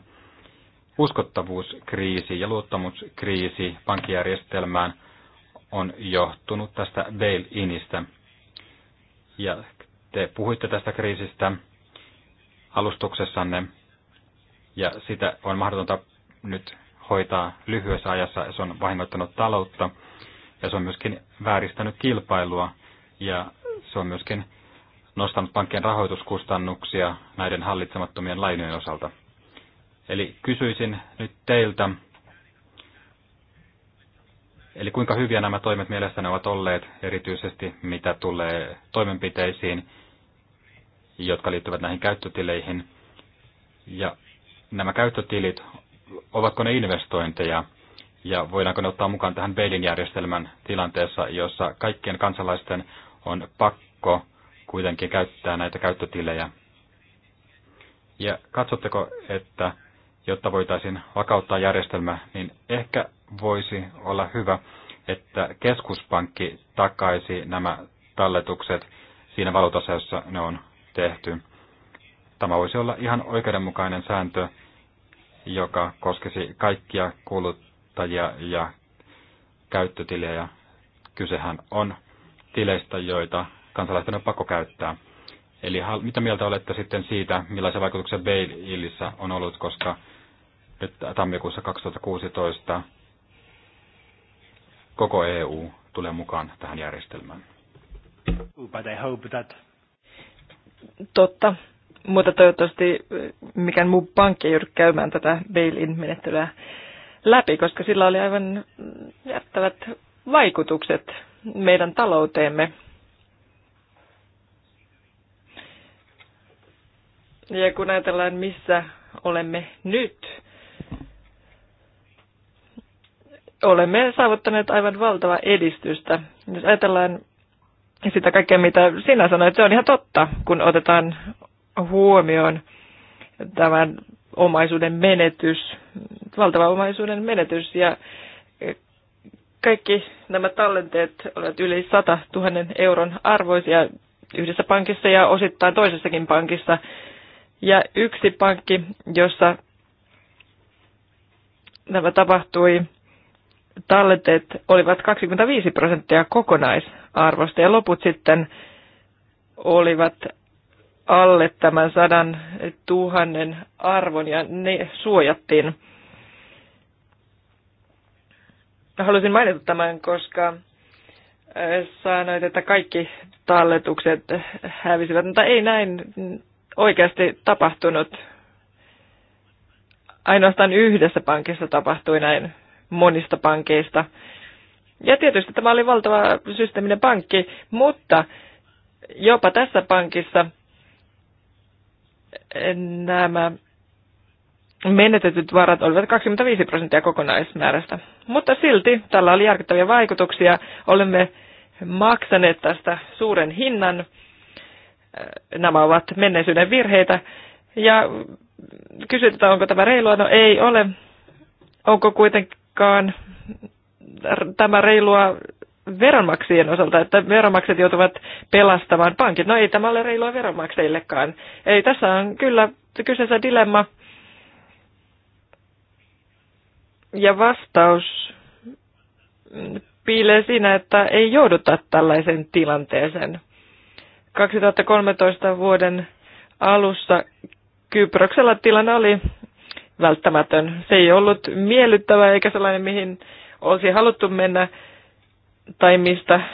uskottavuuskriisi ja luottamuskriisi pankkijärjestelmään on johtunut tästä bail-inistä. Ja te puhuitte tästä kriisistä alustuksessanne ja sitä on mahdotonta nyt hoitaa lyhyessä ajassa. Se on vahingoittanut taloutta ja se on myöskin vääristänyt kilpailua ja se on myöskin nostanut pankkien rahoituskustannuksia näiden hallitsemattomien lainojen osalta. Eli kysyisin nyt teiltä, eli kuinka hyviä nämä toimet mielestäni ovat olleet, erityisesti mitä tulee toimenpiteisiin, jotka liittyvät näihin käyttötileihin. Ja nämä käyttötilit ovatko ne investointeja ja voidaanko ne ottaa mukaan tähän Beilin järjestelmän tilanteessa, jossa kaikkien kansalaisten on pakko kuitenkin käyttää näitä käyttötilejä. Ja katsotteko, että jotta voitaisiin vakauttaa järjestelmä, niin ehkä voisi olla hyvä, että keskuspankki takaisi nämä talletukset siinä valuutassa, jossa ne on tehty. Tämä voisi olla ihan oikeudenmukainen sääntö, joka koskisi kaikkia kuluttajia ja käyttötilejä. Kysehän on tileistä, joita kansalaisten on pakko käyttää. Eli mitä mieltä olette sitten siitä, millaisia vaikutuksia bail-illissä on ollut, koska nyt tammikuussa 2016 koko EU tulee mukaan tähän järjestelmään? Totta, mutta toivottavasti eh, mikään muu pankki ei joudu käymään tätä bail-in-menettelyä läpi, koska sillä oli aivan jättävät vaikutukset meidän talouteemme. Ja kun ajatellaan, missä olemme nyt, olemme saavuttaneet aivan valtava edistystä. Jos ajatellaan sitä kaikkea, mitä sinä sanoit, se on ihan totta, kun otetaan huomioon tämän omaisuuden menetys, valtava omaisuuden menetys ja e, kaikki nämä tallenteet olivat yli 100 000 euron arvoisia yhdessä pankissa ja osittain toisessakin pankissa. Ja yksi pankki, jossa tämä tapahtui, tallenteet olivat 25 prosenttia kokonaisarvosta ja loput sitten olivat alle tämän sadan tuhannen arvon ja ne suojattiin. Halusin mainita tämän, koska äh, sanoit, että kaikki talletukset hävisivät, mutta ei näin oikeasti tapahtunut. Ainoastaan yhdessä pankissa tapahtui näin monista pankeista. Ja tietysti tämä oli valtava systeeminen pankki, mutta jopa tässä pankissa – nämä menetetyt varat olivat 25 prosenttia kokonaismäärästä. Mutta silti tällä oli järkyttäviä vaikutuksia. Olemme maksaneet tästä suuren hinnan. Äh, nämä ovat menneisyyden virheitä. Ja kysytään, onko tämä reilua? No ei ole. Onko kuitenkaan tämä reilua veronmaksajien osalta, että veronmaksajat joutuvat pelastamaan pankit. No ei tämä ole reilua veronmaksajillekaan. Ei, tässä on kyllä kyseessä dilemma. Ja vastaus piilee siinä, että ei jouduta tällaisen tilanteeseen. 2013 vuoden alussa Kyproksella tilanne oli välttämätön. Se ei ollut miellyttävä eikä sellainen, mihin olisi haluttu mennä tai mistä äh,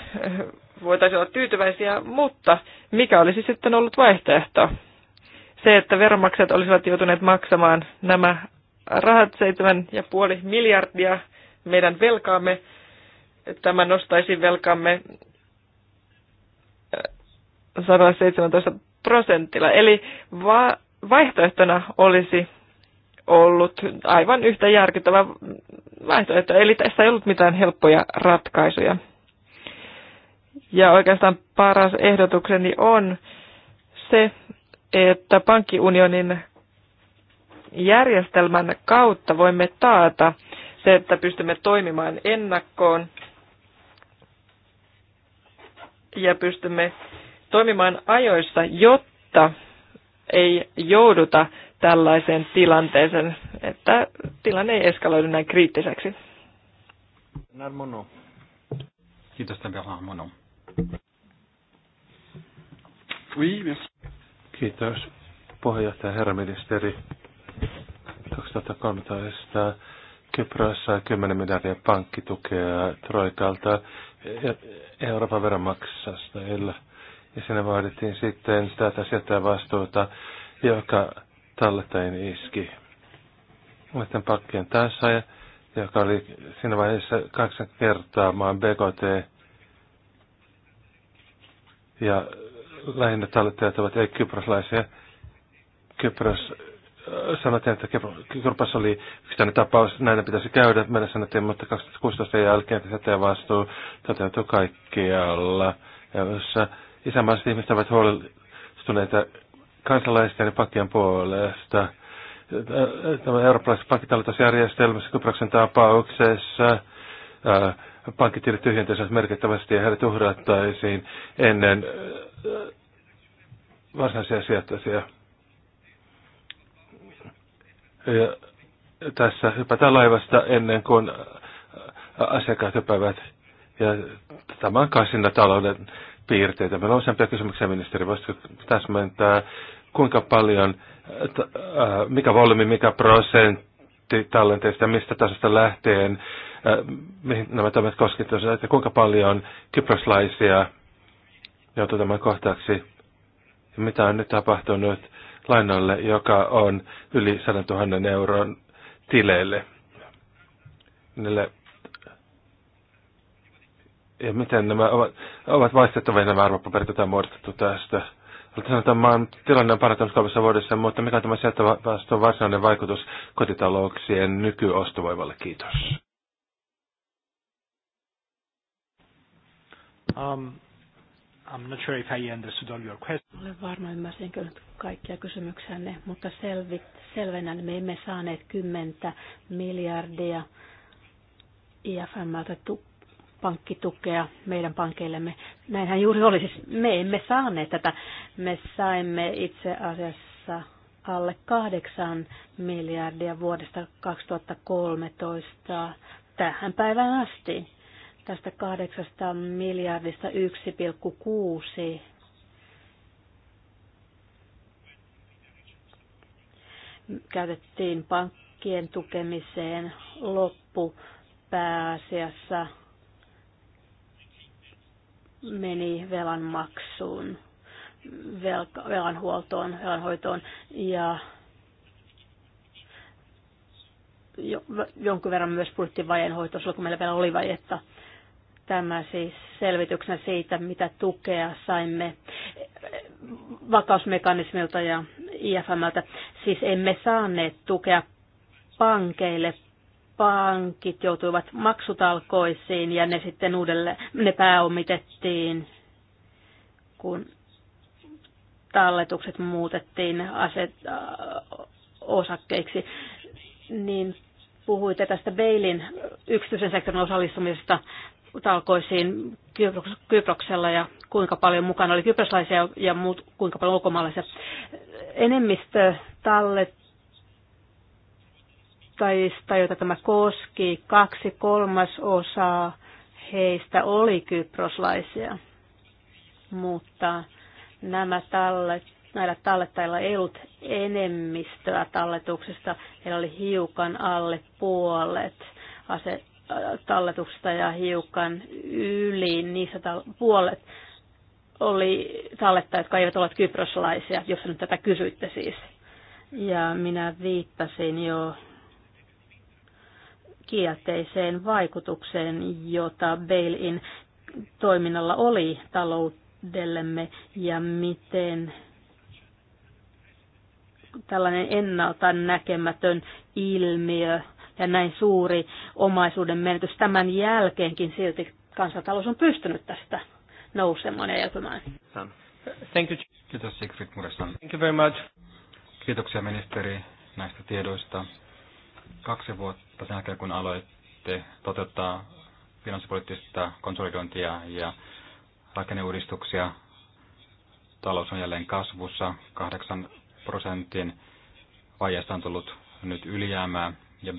voitaisiin olla tyytyväisiä, mutta mikä olisi sitten ollut vaihtoehto? Se, että veronmaksajat olisivat joutuneet maksamaan nämä rahat 7,5 miljardia meidän velkaamme, tämä nostaisi velkaamme 117 äh, prosentilla. Eli va- vaihtoehtona olisi ollut aivan yhtä järkyttävä vaihtoehto. Eli tässä ei ollut mitään helppoja ratkaisuja. Ja oikeastaan paras ehdotukseni on se, että pankkiunionin järjestelmän kautta voimme taata se, että pystymme toimimaan ennakkoon ja pystymme toimimaan ajoissa, jotta ei jouduta tällaiseen tilanteeseen, että tilanne ei eskaloidu näin kriittiseksi. Narmono. Kiitos, Bernard Oui, merci. Kiitos, puheenjohtaja herra ministeri. 2013 Kypros 10 miljardia pankkitukea Troikalta Euroopan veronmaksasta. Ja sinne vaadittiin sitten tätä sieltä vastuuta, joka tallettajan iski. Lasten pakkien tässä, joka oli siinä vaiheessa kahdeksan kertaa maan BKT. Ja lähinnä tallettajat ovat ei-kyproslaisia. Kypros äh, sanottiin, että Kypros oli yksittäinen tapaus, näitä pitäisi käydä. Meillä sanottiin, mutta 2016 jälkeen että vastuu toteutui kaikkialla. Ja jossa isämaiset ihmiset ovat huolestuneita kansalaisten ja pakkien puolesta. Tämä eurooppalaisessa pankkitaloitusjärjestelmässä Kyproksen tapauksessa pankkitilit tyhjentäisivät merkittävästi ja heidät uhrattaisiin ennen varsinaisia sijoittaisia. Ja tässä hypätään laivasta ennen kuin asiakkaat hypäävät. Ja tämä on kasinatalouden talouden piirteitä. Meillä on useampia kysymyksiä, ministeri. Voisitko täsmentää kuinka paljon, äh, mikä volyymi, mikä prosentti tallenteista, mistä tasosta lähteen, äh, mihin nämä toimet koskettavat, ja kuinka paljon kyproslaisia joutuu tämän kohtaaksi, ja mitä on nyt tapahtunut lainalle, joka on yli 100 000 euron tileille. Niille ja miten nämä ovat, ovat vaistettavia nämä arvopaperit, joita on muodostettu tästä Olette sanoneet, maan tilanne on parantunut kolmessa vuodessa, mutta mikä on tämä vastaan varsinainen vaikutus kotitalouksien nykyostovoivalle? Kiitos. Um, I'm not sure if I understood all your questions. Olen varma, ymmärsin kyllä kaikkia kysymyksenne, mutta selvit selvenän me emme saaneet 10 miljardia IFMltä tukea pankkitukea meidän pankeillemme. Näinhän juuri oli. Siis me emme saaneet tätä. Me saimme itse asiassa alle 8 miljardia vuodesta 2013 tähän päivään asti. Tästä 8 miljardista 1,6 käytettiin pankkien tukemiseen loppu pääasiassa meni velan maksuun, velka, velan huoltoon, velan hoitoon ja jonkun verran myös vajeen hoitoon silloin, kun meillä vielä oli vajetta. Tämä siis selvityksenä siitä, mitä tukea saimme vakausmekanismilta ja IFMltä. Siis emme saaneet tukea pankeille pankit joutuivat maksutalkoisiin ja ne sitten uudelleen, ne pääomitettiin, kun talletukset muutettiin aset, äh, osakkeiksi, niin puhuitte tästä Beilin yksityisen sektorin osallistumisesta talkoisiin Kyproksella ja kuinka paljon mukana oli kyproslaisia ja muut, kuinka paljon ulkomaalaisia. Enemmistö tallet, maahanmuuttajista, joita tämä koski, kaksi kolmasosaa heistä oli kyproslaisia. Mutta nämä tallet, näillä tallettajilla ei ollut enemmistöä talletuksista, heillä oli hiukan alle puolet ase, talletuksesta ja hiukan yli niissä tal- puolet oli tallettajat, jotka eivät ole kyproslaisia, jos nyt tätä kysyitte siis. Ja minä viittasin jo kielteiseen vaikutukseen, jota bail-in toiminnalla oli taloudellemme ja miten tällainen ennalta näkemätön ilmiö ja näin suuri omaisuuden menetys tämän jälkeenkin silti kansantalous on pystynyt tästä nousemaan ja elpymään. Thank you. Kiitos Sigfrid Muressan. Thank you very much. Kiitoksia ministeri näistä tiedoista kaksi vuotta sen jälkeen, kun aloitte toteuttaa finanssipoliittista konsolidointia ja rakenneuudistuksia, talous on jälleen kasvussa. 8 prosentin vaiheesta on tullut nyt ylijäämää ja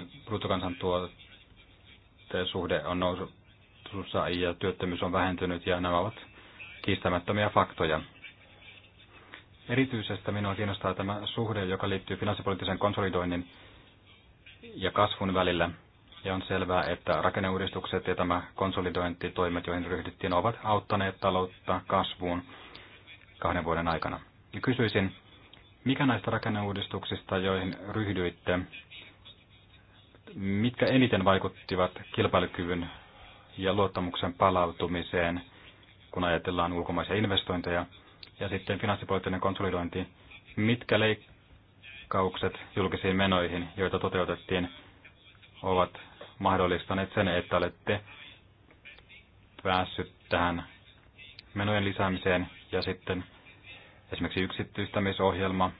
suhde on nousussa ja työttömyys on vähentynyt ja nämä ovat kiistämättömiä faktoja. Erityisesti minua kiinnostaa tämä suhde, joka liittyy finanssipoliittisen konsolidoinnin ja kasvun välillä. Ja on selvää, että rakenneuudistukset ja tämä konsolidointitoimet, joihin ryhdyttiin, ovat auttaneet taloutta kasvuun kahden vuoden aikana. Ja kysyisin, mikä näistä rakenneuudistuksista, joihin ryhdyitte, mitkä eniten vaikuttivat kilpailukyvyn ja luottamuksen palautumiseen, kun ajatellaan ulkomaisia investointeja, ja sitten finanssipoliittinen konsolidointi, mitkä leik- leikkaukset julkisiin menoihin, joita toteutettiin, ovat mahdollistaneet sen, että olette päässyt tähän menojen lisäämiseen ja sitten esimerkiksi yksityistämisohjelma.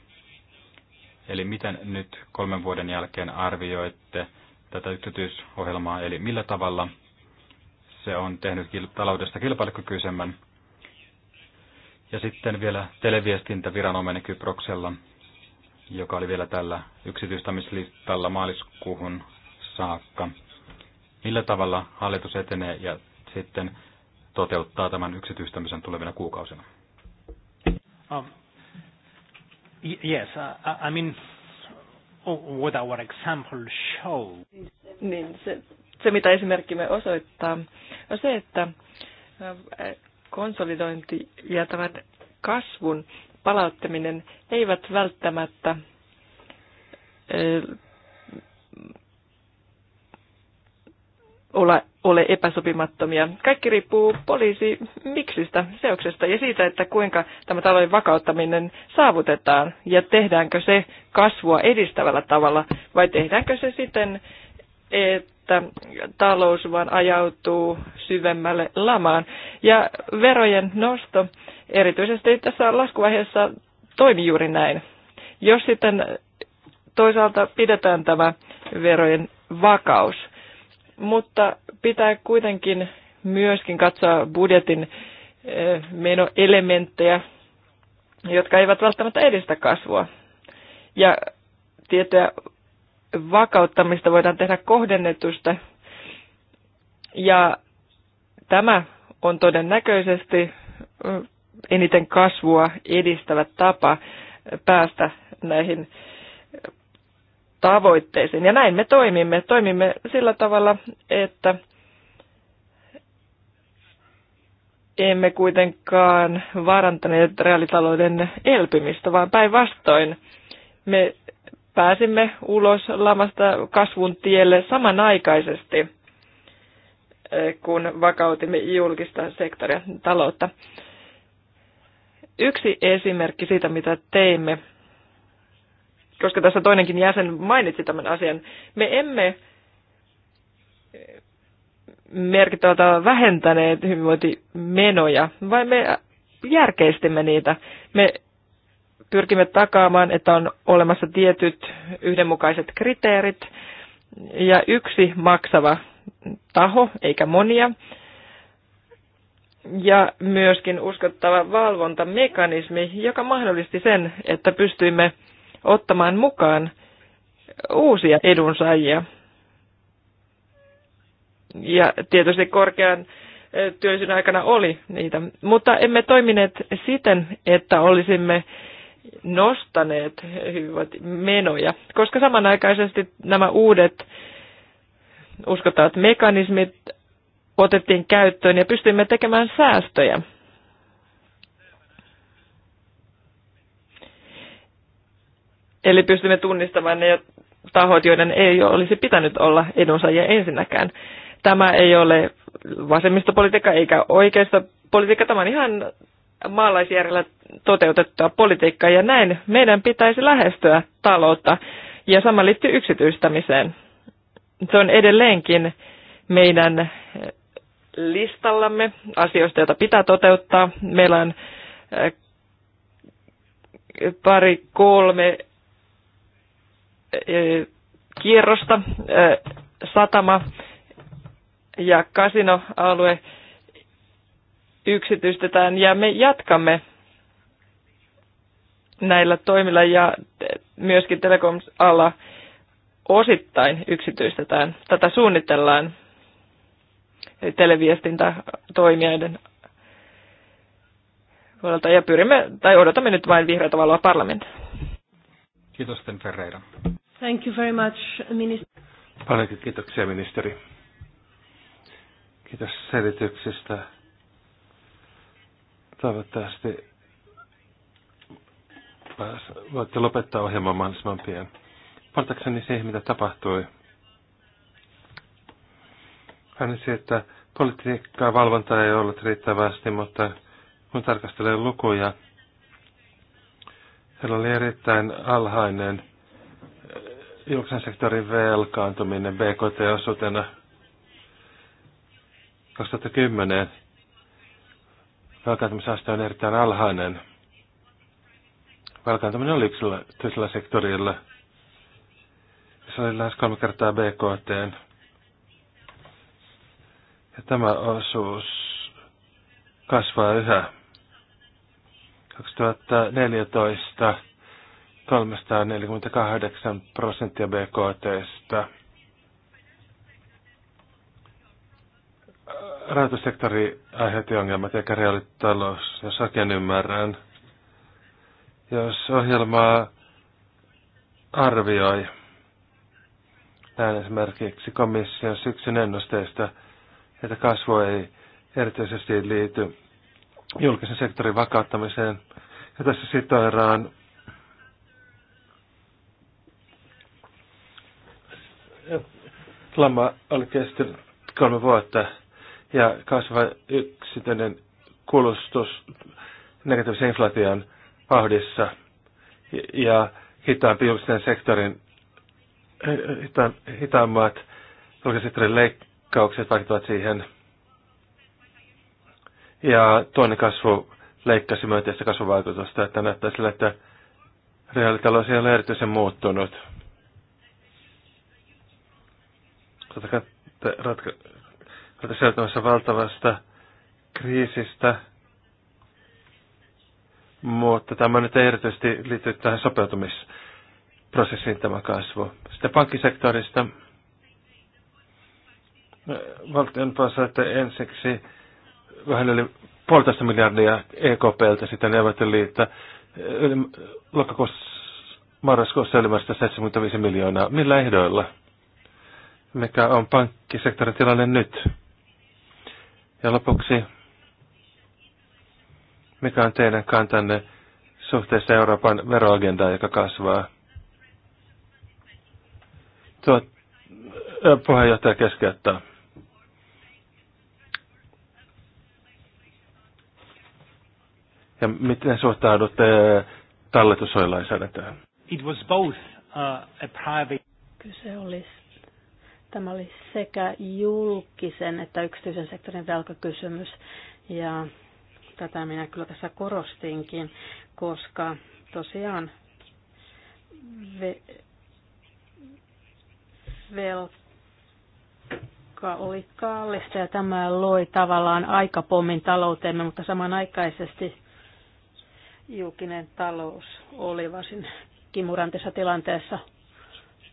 Eli miten nyt kolmen vuoden jälkeen arvioitte tätä yksityisohjelmaa, eli millä tavalla se on tehnyt taloudesta kilpailukykyisemmän. Ja sitten vielä televiestintäviranomainen Kyproksella joka oli vielä tällä yksityistämislistalla maaliskuuhun saakka. Millä tavalla hallitus etenee ja sitten toteuttaa tämän yksityistämisen tulevina kuukausina? Um, yes, uh, I, I mean, oh, what our example shows. Niin, se, se, mitä esimerkkimme osoittaa, on se, että uh, konsolidointi ja tämän kasvun palauttaminen eivät välttämättä ole, ole epäsopimattomia. Kaikki riippuu poliisi miksistä, seoksesta ja siitä, että kuinka tämä talouden vakauttaminen saavutetaan ja tehdäänkö se kasvua edistävällä tavalla vai tehdäänkö se siten, että että talous vaan ajautuu syvemmälle lamaan. Ja verojen nosto, erityisesti tässä laskuvaiheessa, toimii juuri näin. Jos sitten toisaalta pidetään tämä verojen vakaus, mutta pitää kuitenkin myöskin katsoa budjetin eh, menoelementtejä, jotka eivät välttämättä edistä kasvua. Ja tietoja vakauttamista voidaan tehdä kohdennetusta. Ja tämä on todennäköisesti eniten kasvua edistävä tapa päästä näihin tavoitteisiin. Ja näin me toimimme. Toimimme sillä tavalla, että emme kuitenkaan vaarantaneet reaalitalouden elpymistä, vaan päinvastoin me pääsimme ulos lamasta kasvun tielle samanaikaisesti, eh, kun vakautimme julkista sektoria taloutta. Yksi esimerkki siitä, mitä teimme, koska tässä toinenkin jäsen mainitsi tämän asian, me emme merkittävältä vähentäneet hyvinvointimenoja, vaan me järkeistimme niitä. Me pyrkimme takaamaan, että on olemassa tietyt yhdenmukaiset kriteerit ja yksi maksava taho, eikä monia. Ja myöskin uskottava valvontamekanismi, joka mahdollisti sen, että pystyimme ottamaan mukaan uusia edunsaajia. Ja tietysti korkean työllisyyden aikana oli niitä, mutta emme toimineet siten, että olisimme nostaneet hyvät menoja, koska samanaikaisesti nämä uudet että mekanismit otettiin käyttöön ja pystyimme tekemään säästöjä. Eli pystymme tunnistamaan ne tahot, joiden ei olisi pitänyt olla edunsaajia ensinnäkään. Tämä ei ole vasemmistopolitiikka eikä oikeista politiikka. Tämä on ihan maalaisjärjellä toteutettua politiikkaa ja näin meidän pitäisi lähestyä taloutta. Ja sama liittyy yksityistämiseen. Se on edelleenkin meidän listallamme asioista, joita pitää toteuttaa. Meillä on äh, pari kolme äh, kierrosta, äh, satama ja kasinoalue yksityistetään ja me jatkamme näillä toimilla ja myöskin telekom-ala osittain yksityistetään. Tätä suunnitellaan eli televiestintätoimijoiden puolelta ja pyrimme tai odotamme nyt vain vihreätä valoa parlamentti. Kiitos, Sten Ferreira. Thank you very much, ministeri. Paljon kiitoksia, ministeri. Kiitos selityksestä. Toivottavasti pääs, voitte lopettaa ohjelman mahdollisimman pian. Palatakseni siihen, mitä tapahtui. Hän siis, että politiikkaa valvonta ei ollut riittävästi, mutta kun tarkastelee lukuja, siellä oli erittäin alhainen eh, julkisen sektorin velkaantuminen BKT-osuutena 2010 velkaantumisaste on erittäin alhainen. Velkaantuminen oli yksityisellä sektorilla. Se oli lähes kolme kertaa BKT. Ja tämä osuus kasvaa yhä. 2014 348 prosenttia BKTstä. rahoitussektori aiheutti ongelmat eikä reaalitalous, jos oikein ymmärrän. Jos ohjelmaa arvioi, näin esimerkiksi komission syksyn ennusteista, että kasvu ei erityisesti liity julkisen sektorin vakauttamiseen. Ja tässä sitoiraan lama oli kestänyt kolme vuotta ja kasvava yksityinen kulustus negatiivisen inflaation vauhdissa ja hitaampi julkisen sektorin hita, hitaammat julkisen sektorin leikkaukset vaikuttavat siihen. Ja toinen kasvu leikkasi myönteistä kasvuvaikutusta, että näyttää sillä, että reaalitalous ei ole erityisen muuttunut. ratka- seutumassa valtavasta kriisistä, mutta tämä nyt erityisesti liittyy tähän sopeutumisprosessiin tämä kasvu. Sitten pankkisektorista valtion että ensiksi vähän yli puolitoista miljardia EKPltä, sitten neuvotteliitta lokakuussa marraskuussa ylimääräistä 75 miljoonaa. Millä ehdoilla? Mikä on pankkisektorin tilanne nyt? Ja lopuksi, mikä on teidän kantanne suhteessa Euroopan veroagendaan, joka kasvaa? Tuo puheenjohtaja keskeyttää. Ja miten suhtaudutte talletussuojelainsäädäntöön? It was both uh, a private... Kyse olisi Tämä oli sekä julkisen että yksityisen sektorin velkakysymys ja tätä minä kyllä tässä korostinkin, koska tosiaan ve- velka oli kallista ja tämä loi tavallaan aikapommin talouteemme, mutta samanaikaisesti julkinen talous oli varsin kimurantissa tilanteessa –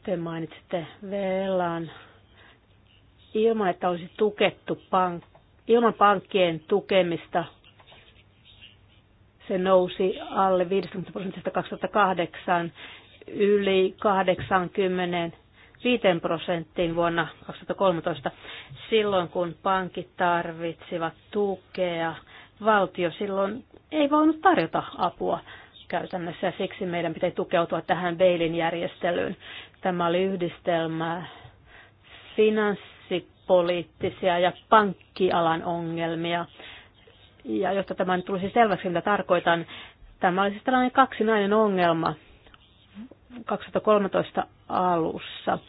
te mainitsitte velan ilman, että olisi tukettu pank- ilman pankkien tukemista. Se nousi alle 50 prosentista 2008 yli 85 prosenttiin vuonna 2013, silloin kun pankit tarvitsivat tukea. Valtio silloin ei voinut tarjota apua käytännössä, ja siksi meidän pitää tukeutua tähän Beilin järjestelyyn. Tämä oli yhdistelmä finanssipoliittisia ja pankkialan ongelmia. Ja jotta tämä nyt tulisi selväksi, mitä tarkoitan, tämä oli siis tällainen kaksinainen ongelma 2013 alussa.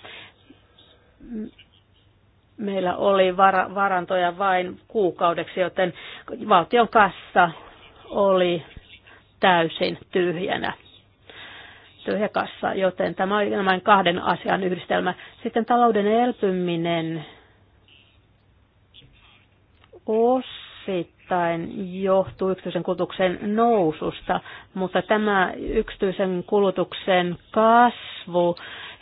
Meillä oli var- varantoja vain kuukaudeksi, joten valtion kassa oli täysin tyhjänä tyhjä kassa, joten tämä on nämä kahden asian yhdistelmä. Sitten talouden elpyminen osittain johtuu yksityisen kulutuksen noususta, mutta tämä yksityisen kulutuksen kasvu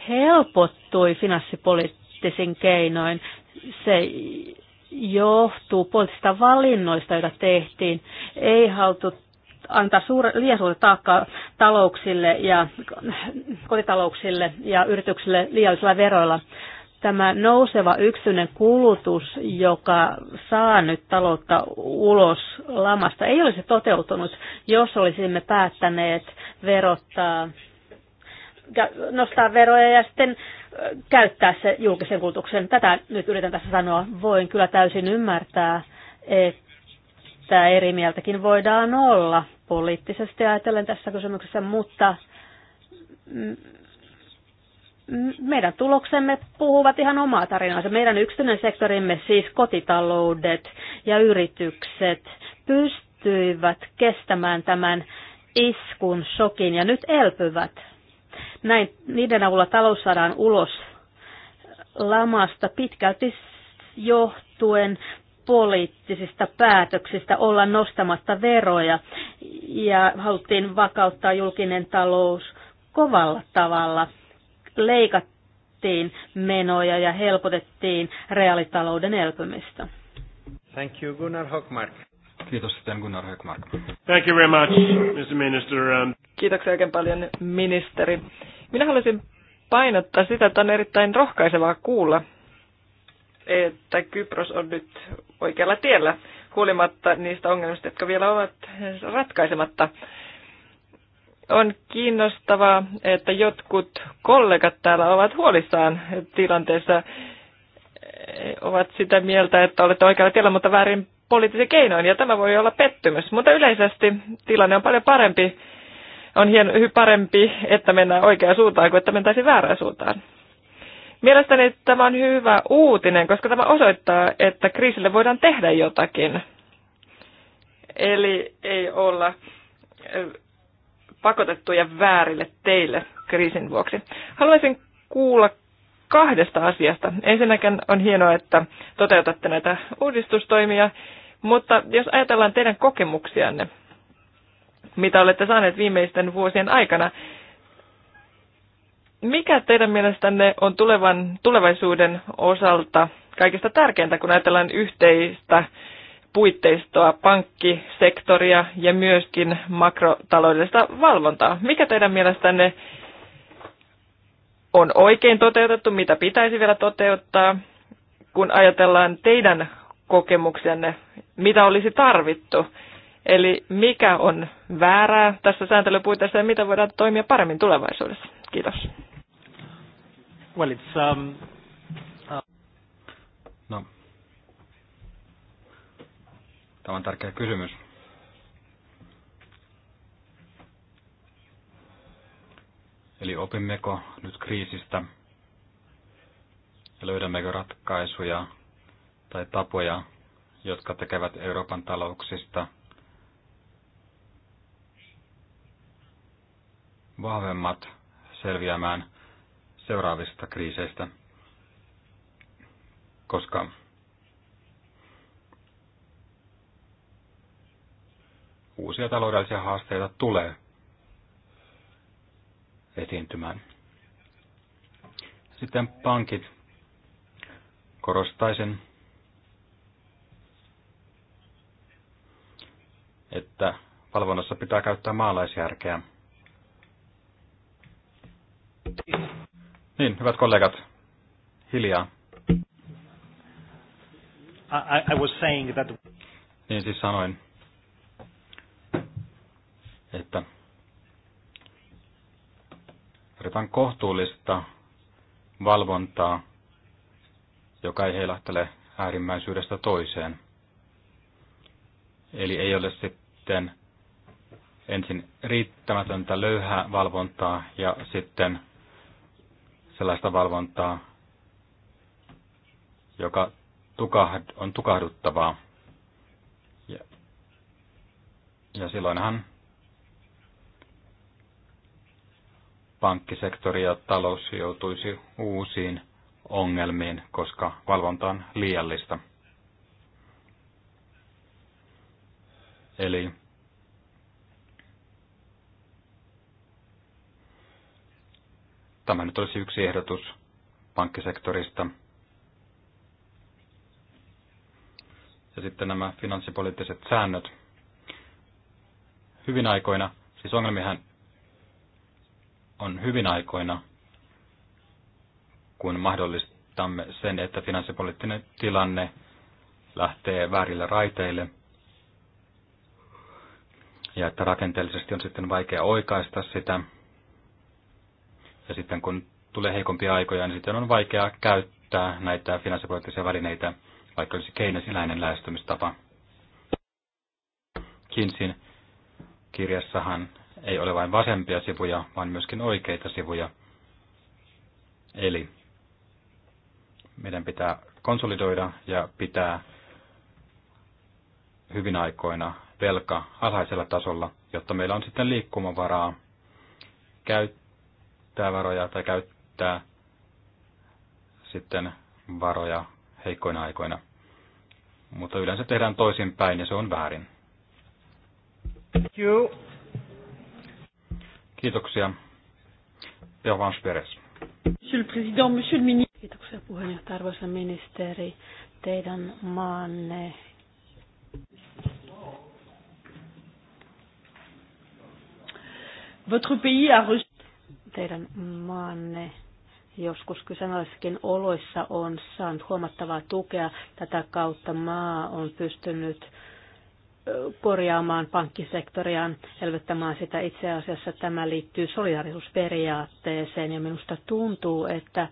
helpottui finanssipoliittisin keinoin. Se johtuu poliittisista valinnoista, joita tehtiin. Ei haluttu antaa suure, liian suurta taakkaa talouksille ja kotitalouksille ja yrityksille liiallisilla veroilla. Tämä nouseva yksityinen kulutus, joka saa nyt taloutta ulos lamasta, ei olisi toteutunut, jos olisimme päättäneet verottaa, nostaa veroja ja sitten käyttää se julkisen kulutuksen. Tätä nyt yritän tässä sanoa. Voin kyllä täysin ymmärtää, että että eri mieltäkin voidaan olla poliittisesti ajatellen tässä kysymyksessä, mutta mm, mm, meidän tuloksemme puhuvat ihan omaa tarinaansa. Meidän yksityinen sektorimme, siis kotitaloudet ja yritykset, pystyivät kestämään tämän iskun, shokin ja nyt elpyvät. Näin, niiden avulla talous saadaan ulos lamasta pitkälti johtuen poliittisista päätöksistä olla nostamatta veroja ja haluttiin vakauttaa julkinen talous kovalla tavalla. Leikattiin menoja ja helpotettiin reaalitalouden elpymistä. Thank you, Gunnar Hockmark. Kiitos sitten Gunnar Högmark. Thank you very much, Mr. Minister. Kiitoksia oikein paljon, ministeri. Minä haluaisin painottaa sitä, että on erittäin rohkaisevaa kuulla, että Kypros on nyt oikealla tiellä, huolimatta niistä ongelmista, jotka vielä ovat ratkaisematta. On kiinnostavaa, että jotkut kollegat täällä ovat huolissaan tilanteessa, ovat sitä mieltä, että olette oikealla tiellä, mutta väärin poliittisen keinoin, ja tämä voi olla pettymys. Mutta yleisesti tilanne on paljon parempi, on hieno, parempi, että mennään oikeaan suuntaan kuin että mentäisiin väärään suuntaan. Mielestäni tämä on hyvä uutinen, koska tämä osoittaa, että kriisille voidaan tehdä jotakin. Eli ei olla pakotettuja väärille teille kriisin vuoksi. Haluaisin kuulla kahdesta asiasta. Ensinnäkin on hienoa, että toteutatte näitä uudistustoimia, mutta jos ajatellaan teidän kokemuksianne, mitä olette saaneet viimeisten vuosien aikana, mikä teidän mielestänne on tulevan, tulevaisuuden osalta kaikista tärkeintä, kun ajatellaan yhteistä puitteistoa, pankkisektoria ja myöskin makrotaloudellista valvontaa? Mikä teidän mielestänne on oikein toteutettu, mitä pitäisi vielä toteuttaa, kun ajatellaan teidän kokemuksenne, mitä olisi tarvittu? Eli mikä on väärää tässä sääntelypuitteessa ja mitä voidaan toimia paremmin tulevaisuudessa? Kiitos. Well, it's, um, uh... No. Tämä on tärkeä kysymys. Eli opimmeko nyt kriisistä ja löydämmekö ratkaisuja tai tapoja, jotka tekevät Euroopan talouksista vahvemmat selviämään seuraavista kriiseistä, koska uusia taloudellisia haasteita tulee esiintymään. Sitten pankit. Korostaisin, että valvonnassa pitää käyttää maalaisjärkeä. Niin, hyvät kollegat, hiljaa. I, I was saying that... Niin siis sanoin, että tarvitaan kohtuullista valvontaa, joka ei heilahtele äärimmäisyydestä toiseen. Eli ei ole sitten ensin riittämätöntä löyhää valvontaa ja sitten sellaista valvontaa, joka on tukahduttavaa. Ja, ja silloinhan pankkisektori ja talous joutuisi uusiin ongelmiin, koska valvonta on liiallista. Eli Tämä nyt olisi yksi ehdotus pankkisektorista. Ja sitten nämä finanssipoliittiset säännöt. Hyvin aikoina, siis ongelmihan on hyvin aikoina, kun mahdollistamme sen, että finanssipoliittinen tilanne lähtee väärille raiteille ja että rakenteellisesti on sitten vaikea oikaista sitä ja sitten kun tulee heikompia aikoja, niin sitten on vaikea käyttää näitä finanssipoliittisia välineitä, vaikka olisi keinesiläinen lähestymistapa. Kinsin kirjassahan ei ole vain vasempia sivuja, vaan myöskin oikeita sivuja. Eli meidän pitää konsolidoida ja pitää hyvin aikoina velka alhaisella tasolla, jotta meillä on sitten liikkumavaraa käyttää käyttää varoja tai käyttää sitten varoja heikkoina aikoina. Mutta yleensä tehdään toisinpäin ja se on väärin. Kiitos. Kiitoksia. Pervans Peres. Monsieur le Président, Monsieur le Ministre. Kiitoksia puheenjohtaja, arvoisa ministeri. Teidän maanne Votre pays a reçu teidän maanne joskus kyseenalaisissakin oloissa on saanut huomattavaa tukea. Tätä kautta maa on pystynyt korjaamaan pankkisektoriaan, elvyttämään sitä. Itse asiassa tämä liittyy solidarisuusperiaatteeseen ja minusta tuntuu, että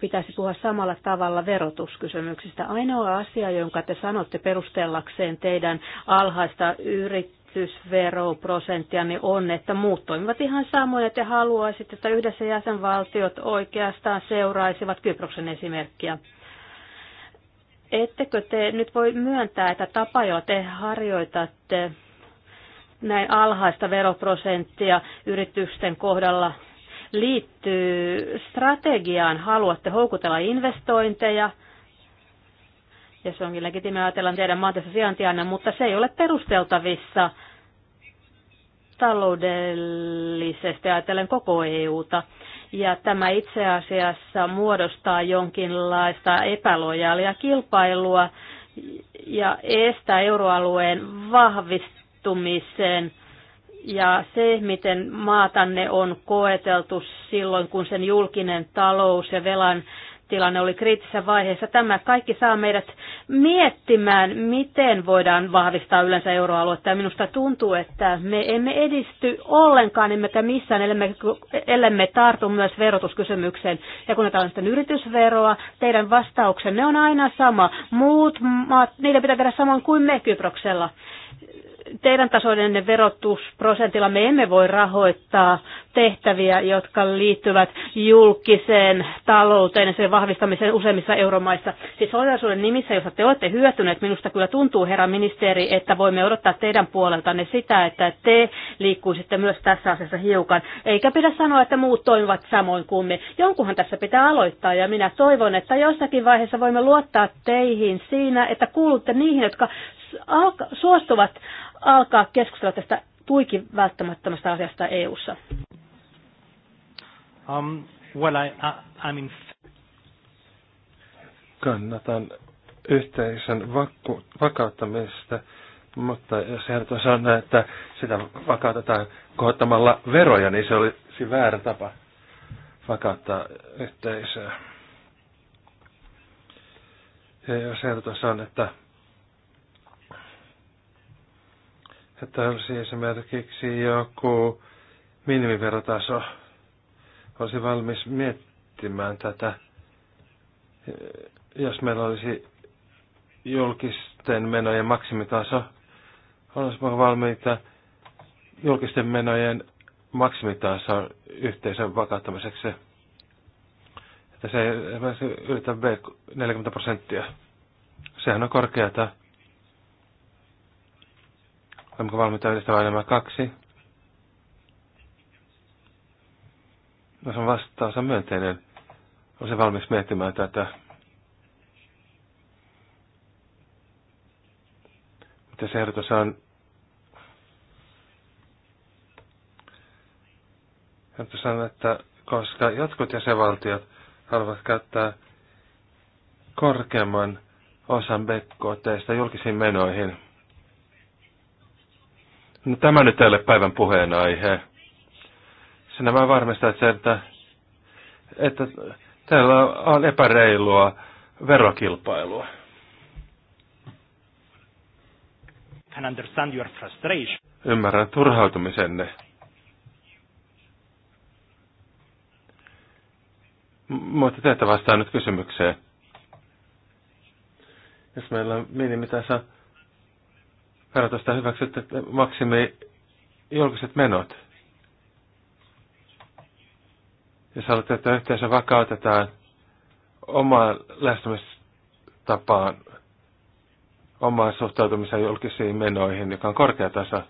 pitäisi puhua samalla tavalla verotuskysymyksistä. Ainoa asia, jonka te sanotte perustellakseen teidän alhaista yrittäjyyttä, yritysveroprosenttia, niin on, että muut toimivat ihan samoin, että haluaisit, että yhdessä jäsenvaltiot oikeastaan seuraisivat Kyproksen esimerkkiä. Ettekö te nyt voi myöntää, että tapa, jolla te harjoitatte näin alhaista veroprosenttia yritysten kohdalla liittyy strategiaan, haluatte houkutella investointeja – ja se onkin legitiimiä ajatellaan teidän maantessa sijaintianne, mutta se ei ole perusteltavissa taloudellisesti ajatellen koko EUta. Ja tämä itse asiassa muodostaa jonkinlaista epälojaalia kilpailua ja estää euroalueen vahvistumisen ja se, miten maatanne on koeteltu silloin, kun sen julkinen talous ja velan tilanne oli kriittisessä vaiheessa. Tämä kaikki saa meidät miettimään, miten voidaan vahvistaa yleensä euroaluetta. Ja minusta tuntuu, että me emme edisty ollenkaan, emmekä missään, ellemme, tartu myös verotuskysymykseen. Ja kun otetaan sitten yritysveroa, teidän vastauksenne on aina sama. Muut maat, niitä pitää tehdä samoin kuin me Kyproksella teidän tasoinen verotusprosentilla me emme voi rahoittaa tehtäviä, jotka liittyvät julkiseen talouteen ja sen vahvistamiseen useimmissa euromaissa. Siis solidaisuuden nimissä, jossa te olette hyötyneet, minusta kyllä tuntuu, herra ministeri, että voimme odottaa teidän puoleltanne sitä, että te liikkuisitte myös tässä asiassa hiukan. Eikä pidä sanoa, että muut toimivat samoin kuin me. Jonkunhan tässä pitää aloittaa ja minä toivon, että jossakin vaiheessa voimme luottaa teihin siinä, että kuulutte niihin, jotka suostuvat alkaa keskustella tästä tuikin välttämättömästä asiasta EU:ssa? Um, well, I, I, I mean... Kannatan yhteisen vakku, vakauttamista, mutta jos ehdotus sanoa, että sitä vakautetaan kohottamalla veroja, niin se olisi väärä tapa vakauttaa yhteisöä. Ja jos ehdotus sanoa, että että olisi esimerkiksi joku minimiverotaso. Olisi valmis miettimään tätä, jos meillä olisi julkisten menojen maksimitaso. Olisimme valmiita julkisten menojen maksimitason yhteisön vakauttamiseksi. Että se ei yritä 40 prosenttia. Sehän on korkeata Olemmeko valmiita yhdistämään nämä kaksi? No sen vastaus on myönteinen. On se valmis miettimään tätä. Mutta se ehdotus on... Ehdotus on, että koska jotkut jäsenvaltiot haluavat käyttää korkeamman osan BKTstä julkisiin menoihin, No, tämä nyt teille päivän puheenaihe. Sinä mä varmistan sen, että, että täällä on epäreilua verokilpailua. Can understand your frustration. Ymmärrän turhautumisenne. Mutta teitä vastaan nyt kysymykseen. Jos meillä on minimitaso verotusta hyväksytty, että maksimi julkiset menot. Jos haluatte, että yhteisö vakautetaan omaan lähestymistapaan, omaan suhtautumiseen julkisiin menoihin, joka on korkea taso,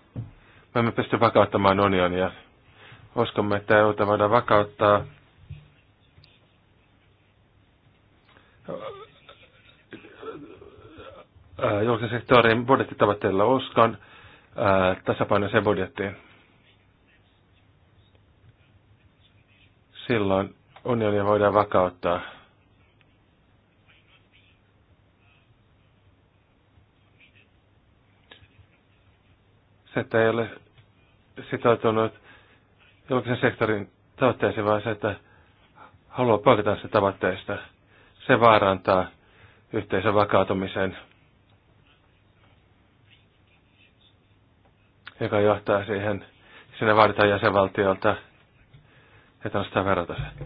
me emme pysty vakauttamaan unionia. Uskomme, että EUta voidaan vakauttaa julkisen sektorin budjettitavoitteilla uskon tasapainoiseen budjettiin. Silloin unionia voidaan vakauttaa. Se, että ei ole sitoutunut julkisen sektorin tavoitteisiin, vaan se, että haluaa poiketa sitä tavoitteista, se vaarantaa yhteisön vakautumisen. joka johtaa siihen, sinne vaaditaan jäsenvaltiolta, että sitä verrata se.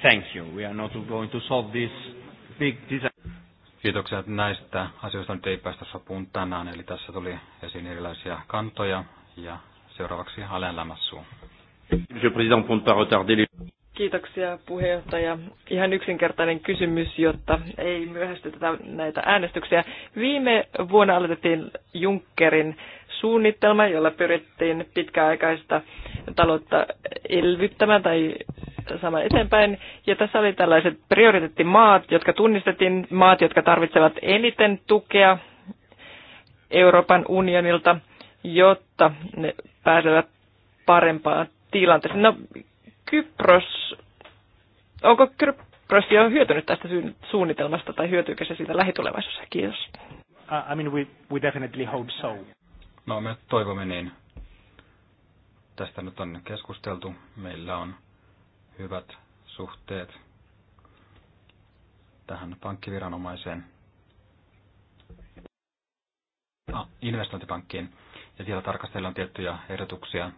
Thank you. We are not going to solve this big disaster. Kiitoksia näistä asioista nyt ei päästä sopuun tänään, eli tässä tuli esiin erilaisia kantoja ja seuraavaksi Alain Lamassu. Kiitoksia puheenjohtaja. Ihan yksinkertainen kysymys, jotta ei myöhästytä näitä äänestyksiä. Viime vuonna aloitettiin Junckerin suunnitelma, jolla pyrittiin pitkäaikaista taloutta elvyttämään tai saamaan eteenpäin. Ja tässä oli tällaiset prioriteettimaat, jotka tunnistettiin, maat, jotka tarvitsevat eniten tukea Euroopan unionilta, jotta ne pääsevät parempaan tilanteeseen. No, Kypros, onko Kypros jo hyötynyt tästä suunnitelmasta tai hyötyykö se siitä lähitulevaisuudessa? Kiitos. Uh, I mean, we, we definitely hope so. No me toivomme niin. Tästä nyt on keskusteltu. Meillä on hyvät suhteet tähän pankkiviranomaiseen ah, investointipankkiin. Ja siellä tarkastellaan tiettyjä ehdotuksia.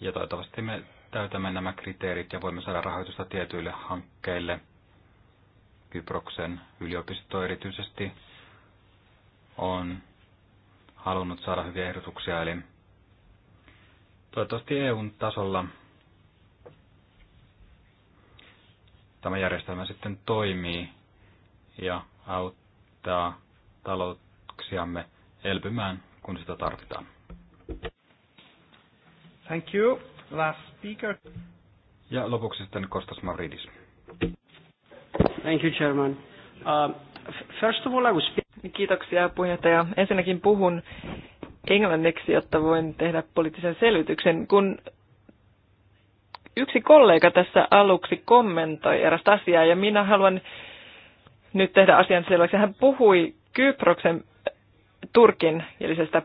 Ja toivottavasti me täytämme nämä kriteerit ja voimme saada rahoitusta tietyille hankkeille. Kyproksen yliopisto erityisesti on halunnut saada hyviä ehdotuksia, eli toivottavasti EUn tasolla tämä järjestelmä sitten toimii ja auttaa talouksiamme elpymään, kun sitä tarvitaan. Thank you. Last speaker. Ja lopuksi sitten Kostas Mavridis. Thank you, Chairman. Uh, first of all, I was niin kiitoksia puheenjohtaja. Ensinnäkin puhun englanniksi, jotta voin tehdä poliittisen selvityksen. Kun yksi kollega tässä aluksi kommentoi erästä asiaa ja minä haluan nyt tehdä asian selväksi. Hän puhui Kyproksen Turkin kielisestä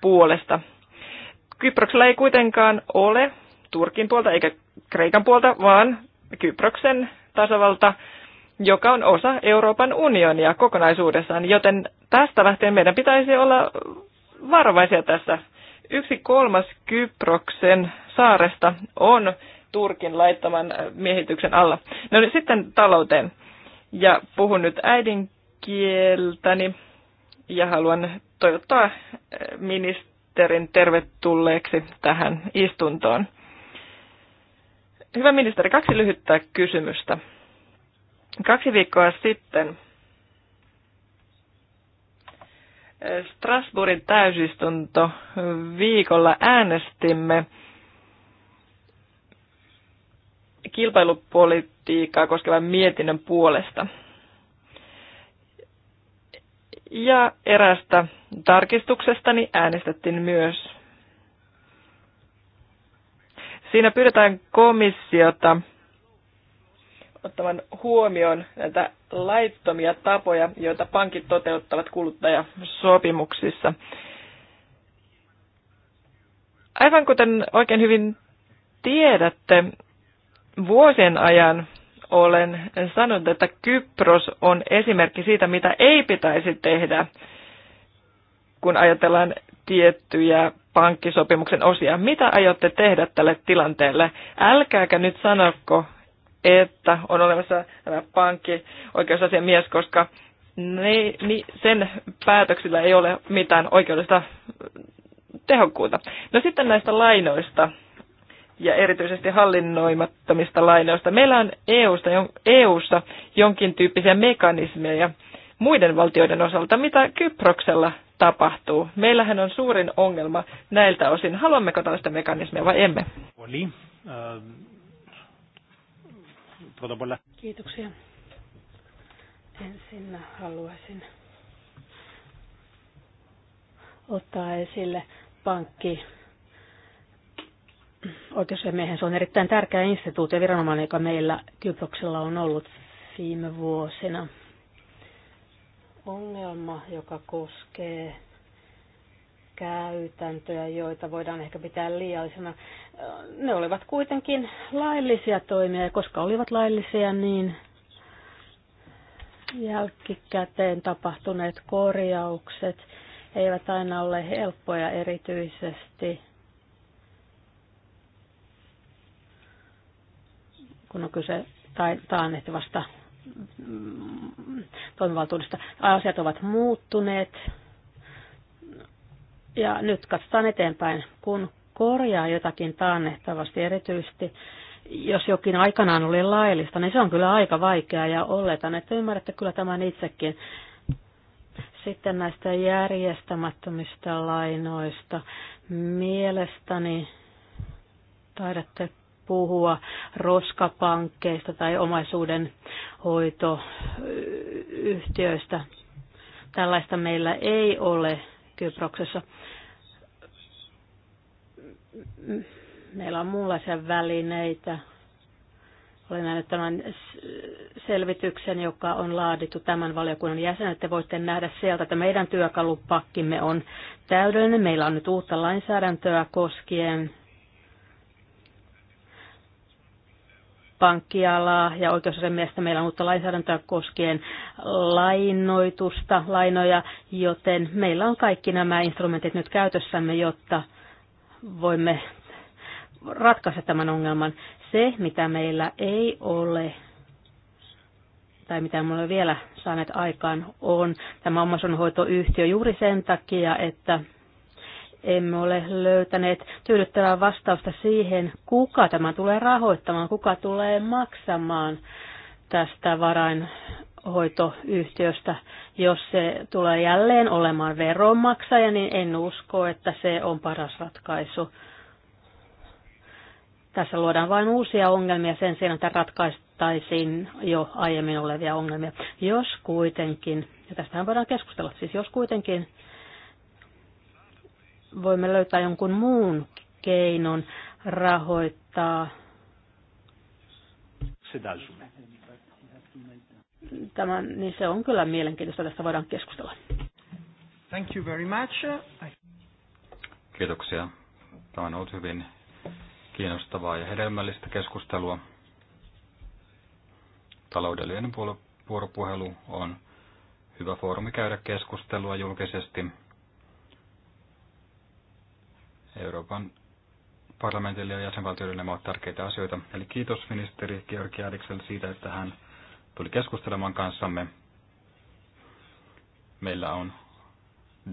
puolesta. Kyproksella ei kuitenkaan ole Turkin puolta eikä Kreikan puolta, vaan Kyproksen tasavalta joka on osa Euroopan unionia kokonaisuudessaan, joten tästä lähtien meidän pitäisi olla varovaisia tässä. Yksi kolmas Kyproksen saaresta on Turkin laittaman miehityksen alla. No niin, sitten talouteen. Ja puhun nyt äidinkieltäni ja haluan toivottaa eh, ministerin tervetulleeksi tähän istuntoon. Hyvä ministeri, kaksi lyhyttä kysymystä. Kaksi viikkoa sitten eh, Strasbourgin täysistunto viikolla äänestimme kilpailupolitiikkaa koskevan mietinnön puolesta. Ja erästä tarkistuksestani äänestettiin myös. Siinä pyydetään komissiota ottavan huomioon näitä laittomia tapoja, joita pankit toteuttavat kuluttajasopimuksissa. Aivan kuten oikein hyvin tiedätte, vuosien ajan olen sanonut, että Kypros on esimerkki siitä, mitä ei pitäisi tehdä, kun ajatellaan tiettyjä pankkisopimuksen osia. Mitä aiotte tehdä tälle tilanteelle? Älkääkä nyt sanoko, että on olemassa tämä pankki mies, koska ne, ni, sen päätöksillä ei ole mitään oikeudellista tehokkuutta. No sitten näistä lainoista ja erityisesti hallinnoimattomista lainoista. Meillä on EU-sta, EU-ssa jonkin tyyppisiä mekanismeja muiden valtioiden osalta, mitä Kyproksella tapahtuu. Meillähän on suurin ongelma näiltä osin. Haluammeko tällaista mekanismia vai emme? Oli. Ähm. Kiitoksia. Ensin haluaisin ottaa esille pankki oikeusmiehen. Se on erittäin tärkeä instituutio viranomainen, joka meillä Kyproksella on ollut viime vuosina. Ongelma, joka koskee käytäntöjä, joita voidaan ehkä pitää liiallisena. Ne olivat kuitenkin laillisia toimia, ja koska olivat laillisia, niin jälkikäteen tapahtuneet korjaukset eivät aina ole helppoja erityisesti, kun on kyse taannehtivasta mm, toimivaltuudesta. Asiat ovat muuttuneet ja nyt katsotaan eteenpäin, kun korjaa jotakin taannehtavasti erityisesti, jos jokin aikanaan oli laillista, niin se on kyllä aika vaikeaa ja oletan, että ymmärrätte kyllä tämän itsekin. Sitten näistä järjestämättömistä lainoista. Mielestäni taidatte puhua roskapankkeista tai omaisuuden hoitoyhtiöistä. Tällaista meillä ei ole Kyproksessa. Meillä on muunlaisia välineitä. Olen nähnyt tämän selvityksen, joka on laadittu tämän valiokunnan jäsenet. Te voitte nähdä sieltä, että meidän työkalupakkimme on täydellinen. Meillä on nyt uutta lainsäädäntöä koskien pankkialaa ja oikeusasemiestä. Meillä on uutta lainsäädäntöä koskien lainoitusta, lainoja, joten meillä on kaikki nämä instrumentit nyt käytössämme, jotta voimme ratkaista tämän ongelman. Se, mitä meillä ei ole tai mitä me olemme vielä saaneet aikaan, on tämä omaisuudenhoitoyhtiö juuri sen takia, että emme ole löytäneet tyydyttävää vastausta siihen, kuka tämä tulee rahoittamaan, kuka tulee maksamaan tästä varainhoitoyhtiöstä. Jos se tulee jälleen olemaan veronmaksaja, niin en usko, että se on paras ratkaisu. Tässä luodaan vain uusia ongelmia sen sijaan, että ratkaistaisiin jo aiemmin olevia ongelmia. Jos kuitenkin, ja tästähän voidaan keskustella, siis jos kuitenkin voimme löytää jonkun muun keinon rahoittaa Tämä, niin se on kyllä mielenkiintoista, tästä voidaan keskustella. Thank you very much. I... Kiitoksia. Tämä on ollut hyvin kiinnostavaa ja hedelmällistä keskustelua. Taloudellinen vuoropuhelu on hyvä foorumi käydä keskustelua julkisesti. Euroopan parlamentille ja jäsenvaltioille nämä ovat tärkeitä asioita. Eli kiitos ministeri Georgi Adiksel siitä, että hän tuli keskustelemaan kanssamme. Meillä on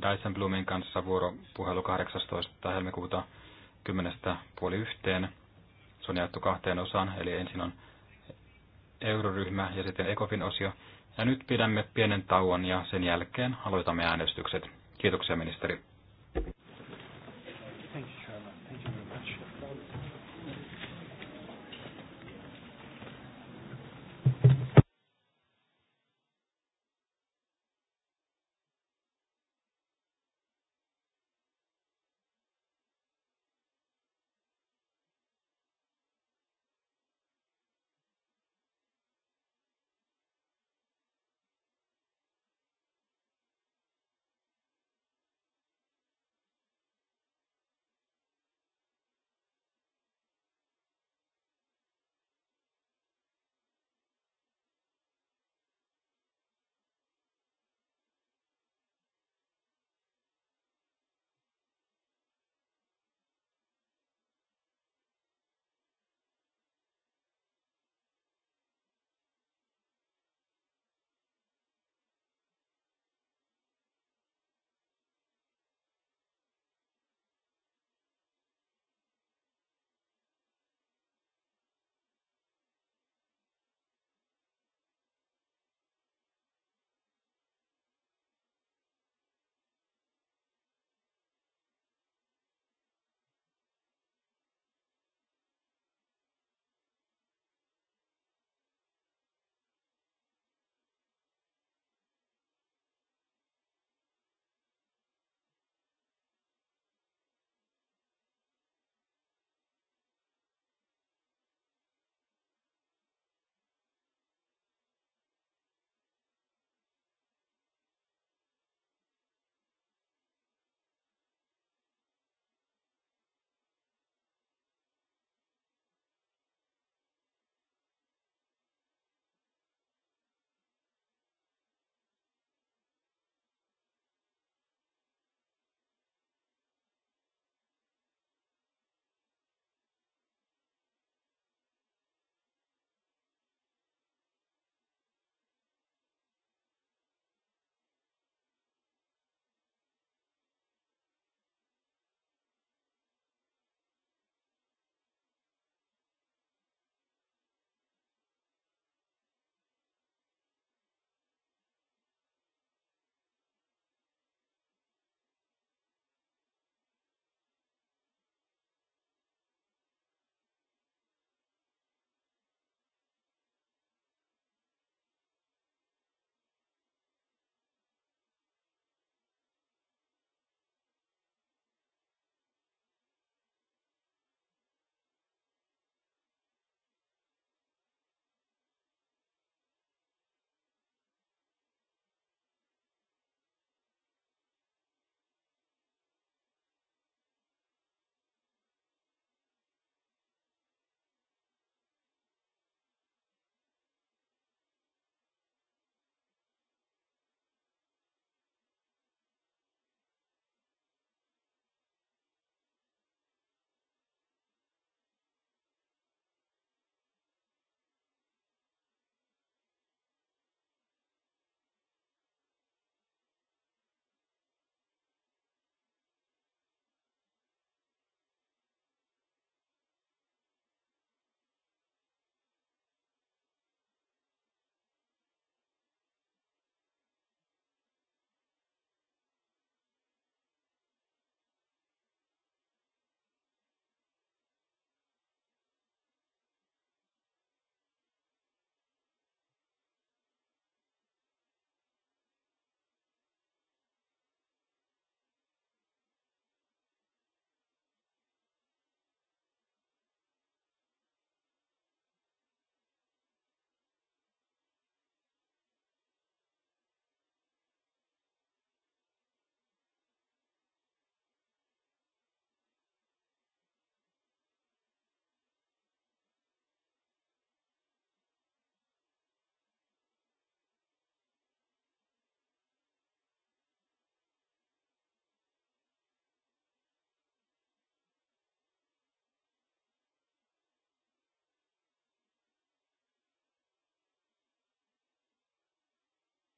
Dyson Bloomin kanssa vuoropuhelu 18. helmikuuta 10. puoli yhteen. Se on jaettu kahteen osaan, eli ensin on euroryhmä ja sitten ECOFIN osio. Ja nyt pidämme pienen tauon ja sen jälkeen aloitamme äänestykset. Kiitoksia ministeri.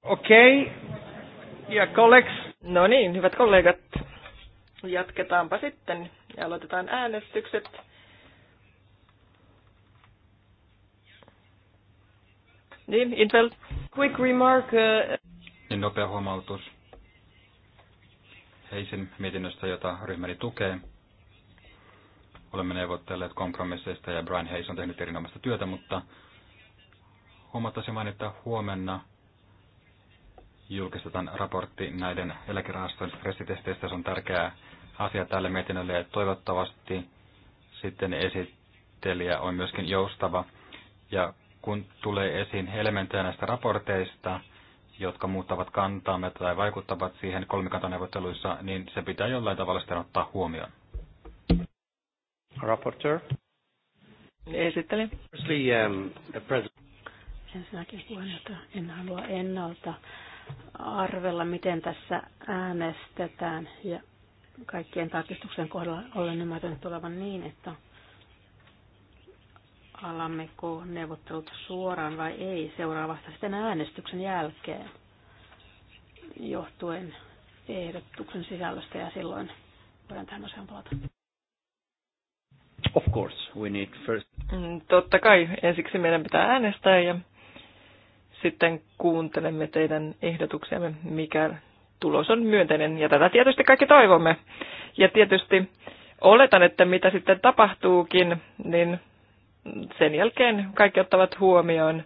Okei. Okay. Ja kolleks. No niin, hyvät kollegat. Jatketaanpa sitten ja aloitetaan äänestykset. Niin, Intel. Quick remark. Uh... Niin nopea huomautus. Heisin mietinnöstä, jota ryhmäni tukee. Olemme neuvotelleet kompromisseista ja Brian Hayes on tehnyt erinomaista työtä, mutta huomattaisiin mainita huomenna julkistetaan raportti näiden eläkerahastojen stressitesteistä. Se on tärkeä asia tälle mietinnölle ja toivottavasti sitten esittelijä on myöskin joustava. Ja kun tulee esiin elementtejä näistä raporteista, jotka muuttavat kantaamme tai vaikuttavat siihen kolmikantaneuvotteluissa, niin se pitää jollain tavalla sitten ottaa huomioon. Rapporteur. Esittelin. Um, Ensinnäkin puheenjohtaja, en halua ennalta arvella, miten tässä äänestetään. Ja kaikkien tarkistuksen kohdalla olen ymmärtänyt tulevan niin, että alammeko neuvottelut suoraan vai ei seuraavasta sitten äänestyksen jälkeen johtuen ehdotuksen sisällöstä ja silloin voidaan tähän asiaan palata. Of course, we need first. Totta kai, ensiksi meidän pitää äänestää ja sitten kuuntelemme teidän ehdotuksemme, mikä tulos on myönteinen. Ja tätä tietysti kaikki toivomme. Ja tietysti oletan, että mitä sitten tapahtuukin, niin sen jälkeen kaikki ottavat huomioon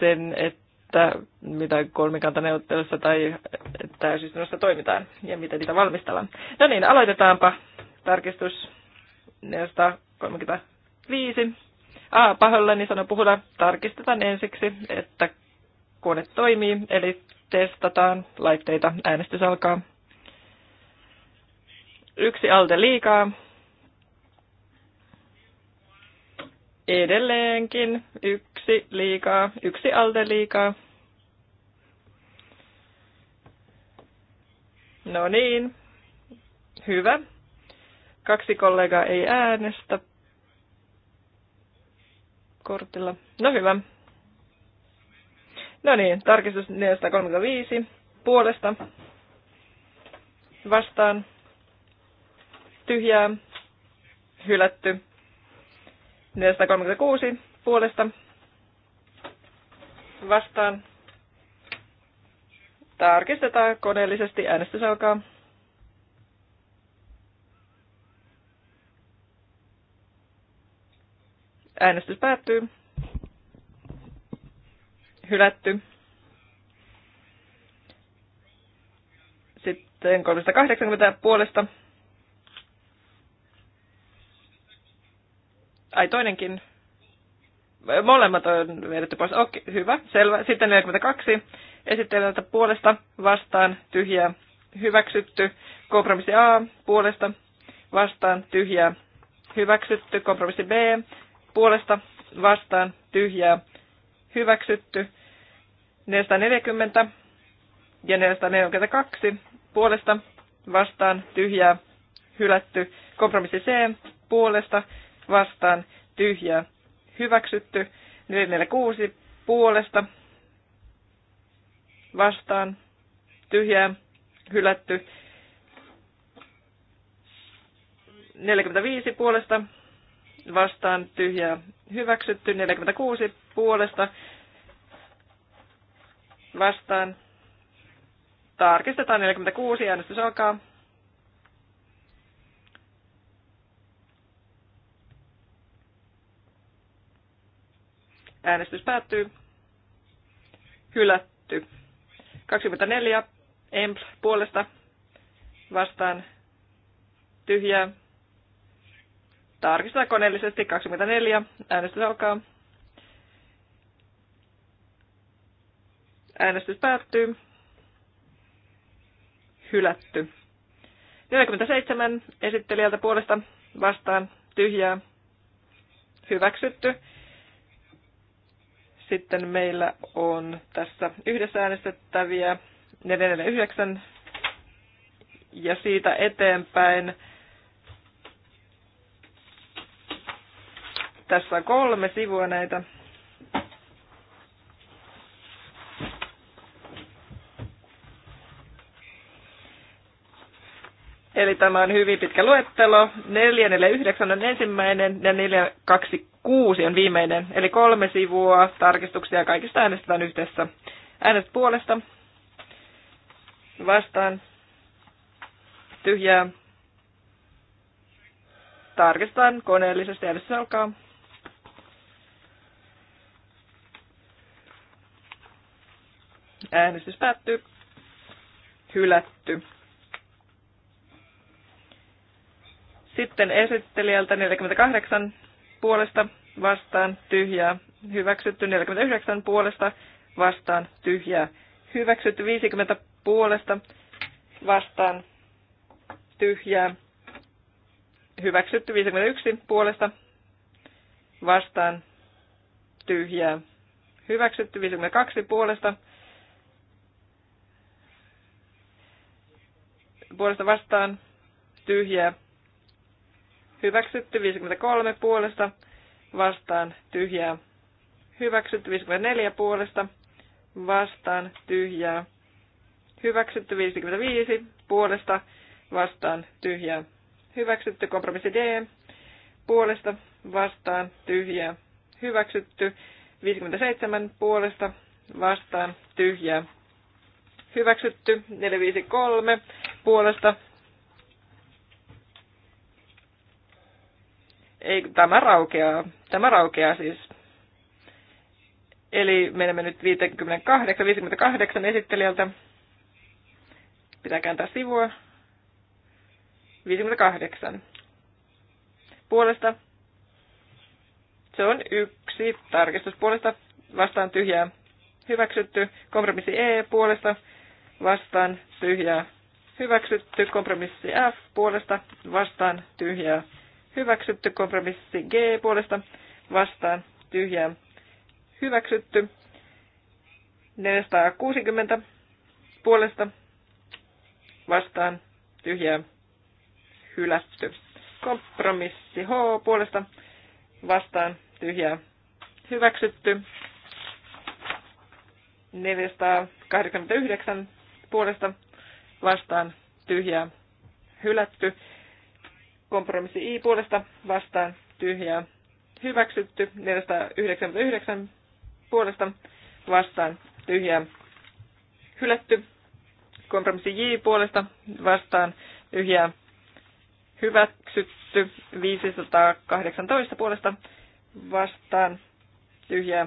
sen, että mitä kolmikantaneuvottelussa tai täysistunnossa toimitaan ja miten niitä valmistellaan. No niin, aloitetaanpa tarkistus 435. Ah, pahoillani sanoi puhuta, tarkistetaan ensiksi, että kone toimii, eli testataan laitteita, äänestys alkaa. Yksi alte liikaa. Edelleenkin yksi liikaa, yksi alte liikaa. No niin, hyvä. Kaksi kollegaa ei äänestä kortilla. No hyvä. No niin, tarkistus 435 puolesta vastaan tyhjää hylätty 436 puolesta vastaan tarkistetaan koneellisesti äänestys alkaa. Äänestys päättyy. Hylätty. Sitten 380 puolesta. Ai toinenkin. Molemmat on vedetty pois. Okei, hyvä, selvä. Sitten 42. Esittelijältä puolesta vastaan tyhjää hyväksytty. Kompromissi A puolesta vastaan tyhjää hyväksytty. Kompromissi B puolesta vastaan tyhjää hyväksytty. 440 ja 442 puolesta vastaan tyhjää hylätty. Kompromissi C puolesta vastaan tyhjää hyväksytty. 446 puolesta vastaan tyhjää hylätty. 45 puolesta vastaan tyhjää hyväksytty, 46 puolesta vastaan. Tarkistetaan 46, äänestys alkaa. Äänestys päättyy. Hylätty. 24. Empl puolesta vastaan tyhjää Tarkistetaan koneellisesti 24. Äänestys alkaa. Äänestys päättyy. Hylätty. 47 esittelijältä puolesta vastaan tyhjää. Hyväksytty. Sitten meillä on tässä yhdessä äänestettäviä 449 ja siitä eteenpäin Tässä on kolme sivua näitä. Eli tämä on hyvin pitkä luettelo. 449 on ensimmäinen ja 426 on viimeinen. Eli kolme sivua tarkistuksia kaikista äänestetään yhdessä. Äänestä puolesta. Vastaan. Tyhjää. Tarkistetaan koneellisesti. Äänestys alkaa. Äänestys päättyy. Hylätty. Sitten esittelijältä 48 puolesta vastaan tyhjää. Hyväksytty 49 puolesta vastaan tyhjää. Hyväksytty 50 puolesta vastaan tyhjää. Hyväksytty 51 puolesta vastaan tyhjää. Hyväksytty 52 puolesta puolesta vastaan tyhjää. Hyväksytty 53 puolesta vastaan tyhjää. Hyväksytty 54 puolesta vastaan tyhjää. Hyväksytty 55 puolesta vastaan tyhjää. Hyväksytty kompromissi D puolesta vastaan tyhjää. Hyväksytty 57 puolesta vastaan tyhjää. Hyväksytty 453 puolesta. Ei, tämä raukeaa. Tämä raukeaa siis. Eli menemme nyt 58, 58 esittelijältä. Pitää kääntää sivua. 58. Puolesta. Se on yksi. Tarkistus puolesta vastaan tyhjää. Hyväksytty. Kompromissi E puolesta vastaan tyhjää. Hyväksytty kompromissi F puolesta vastaan tyhjää. Hyväksytty kompromissi G puolesta vastaan tyhjää. Hyväksytty 460 puolesta vastaan tyhjää. Hylätty. Kompromissi H puolesta vastaan tyhjää. Hyväksytty 489 puolesta vastaan tyhjää hylätty. Kompromissi I puolesta vastaan tyhjää hyväksytty. 499 puolesta vastaan tyhjää hylätty. Kompromissi J puolesta vastaan tyhjää hyväksytty. 518 puolesta vastaan tyhjää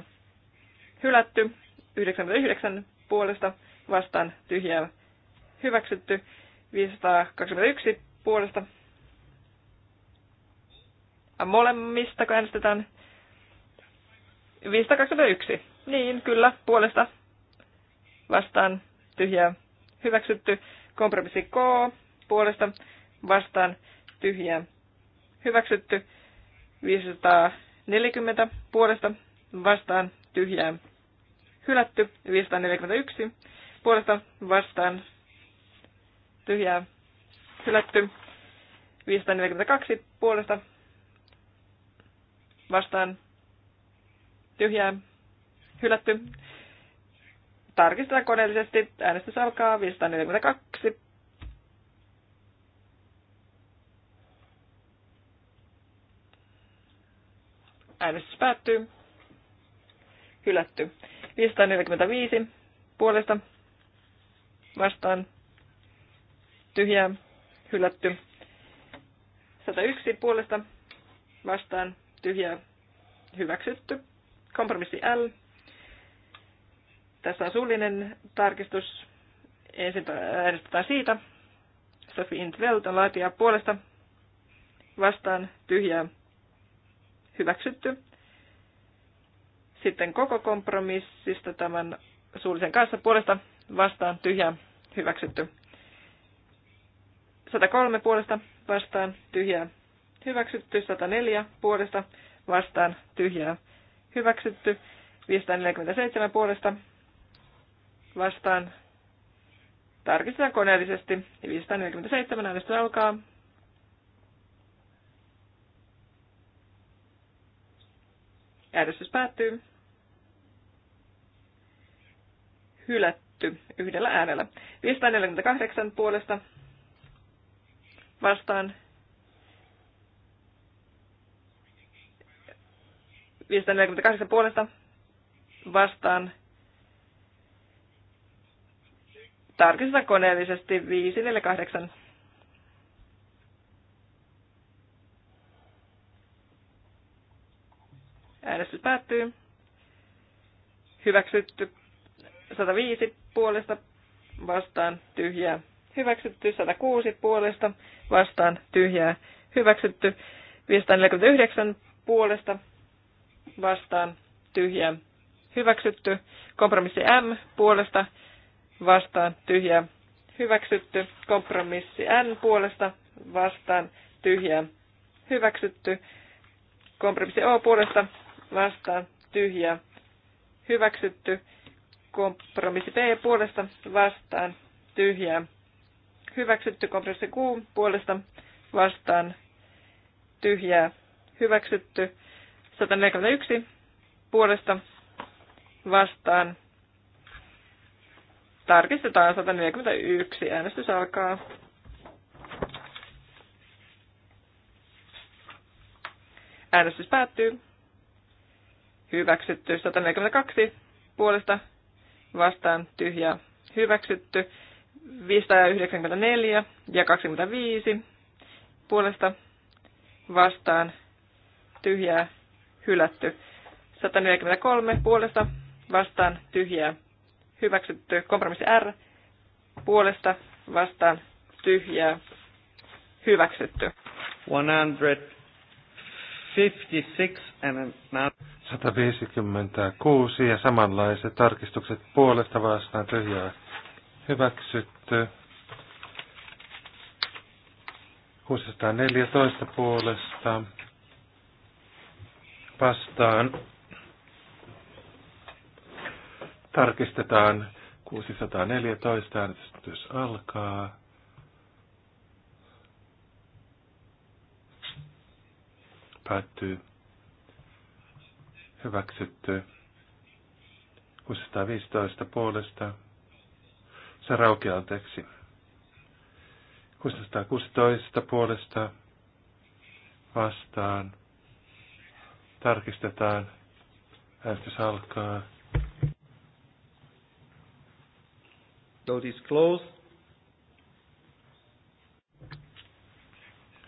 hylätty. 99 puolesta vastaan tyhjää hyväksytty 521 puolesta. Molemmista äänestetään 521. Niin, kyllä, puolesta vastaan tyhjää hyväksytty. Kompromissi K puolesta vastaan tyhjää hyväksytty. 540 puolesta vastaan tyhjää hylätty. 541 puolesta vastaan tyhjää hylätty. 542 puolesta vastaan tyhjää hylätty. Tarkistetaan koneellisesti. Äänestys alkaa 542. Äänestys päättyy. Hylätty. 545 puolesta vastaan tyhjää hylätty. 101 puolesta vastaan tyhjää hyväksytty. Kompromissi L. Tässä on suullinen tarkistus. Ensin äänestetään siitä. Sophie Intveld on laatia puolesta vastaan tyhjää hyväksytty. Sitten koko kompromissista tämän suullisen kanssa puolesta vastaan tyhjää hyväksytty. 103 puolesta vastaan tyhjää hyväksytty, 104 puolesta vastaan tyhjää hyväksytty, 547 puolesta vastaan tarkistetaan koneellisesti, 547 äänestys alkaa. Äänestys päättyy. Hylätty yhdellä äänellä. 548 puolesta vastaan 548 puolesta vastaan tarkistetaan koneellisesti 548. Äänestys päättyy. Hyväksytty 105 puolesta vastaan tyhjää hyväksytty 106 puolesta vastaan tyhjää hyväksytty 549 puolesta vastaan tyhjää hyväksytty kompromissi M puolesta vastaan tyhjää hyväksytty kompromissi N puolesta vastaan tyhjää hyväksytty kompromissi O puolesta vastaan tyhjää hyväksytty kompromissi P puolesta vastaan tyhjää hyväksytty. Kompromissi Q puolesta vastaan tyhjää hyväksytty. 141 puolesta vastaan. Tarkistetaan 141. Äänestys alkaa. Äänestys päättyy. Hyväksytty 142 puolesta vastaan tyhjää hyväksytty. 594 ja 25 puolesta vastaan tyhjää hylätty. 143 puolesta vastaan tyhjää hyväksytty. Kompromissi R puolesta vastaan tyhjää hyväksytty. 156 and 156 ja samanlaiset tarkistukset puolesta vastaan tyhjää hyväksytty. 614 puolesta vastaan tarkistetaan 614 äänestys alkaa. Päättyy. Hyväksytty. 615 puolesta se rauki anteeksi. 616 puolesta vastaan. Tarkistetaan. Äänestys alkaa. Vote is closed.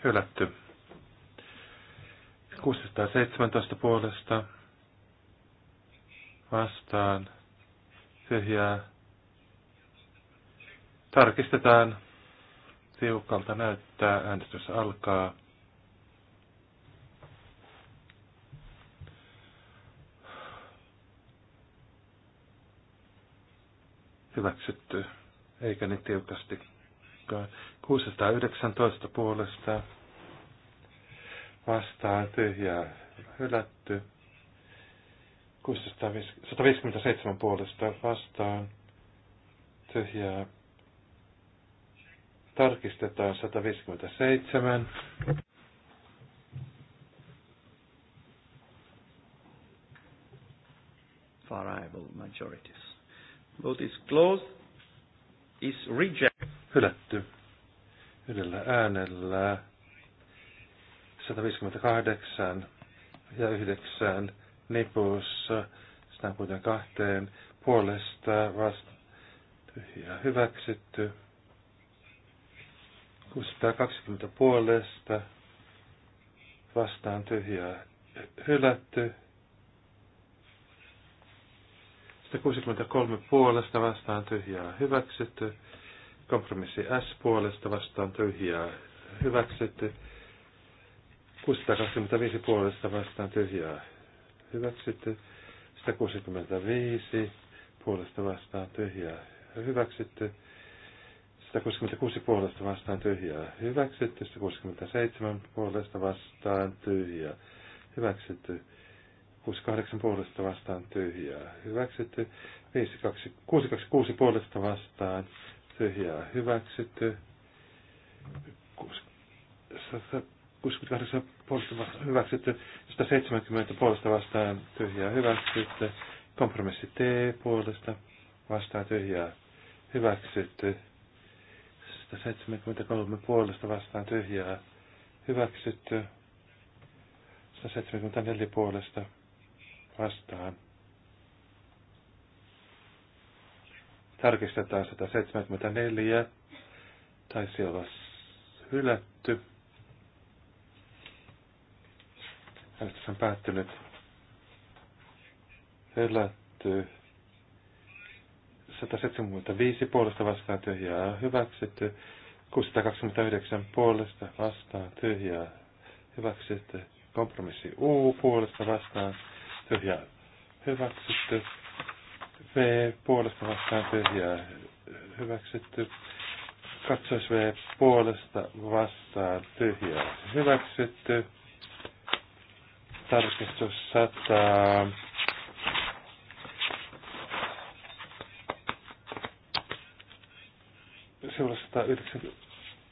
Hylätty. 617 puolesta vastaan tyhjää Tarkistetaan. Tiukalta näyttää. Äänestys alkaa. Hyväksytty. Eikä niin tiukasti. 619 puolesta vastaan tyhjää hylätty. 657 puolesta vastaan tyhjää Tarkistetaan 157. Variable majorities. Vote is closed. Is rejected. Hylätty. Yhdellä äänellä. 158 ja 9 nipussa. Sitä kuitenkin kahteen puolesta vasta tyhjää hyväksytty. 620 puolesta vastaan tyhjää hylätty. 163 puolesta vastaan tyhjää hyväksytty. Kompromissi S puolesta vastaan tyhjää hyväksytty. 625 puolesta vastaan tyhjää hyväksytty. 165 puolesta vastaan tyhjää hyväksytty. 166 puolesta vastaan tyhjää hyväksytty, 167 puolesta vastaan tyhjää hyväksytty, 68 puolesta vastaan tyhjää hyväksytty, 626 puolesta vastaan tyhjää hyväksytty, 68 puolesta vastaan hyväksytty, 170 puolesta vastaan tyhjää hyväksytty, kompromissi T puolesta vastaan tyhjää hyväksytty ja 73 puolesta vastaan tyhjää hyväksytty. 174 puolesta vastaan. Tarkistetaan 174. Taisi olla hylätty. Äänestys on päättynyt. Hylätty. 175 puolesta vastaan tyhjää hyväksytty. 629 puolesta vastaan tyhjää hyväksytty. Kompromissi U puolesta vastaan tyhjää hyväksytty. V puolesta vastaan tyhjää hyväksytty. Katsois V puolesta vastaan tyhjää hyväksytty. Tarkistus 100. sivulla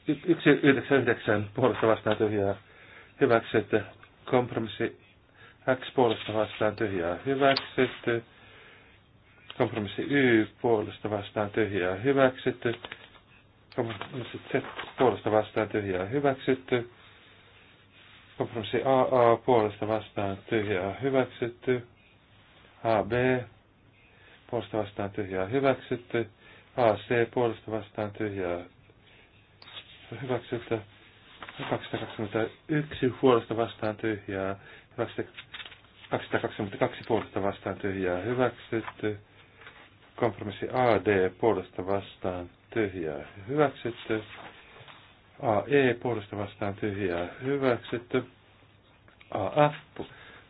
199 puolesta vastaan tyhjää hyväksytty. Kompromissi X puolesta vastaan tyhjää hyväksytty. Kompromissi Y puolesta vastaan tyhjää hyväksytty. Kompromissi Z puolesta vastaan tyhjää hyväksytty. Kompromissi AA puolesta vastaan tyhjää hyväksytty. AB puolesta vastaan tyhjää hyväksytty. AC puolesta vastaan tyhjää hyväksytty. 221 puolesta vastaan tyhjää. 222 puolesta vastaan tyhjää hyväksytty. Kompromissi AD puolesta vastaan tyhjää hyväksytty. AE puolesta vastaan tyhjää hyväksytty. AF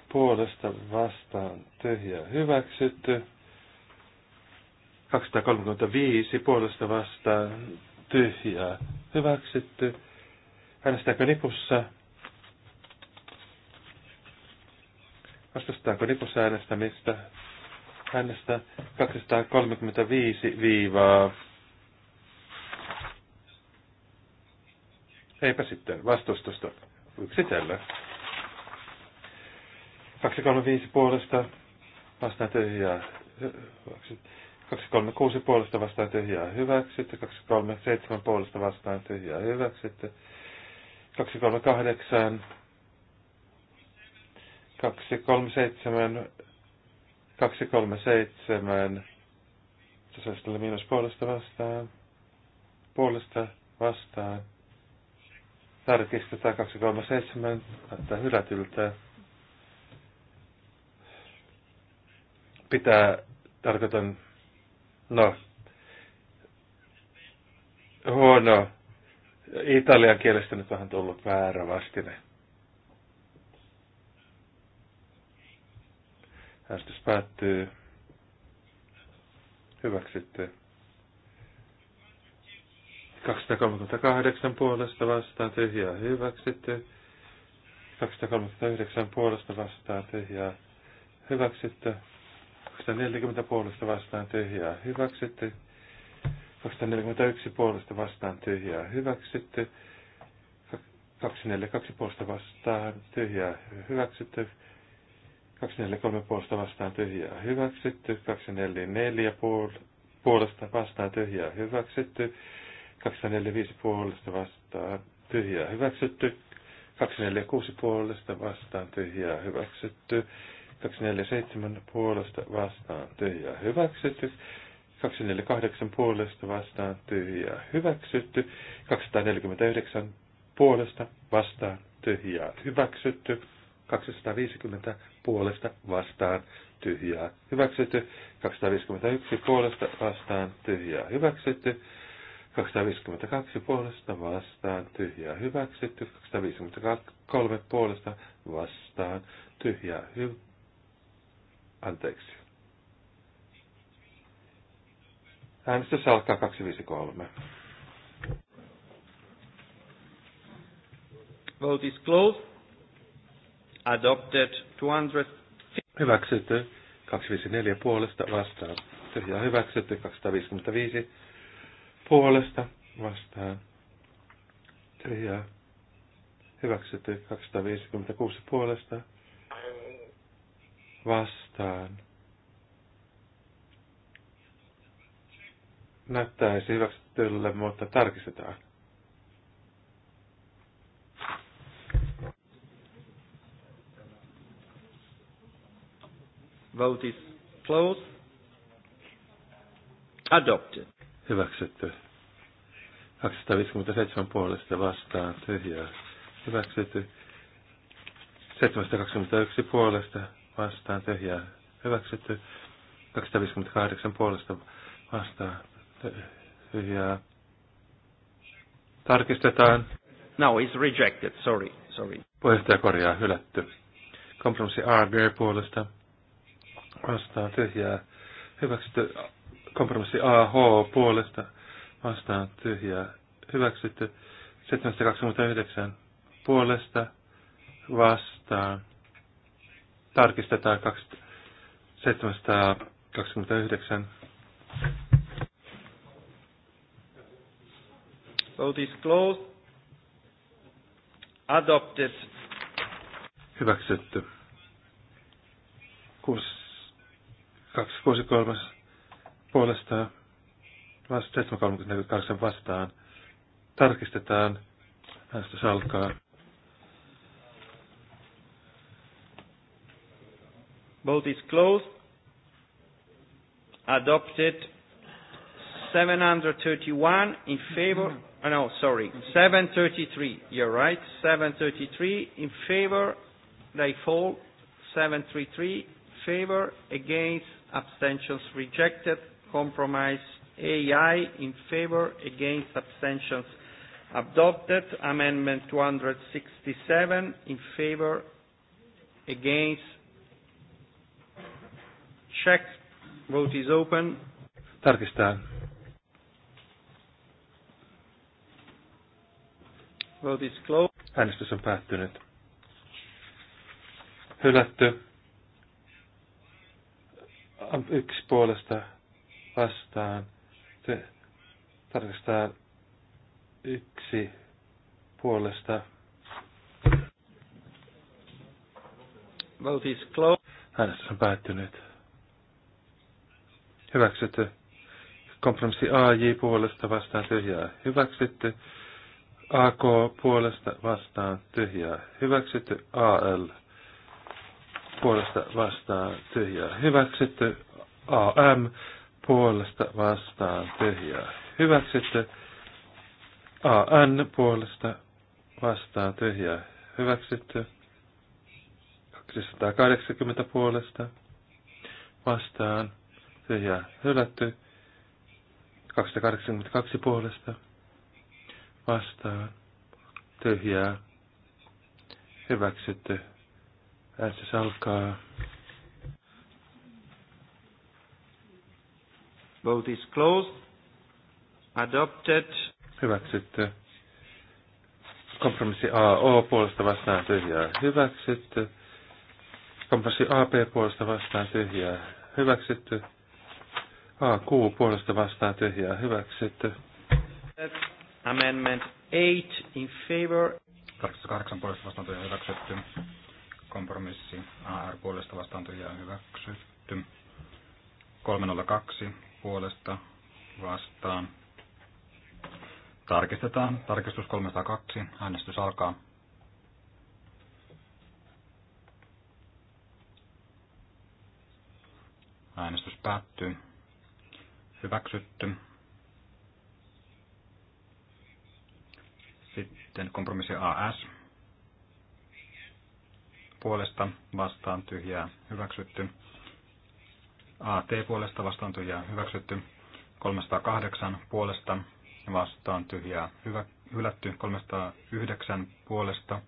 puolesta vastaan tyhjää hyväksytty. 235 puolesta vastaan tyhjää hyväksytty. Äänestääkö nipussa? Vastustetaanko nipussa äänestämistä? Äänestä 235 viivaa. Eipä sitten vastustusta yksitellä. 235 puolesta vastaan tyhjää. 236 puolesta vastaan tyhjää hyväksytty, 237 puolesta vastaan tyhjää hyväksytty, 238, 237, 237, tasaiselle miinus puolesta vastaan, puolesta vastaan, tarkistetaan 237, näyttää hylätyltä, pitää tarkoitan No, huono. Italian kielestä nyt vähän tullut väärä vastine. Äänestys päättyy. Hyväksytty. 238 puolesta vastaan tyhjää hyväksytty. 239 puolesta vastaan tyhjää hyväksytty. 240 puolesta vastaan tyhjää hyväksytty. 241 puolesta vastaan tyhjää hyväksytty. 242 puolesta vastaan tyhjää hyväksytty. 243 puolesta vastaan tyhjää hyväksytty. 244 puolesta vastaan tyhjää hyväksytty. 245 puolesta vastaan tyhjää hyväksytty. 246 puolesta vastaan tyhjää hyväksytty. 247 puolesta vastaan tyhjää hyväksytty. 248 puolesta vastaan tyhjää hyväksytty. 249 puolesta vastaan tyhjää hyväksytty. 250 puolesta vastaan tyhjää hyväksytty. 251 puolesta vastaan tyhjää hyväksytty. 252 puolesta vastaan tyhjää hyväksytty. 253 puolesta vastaan tyhjää hyväksytty Anteeksi. Äänestys alkaa 253. Vote is closed. Adopted 200. Hyväksytty 254 puolesta vastaan. Tyhjää hyväksytty 255 puolesta vastaan. Tyhjää hyväksytty 256 puolesta vastaan. Näyttäisi hyväksytylle, mutta tarkistetaan. Vote is closed. Adopted. Hyväksytty. 257 puolesta vastaan tyhjää. Hyväksytty. 721 puolesta vastaan tyhjää hyväksytty. 258 puolesta vastaan tyhjää. Tarkistetaan. No, it's rejected. Sorry, sorry. Puheenjohtaja korjaa, hylätty. Kompromissi R puolesta vastaan tyhjää. Hyväksytty kompromissi AH puolesta vastaan tyhjää. Hyväksytty 729 puolesta vastaan tarkistetaan 729. Vote is closed. Adopted. Hyväksytty. 263 puolesta 738 vastaan. Tarkistetaan. Äänestys alkaa. Vote is closed. Adopted 731 in favor. Oh, no, sorry. 733. You're right. 733 in favor. They fall. 733 favor. Against. Abstentions rejected. Compromise AI in favor. Against. Abstentions adopted. Amendment 267 in favor. Against Check. Vote is open. Tarkistetaan. Vote is closed. Äänestys on päättynyt. Hylätty. Yksi puolesta vastaan. Se tarkistetaan yksi puolesta. Vote is closed. Äänestys on päättynyt. Hyväksytty. Kompromissi AJ puolesta vastaan tyhjää. Hyväksytty. AK puolesta vastaan tyhjää. Hyväksytty. AL puolesta vastaan tyhjää. Hyväksytty. AM puolesta vastaan tyhjää. Hyväksytty. AN puolesta vastaan tyhjää. Hyväksytty. 280 puolesta vastaan tyhjää hylätty. 282 puolesta vastaan tyhjää hyväksytty. Äänestys alkaa. Vote is closed. Adopted. Hyväksytty. Kompromissi AO puolesta vastaan tyhjää. Hyväksytty. Kompromissi AP puolesta vastaan tyhjää. Hyväksytty. AQ puolesta vastaan tyhjää hyväksytty. Amendment 8 in favor. 28 puolesta vastaan tyhjää hyväksytty. Kompromissi AR puolesta vastaan tyhjää hyväksytty. 302 puolesta vastaan. Tarkistetaan. Tarkistus 302. Äänestys alkaa. Äänestys päättyy hyväksytty. Sitten kompromissi AS puolesta vastaan tyhjää hyväksytty. AT puolesta vastaan tyhjää hyväksytty. 308 puolesta vastaan tyhjää hyvä, hylätty. 309 puolesta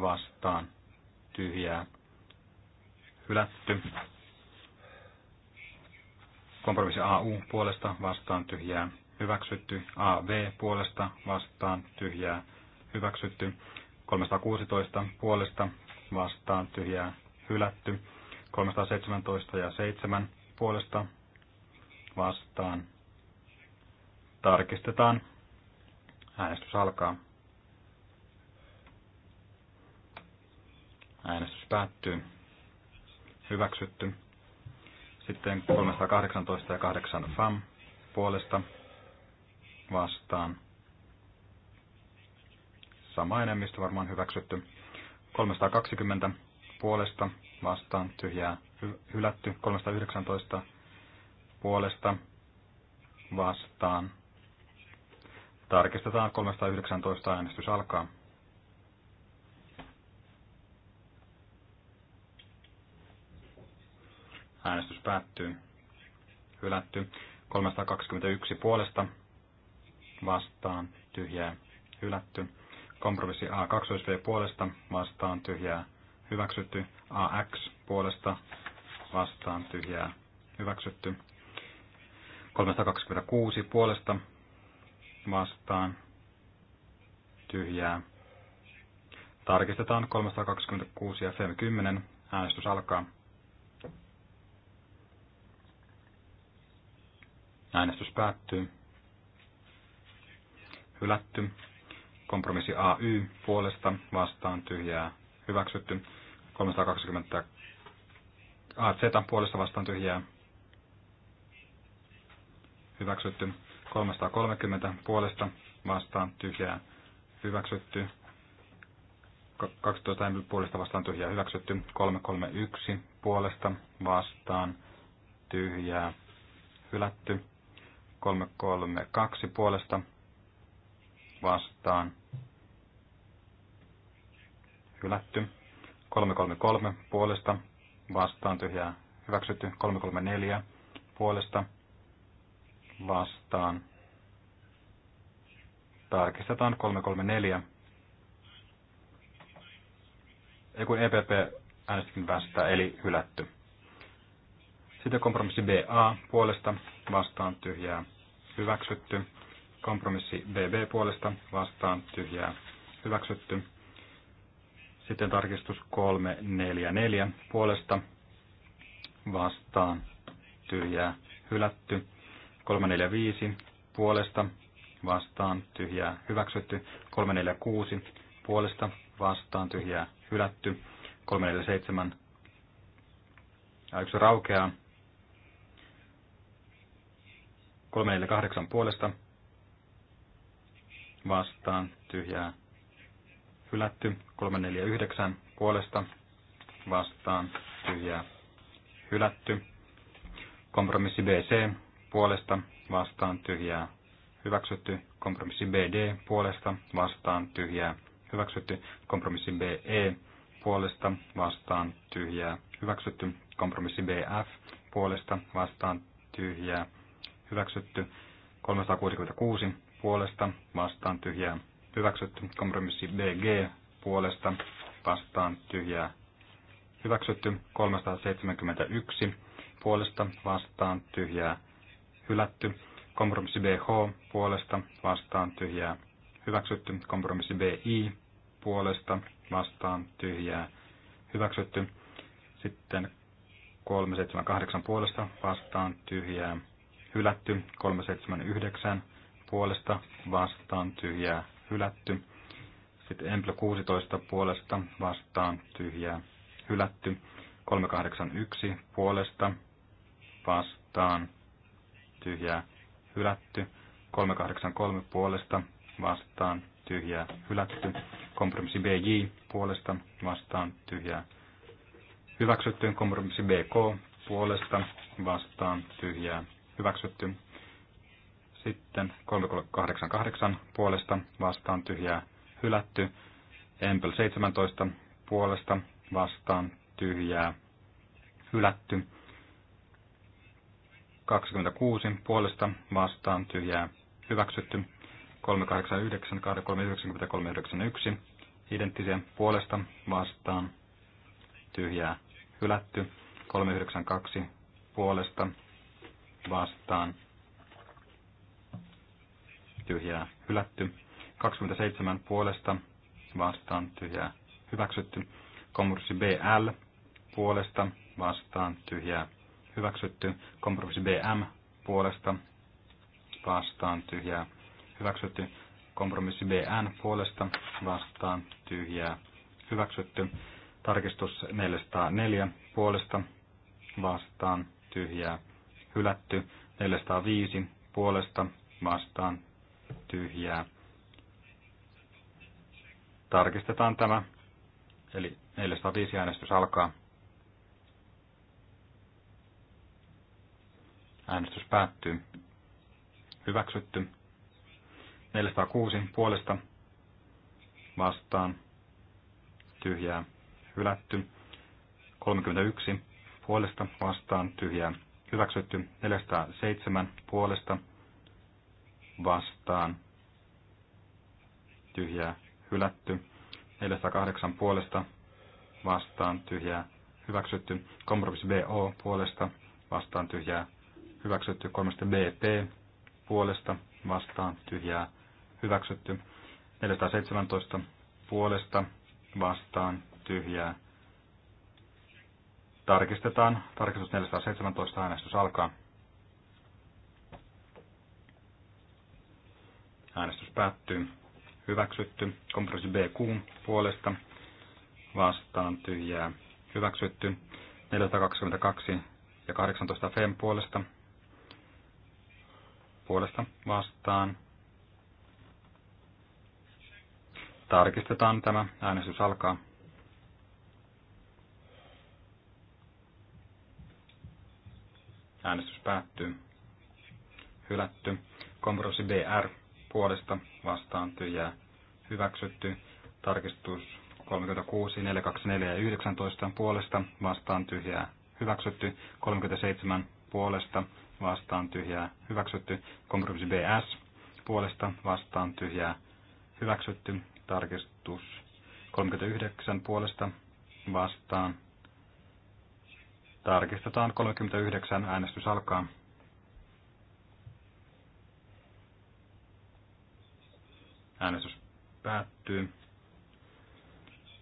vastaan tyhjää hylätty. Kompromissi AU puolesta vastaan tyhjää hyväksytty. AV puolesta vastaan tyhjää hyväksytty. 316 puolesta vastaan tyhjää hylätty. 317 ja 7 puolesta vastaan. Tarkistetaan. Äänestys alkaa. Äänestys päättyy. Hyväksytty. Sitten 318 ja 8 FAM puolesta vastaan. Sama enemmistö varmaan hyväksytty. 320 puolesta vastaan tyhjää hylätty. 319 puolesta vastaan. Tarkistetaan 319 äänestys alkaa. Äänestys päättyy. Hylätty. 321 puolesta vastaan tyhjää hylätty. Kompromissi A2V puolesta vastaan tyhjää hyväksytty. AX puolesta vastaan tyhjää hyväksytty. 326 puolesta vastaan tyhjää. Tarkistetaan 326 ja FEM 10. Äänestys alkaa. Äänestys päättyy. Hylätty. Kompromissi AY puolesta vastaan tyhjää hyväksytty. 320 AZ puolesta vastaan tyhjää hyväksytty. 330 puolesta vastaan tyhjää hyväksytty. 12 puolesta vastaan tyhjää hyväksytty. 331 puolesta vastaan tyhjää hylätty. 332 puolesta vastaan hylätty. 333 puolesta vastaan tyhjää hyväksytty. 334 puolesta vastaan. Tarkistetaan 334. Ei kun EPP äänestikin vastaa eli hylätty. Sitten kompromissi BA puolesta vastaan tyhjää hyväksytty. Kompromissi BB puolesta vastaan tyhjää hyväksytty. Sitten tarkistus 344 puolesta vastaan tyhjää hylätty. 345 puolesta vastaan tyhjää hyväksytty. 346 puolesta vastaan tyhjää hylätty. 347 yksi raukeaa. 348 puolesta vastaan tyhjää hylätty. 349 puolesta vastaan tyhjää hylätty. Kompromissi BC puolesta vastaan tyhjää hyväksytty. Kompromissi BD puolesta vastaan tyhjää hyväksytty. Kompromissi BE puolesta vastaan tyhjää hyväksytty. Kompromissi BF puolesta vastaan tyhjää hyväksytty. 366 puolesta vastaan tyhjää hyväksytty. Kompromissi BG puolesta vastaan tyhjää hyväksytty. 371 puolesta vastaan tyhjää hylätty. Kompromissi BH puolesta vastaan tyhjää hyväksytty. Kompromissi BI puolesta vastaan tyhjää hyväksytty. Sitten 378 puolesta vastaan tyhjää hylätty, 379 puolesta vastaan tyhjää hylätty. Sitten Emplo 16 puolesta vastaan tyhjää hylätty. 381 puolesta vastaan tyhjää hylätty. 383 puolesta vastaan tyhjää hylätty. Kompromissi BJ puolesta vastaan tyhjää hyväksytty. Kompromissi BK puolesta vastaan tyhjää hyväksytty. Sitten 388 puolesta vastaan tyhjää hylätty. Empel 17 puolesta vastaan tyhjää hylätty. 26 puolesta vastaan tyhjää hyväksytty. 389, 239, 391 identtisiä puolesta vastaan tyhjää hylätty. 392 puolesta vastaan tyhjää hylätty. 27 puolesta vastaan tyhjää hyväksytty. Kompromissi BL puolesta vastaan tyhjää hyväksytty. Kompromissi BM puolesta vastaan tyhjää hyväksytty. Kompromissi BN puolesta vastaan tyhjää hyväksytty. Tarkistus 404 puolesta vastaan tyhjää hylätty 405 puolesta vastaan tyhjää. Tarkistetaan tämä. Eli 405 äänestys alkaa. Äänestys päättyy. Hyväksytty. 406 puolesta vastaan tyhjää hylätty. 31 puolesta vastaan tyhjää hyväksytty 407 puolesta vastaan tyhjää hylätty 408 puolesta vastaan tyhjää hyväksytty kompromissi BO puolesta vastaan tyhjää hyväksytty kompromissi BP puolesta vastaan tyhjää hyväksytty 417 puolesta vastaan tyhjää Tarkistetaan. Tarkistus 417 äänestys alkaa. Äänestys päättyy. Hyväksytty. Kompromissi BQ puolesta. Vastaan tyhjää. Hyväksytty. 422 ja 18 FEM puolesta. Puolesta vastaan. Tarkistetaan tämä. Äänestys alkaa. Äänestys päättyy. Hylätty. Kompromissi BR puolesta vastaan tyhjää hyväksytty. Tarkistus 36, 424 ja 19 puolesta vastaan tyhjää hyväksytty. 37 puolesta vastaan tyhjää hyväksytty. Kompromissi BS puolesta vastaan tyhjää hyväksytty. Tarkistus 39 puolesta vastaan Tarkistetaan 39. Äänestys alkaa. Äänestys päättyy.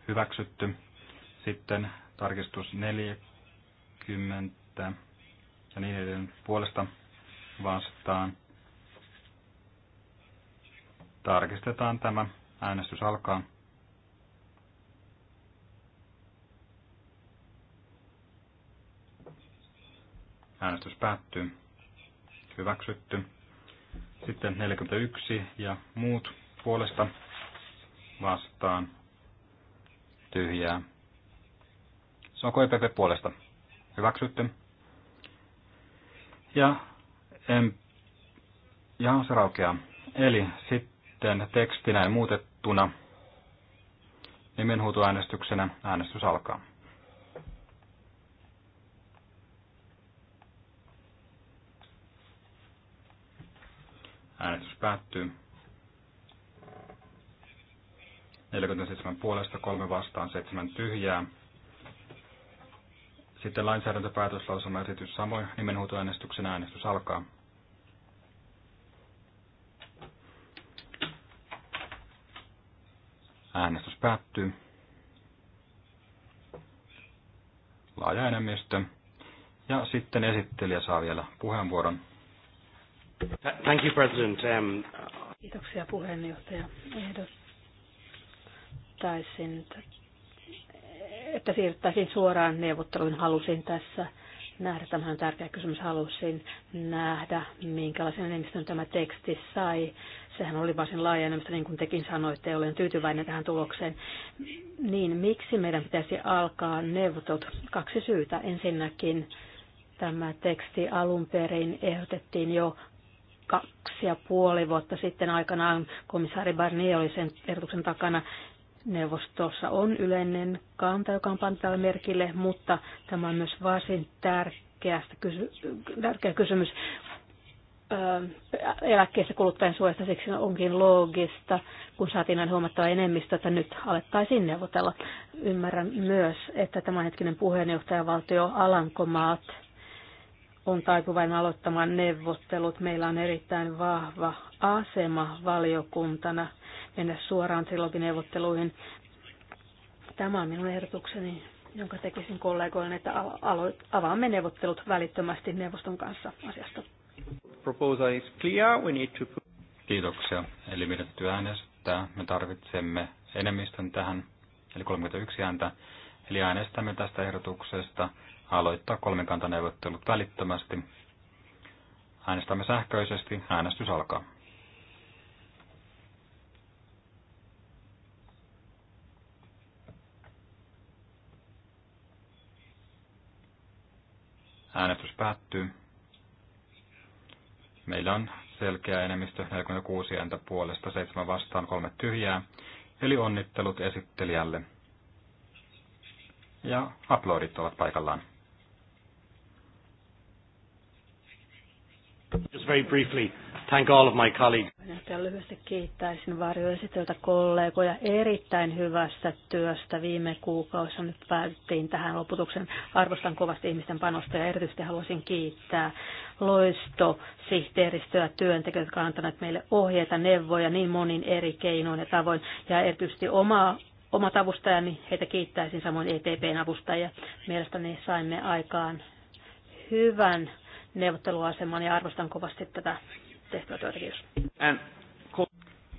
Hyväksytty. Sitten tarkistus 40 ja niin edelleen puolesta vastaan. Tarkistetaan tämä. Äänestys alkaa. Äänestys päättyy. Hyväksytty. Sitten 41 ja muut puolesta vastaan. Tyhjää. Se on KPP puolesta. Hyväksytty. Ja, en, ja se raukeaa. Eli sitten teksti näin muutettuna. Nimenhuutoäänestyksenä äänestys alkaa. Äänestys päättyy. 47 puolesta, kolme vastaan, seitsemän tyhjää. Sitten esitys samoin nimenhuutoäänestyksen äänestys alkaa. Äänestys päättyy. Laaja enemmistö. Ja sitten esittelijä saa vielä puheenvuoron. Thank you, President. Um... Kiitoksia puheenjohtaja. Ehdottaisin, että siirryttäisiin suoraan neuvotteluun. Halusin tässä nähdä, tämä on tärkeä kysymys, halusin nähdä, minkälaisen enemmistön tämä teksti sai. Sehän oli varsin laaja enemmistö, niin kuin tekin sanoitte, ja olen tyytyväinen tähän tulokseen. Niin, miksi meidän pitäisi alkaa neuvotot? Kaksi syytä. Ensinnäkin tämä teksti alun perin ehdotettiin jo kaksi ja puoli vuotta sitten aikanaan komissaari Barnier oli sen ehdotuksen takana. Neuvostossa on yleinen kanta, joka on pantava merkille, mutta tämä on myös varsin kysy- tärkeä kysymys eläkkeessä kuluttajan suojasta, siksi onkin loogista, kun saatiin näin huomattava enemmistö, että nyt alettaisiin neuvotella. Ymmärrän myös, että tämänhetkinen puheenjohtajavaltio Alankomaat on taipuvainen aloittamaan neuvottelut. Meillä on erittäin vahva asema valiokuntana mennä suoraan neuvotteluihin. Tämä on minun ehdotukseni, jonka tekisin kollegoille, että avaamme neuvottelut välittömästi neuvoston kanssa asiasta. Kiitoksia. Eli pidetty äänestää. Me tarvitsemme enemmistön tähän, eli 31 ääntä. Eli äänestämme tästä ehdotuksesta aloittaa kolmikantaneuvottelut välittömästi. Äänestämme sähköisesti. Äänestys alkaa. Äänestys päättyy. Meillä on selkeä enemmistö 46 ääntä puolesta, 7 vastaan, 3 tyhjää. Eli onnittelut esittelijälle. Ja aplodit ovat paikallaan. Just very briefly, thank all of my colleagues. Minä lyhyesti kiittäisin varjoesityöltä kollegoja erittäin hyvästä työstä. Viime kuukausi. nyt päätettiin tähän loputuksen. Arvostan kovasti ihmisten panosta ja erityisesti haluaisin kiittää loisto sihteeristöä työntekijöitä, jotka antaneet meille ohjeita, neuvoja niin monin eri keinoin ja tavoin. Ja erityisesti omaa omat avustajani, heitä kiittäisin samoin ETPn avustajia. Mielestäni saimme aikaan hyvän neuvotteluaseman ja arvostan kovasti tätä tehtyä työtä. Kiitos.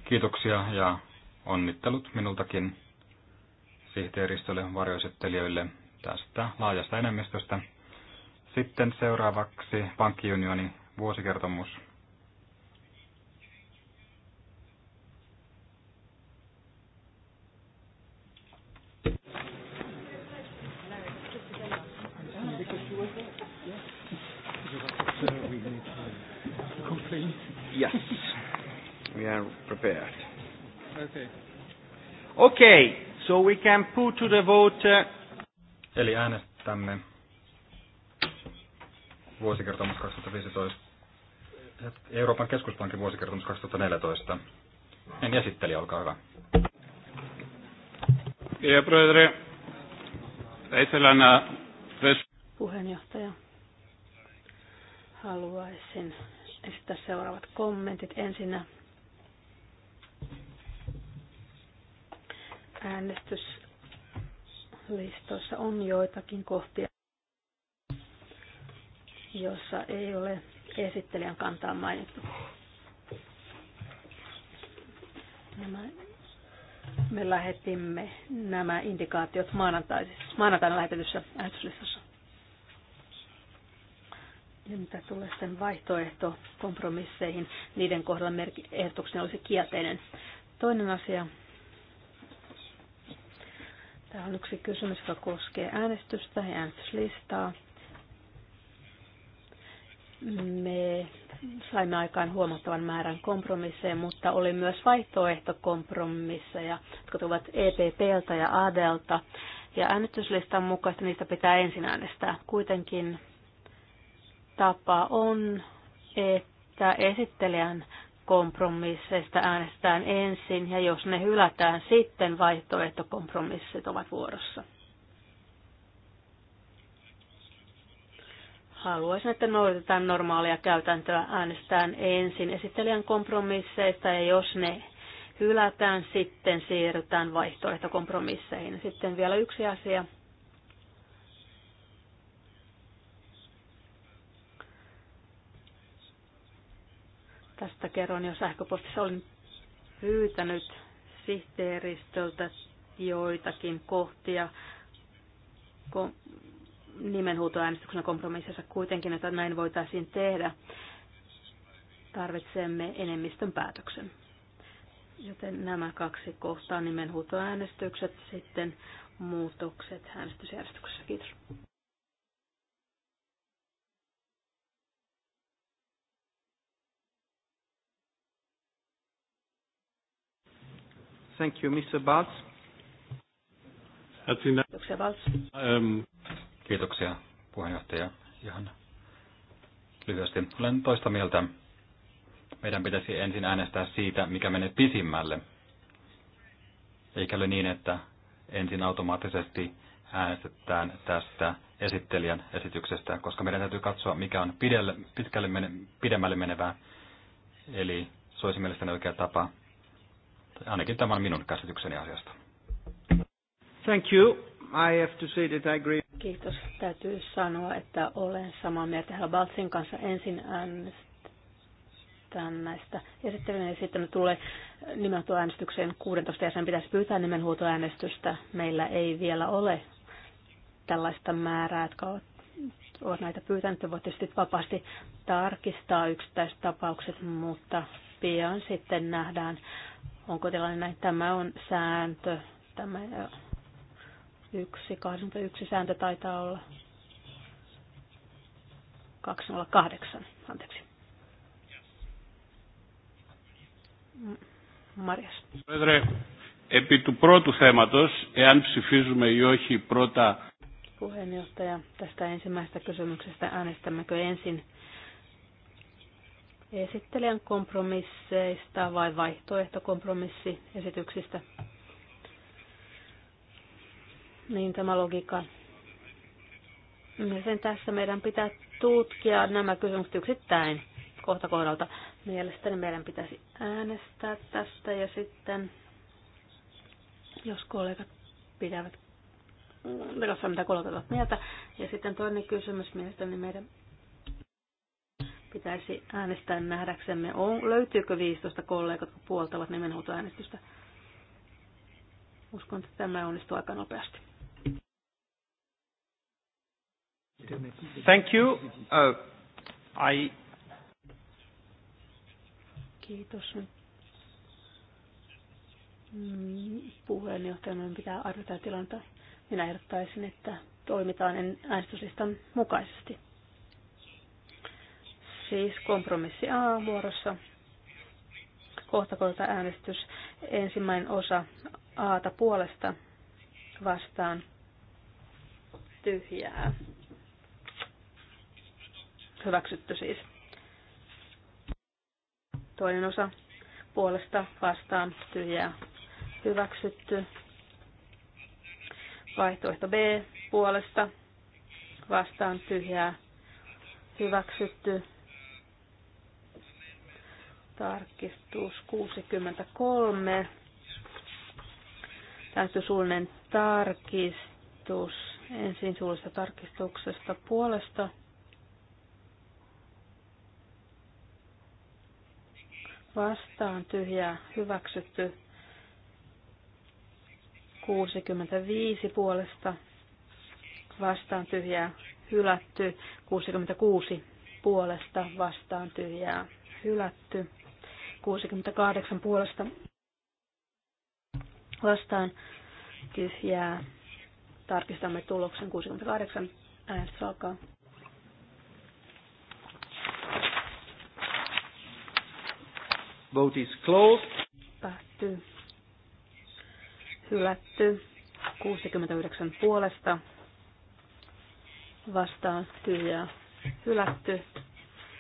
Kiitoksia ja onnittelut minultakin sihteeristölle, varjoesittelijöille tästä laajasta enemmistöstä. Sitten seuraavaksi pankkiunionin vuosikertomus Yes, we are prepared. Okay. Okay, so we can put to the vote. Uh, Eli äänestämme vuosikertomus 2015, Euroopan keskuspankin vuosikertomus 2014. En esitteli, olkaa hyvä. Puheenjohtaja, haluaisin esittää seuraavat kommentit. Ensinnä äänestyslistoissa on joitakin kohtia, jossa ei ole esittelijän kantaa mainittu. Nämä, me lähetimme nämä indikaatiot maanantaina lähetetyssä äänestyslistassa. Ja mitä tulee sen vaihtoehto kompromisseihin, niiden kohdalla merk- ehdotuksena olisi kielteinen. Toinen asia. Tämä on yksi kysymys, joka koskee äänestystä ja äänestyslistaa. Me saimme aikaan huomattavan määrän kompromisseja, mutta oli myös vaihtoehtokompromisseja, jotka tulevat EPPltä ja ADlta. Ja äänestyslistan mukaista niistä pitää ensin äänestää. Kuitenkin tapa on, että esittelijän kompromisseista äänestetään ensin ja jos ne hylätään, sitten vaihtoehtokompromissit ovat vuorossa. Haluaisin, että noudatetaan normaalia käytäntöä. Äänestetään ensin esittelijän kompromisseista ja jos ne hylätään, sitten siirrytään vaihtoehtokompromisseihin. Sitten vielä yksi asia. Tästä kerron jo sähköpostissa. Olin pyytänyt sihteeristöltä joitakin kohtia kom- nimenhuutoäänestyksen kompromississa kuitenkin, että näin voitaisiin tehdä. Tarvitsemme enemmistön päätöksen. Joten nämä kaksi kohtaa nimenhuutoäänestykset, sitten muutokset äänestysjärjestyksessä. Kiitos. Thank you, Mr. Balz. Kiitoksia, Balz. Kiitoksia, puheenjohtaja. Ihan lyhyesti. Olen toista mieltä. Meidän pitäisi ensin äänestää siitä, mikä menee pisimmälle. Eikä ole niin, että ensin automaattisesti äänestetään tästä esittelijän esityksestä, koska meidän täytyy katsoa, mikä on pidelle, pitkälle mene, pidemmälle menevää. Eli se olisi mielestäni oikea tapa Ainakin tämä on minun käsitykseni asiasta. Thank you. I have to say that I agree. Kiitos. Täytyy sanoa, että olen samaa mieltä herra Baltsin kanssa ensin äänestän näistä esittelyistä ja sitten tulee nimenhuuto äänestykseen 16 ja sen pitäisi pyytää nimenhuutoäänestystä. Meillä ei vielä ole tällaista määrää, jotka ovat ovat näitä pyytänyt te voit sitten vapaasti tarkistaa yksittäiset tapaukset, mutta pian sitten nähdään, Onko tilanne näin? Tämä on sääntö. Tämä yksi, yksi sääntö taitaa olla. 208, anteeksi. Μαριάς. Pedro, epi του πρώτου θέματος, εάν ψηφίζουμε ή όχι πρώτα... Puheenjohtaja, tästä ensimmäisestä kysymyksestä äänestämmekö ensin esittelijän kompromisseista vai vaihtoehtokompromissiesityksistä. Niin tämä logiikka. Sen tässä meidän pitää tutkia nämä kysymykset yksittäin kohta kohdalta. Mielestäni meidän pitäisi äänestää tästä ja sitten, jos kollegat pitävät mm, mitä kollegat ovat mieltä. Ja sitten toinen kysymys mielestäni meidän pitäisi äänestää nähdäksemme, on, löytyykö 15 kollegat, jotka puoltavat nimenhuutoäänestystä. Uskon, että tämä onnistuu aika nopeasti. Thank you. Uh, I... Kiitos. Mm, Puheenjohtajan pitää arvioida tilannetta. Minä ehdottaisin, että toimitaan äänestyslistan mukaisesti. Siis kompromissi A vuorossa. Kohta äänestys. Ensimmäinen osa Aata puolesta vastaan tyhjää. Hyväksytty siis. Toinen osa puolesta vastaan tyhjää. Hyväksytty. Vaihtoehto B puolesta vastaan tyhjää. Hyväksytty. Tarkistus 63. Täytyy suullinen tarkistus. Ensin suullisesta tarkistuksesta puolesta vastaan tyhjää hyväksytty 65 puolesta vastaan tyhjää hylätty 66 puolesta vastaan tyhjää hylätty 68 puolesta vastaan tyhjää. Tarkistamme tuloksen 68. Äänestys alkaa. Vote is closed. Päättyy. Hylätty. 69 puolesta. Vastaan tyhjää. Hylätty.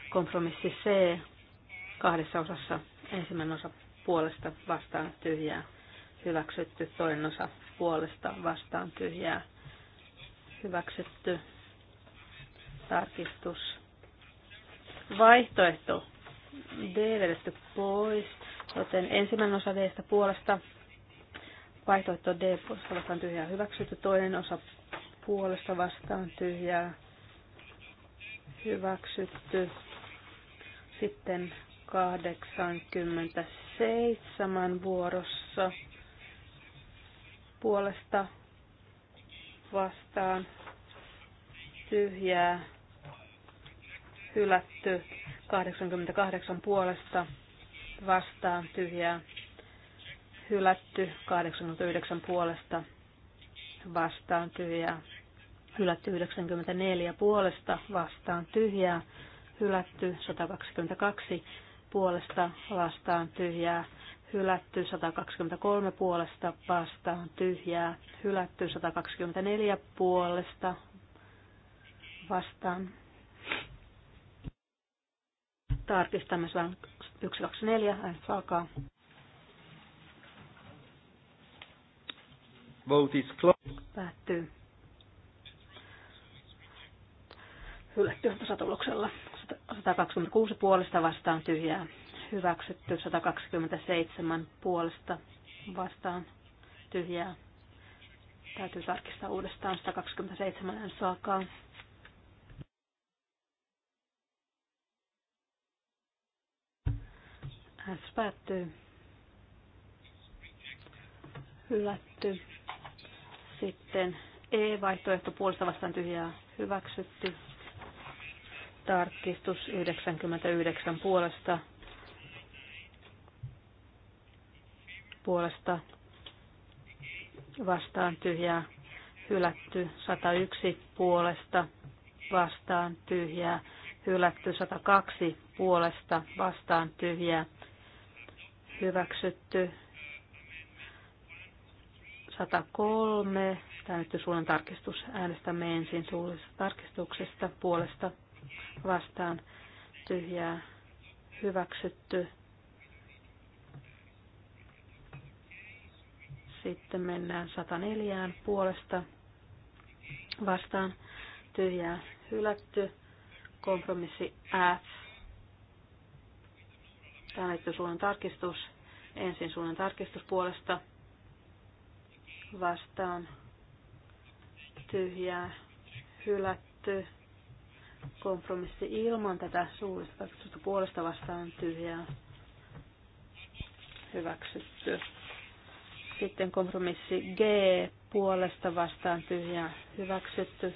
Kompromissi C kahdessa osassa Ensimmäinen osa puolesta vastaan tyhjää. Hyväksytty. Toinen osa puolesta vastaan tyhjää. Hyväksytty. Tarkistus. Vaihtoehto. D vedetty pois. Joten ensimmäinen osa d puolesta. Vaihtoehto D puolesta vastaan tyhjää hyväksytty. Toinen osa puolesta vastaan tyhjää hyväksytty. Sitten 87 vuorossa puolesta vastaan tyhjää hylätty 88 puolesta vastaan tyhjää hylätty 89 puolesta vastaan tyhjää hylätty 94 puolesta vastaan tyhjää hylätty 122 puolesta vastaan tyhjää, hylätty 123 puolesta vastaan tyhjää, hylätty 124 puolesta vastaan. Tarkistamme 124, äänestys alkaa. Vote is closed. Päättyy. Hylätty tasatuloksella. 126 puolesta vastaan tyhjää. Hyväksytty 127 puolesta vastaan tyhjää. Täytyy tarkistaa uudestaan 127 en saakaan. Äänestys päättyy. Hylätty. Sitten E-vaihtoehto puolesta vastaan tyhjää hyväksytty. Tarkistus 99 puolesta. Puolesta vastaan tyhjää hylätty 101 puolesta vastaan tyhjää hylätty 102 puolesta vastaan tyhjää hyväksytty 103. Tämä nyt suunnan tarkistus. Äänestämme ensin suullisesta tarkistuksesta puolesta vastaan tyhjää hyväksytty. Sitten mennään 104 puolesta vastaan tyhjää hylätty. Kompromissi F. Tämä liittyy suunnan tarkistus. Ensin suunnan tarkistus puolesta vastaan tyhjää hylätty kompromissi ilman tätä suurista tarkistusta puolesta vastaan tyhjää hyväksytty. Sitten kompromissi G puolesta vastaan tyhjää hyväksytty.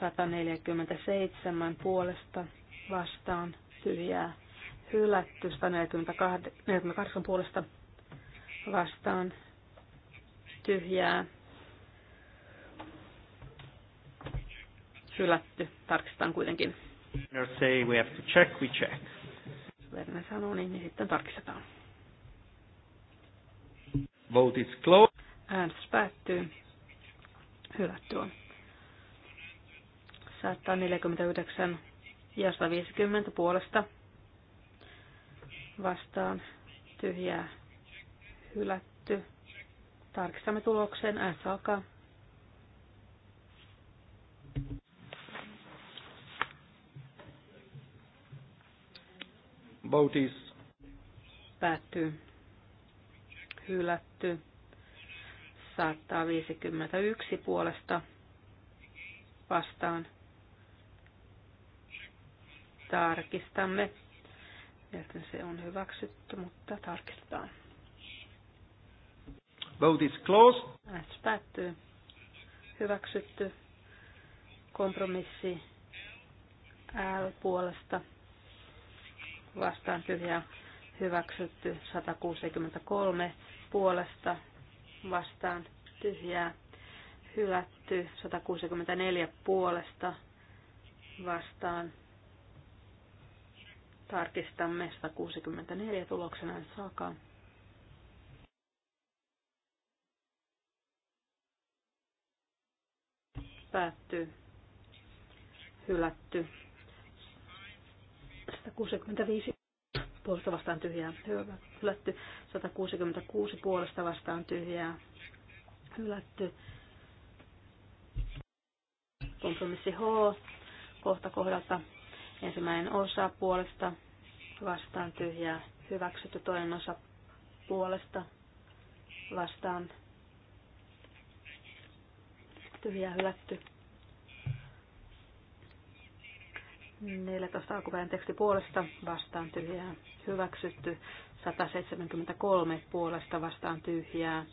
147 puolesta vastaan tyhjää hylätty. 148 puolesta vastaan tyhjää hylätty. Tarkistetaan kuitenkin. Say we have to check, we check. Werner sanoo niin, niin sitten tarkistetaan. Vote is closed. Äänestys päättyy. Hylätty on. 149 ja 150 puolesta vastaan tyhjää hylätty. Tarkistamme tuloksen. Äänestys alkaa. Bautis. is. Päättyy. Hylätty. 151 puolesta vastaan. Tarkistamme. Joten se on hyväksytty, mutta tarkistetaan. Vote is closed. Äänestys päättyy. Hyväksytty. Kompromissi L puolesta vastaan tyhjää hyväksytty 163 puolesta vastaan tyhjää hylätty 164 puolesta vastaan tarkistamme 164 tuloksena saakaan. Päättyy. Hylätty. 165 puolesta vastaan tyhjää hylätty, 166 puolesta vastaan tyhjää hylätty. Kompromissi H, kohta kohdalta ensimmäinen osa puolesta vastaan tyhjää hyväksytty, toinen osa puolesta vastaan tyhjää hylätty. 14 alkuperäinen teksti puolesta vastaan tyhjää hyväksytty. 173 puolesta vastaan tyhjää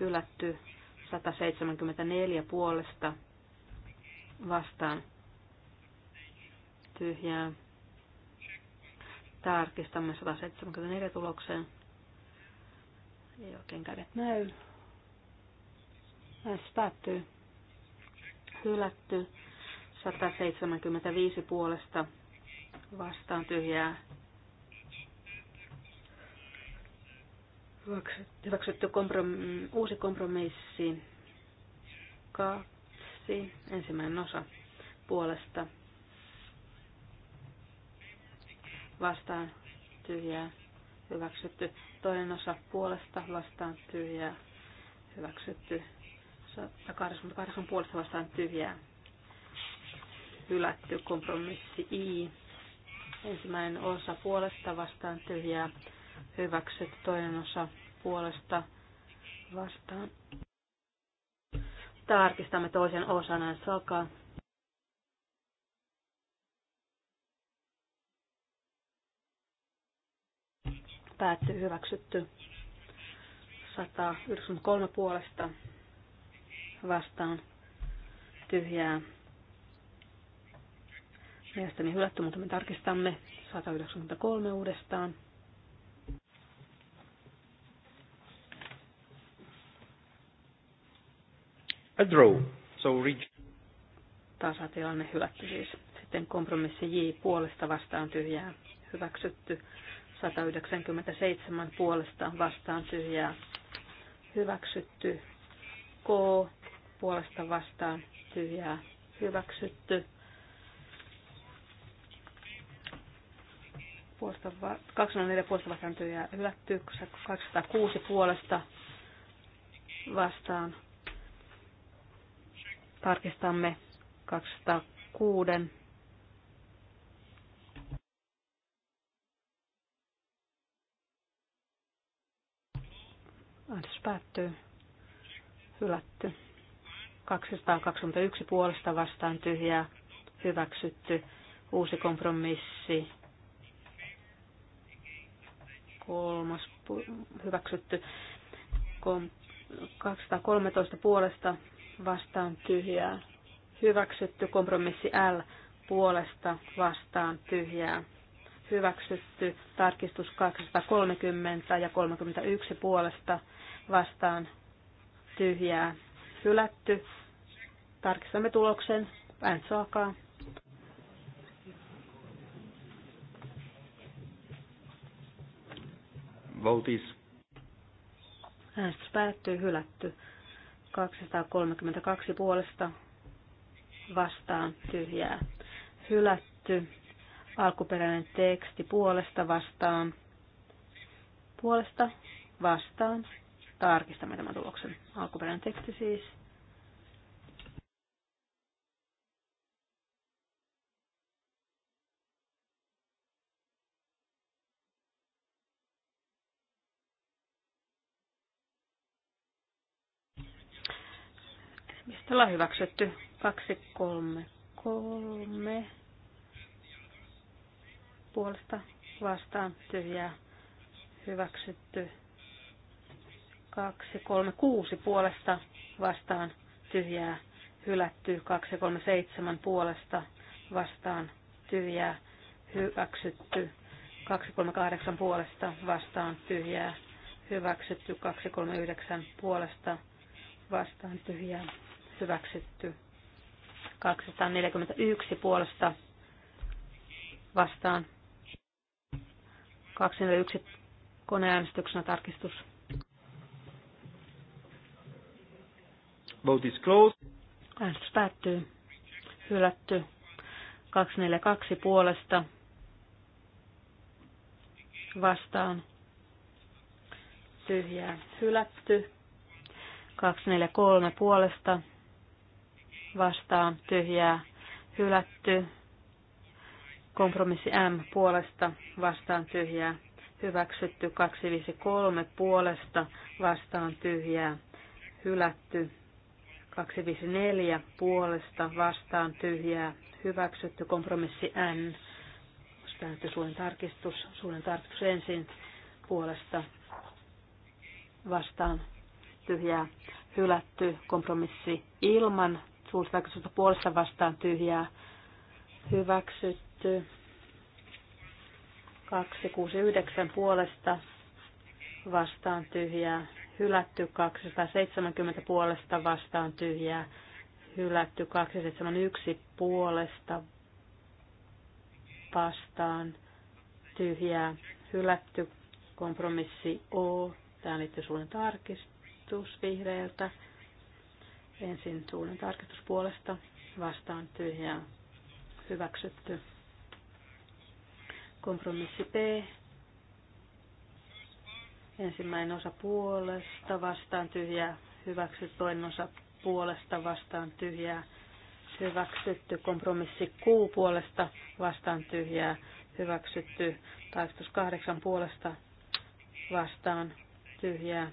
hylätty. 174 puolesta vastaan tyhjää. Tarkistamme 174 tulokseen. Ei oikein kädet näy. Äänestys päättyy. Hylätty. 175 puolesta vastaan tyhjää. Hyväksytty komprom- uusi kompromissi. Kaksi. Ensimmäinen osa puolesta vastaan tyhjää. Hyväksytty toinen osa puolesta vastaan tyhjää. Hyväksytty 188 puolesta vastaan tyhjää hylätty kompromissi I. Ensimmäinen osa puolesta vastaan tyhjää hyväksytty, toinen osa puolesta vastaan. Tarkistamme toisen osan, jos Päätty hyväksytty 193 puolesta vastaan tyhjää Mielestäni hylätty, mutta me tarkistamme 193 uudestaan. A draw. So Tasatilanne hylätty siis. Sitten kompromissi J puolesta vastaan tyhjää. Hyväksytty. 197 puolesta vastaan tyhjää. Hyväksytty. K puolesta vastaan tyhjää. Hyväksytty. puolesta, 204 puolesta vastaan tyhjää hylätty, 206 puolesta vastaan. Tarkistamme 206. Äänestys päättyy. Hylätty. 221 puolesta vastaan tyhjää. Hyväksytty. Uusi kompromissi kolmas hyväksytty. 213 puolesta vastaan tyhjää hyväksytty. Kompromissi L puolesta vastaan tyhjää hyväksytty. Tarkistus 230 ja 31 puolesta vastaan tyhjää hylätty. Tarkistamme tuloksen. Äänestys alkaa. Vote is. Äänestys päättyy, hylätty. 232 puolesta vastaan tyhjää. Hylätty. Alkuperäinen teksti puolesta vastaan. Puolesta vastaan. Tarkistamme tämän tuloksen. Alkuperäinen teksti siis. Mistä ollaan hyväksytty? 2, 3, 3. Puolesta vastaan tyhjää hyväksytty. 2, 3, 6 puolesta vastaan tyhjää hylätty. 2, 3, 7 puolesta vastaan tyhjää hyväksytty. 238 puolesta vastaan tyhjää hyväksytty. 239 puolesta vastaan tyhjää hyväksytty. 241 puolesta vastaan. 241 koneäänestyksenä tarkistus. Vote is closed. Äänestys päättyy. Hylätty. 242 puolesta vastaan. Tyhjää hylätty. 243 puolesta vastaan tyhjää hylätty. Kompromissi M puolesta vastaan tyhjää hyväksytty. 253 puolesta vastaan tyhjää hylätty. 254 puolesta vastaan tyhjää hyväksytty. Kompromissi N päätty suuren tarkistus, Suuren tarkistus ensin puolesta vastaan tyhjää hylätty kompromissi ilman suurta vaikutusta puolesta vastaan tyhjää hyväksytty. 269 puolesta vastaan tyhjää hylätty, 270 puolesta vastaan tyhjää hylätty, 271 puolesta vastaan tyhjää hylätty, kompromissi O, tämä liittyy suunnan tarkistus vihreiltä. Ensin tuulen tarkistus vastaan tyhjää hyväksytty. Kompromissi B. Ensimmäinen osa puolesta vastaan tyhjää hyväksytty. Toinen osa puolesta vastaan tyhjää hyväksytty. Kompromissi Q puolesta vastaan tyhjää hyväksytty. Taistus kahdeksan puolesta vastaan tyhjää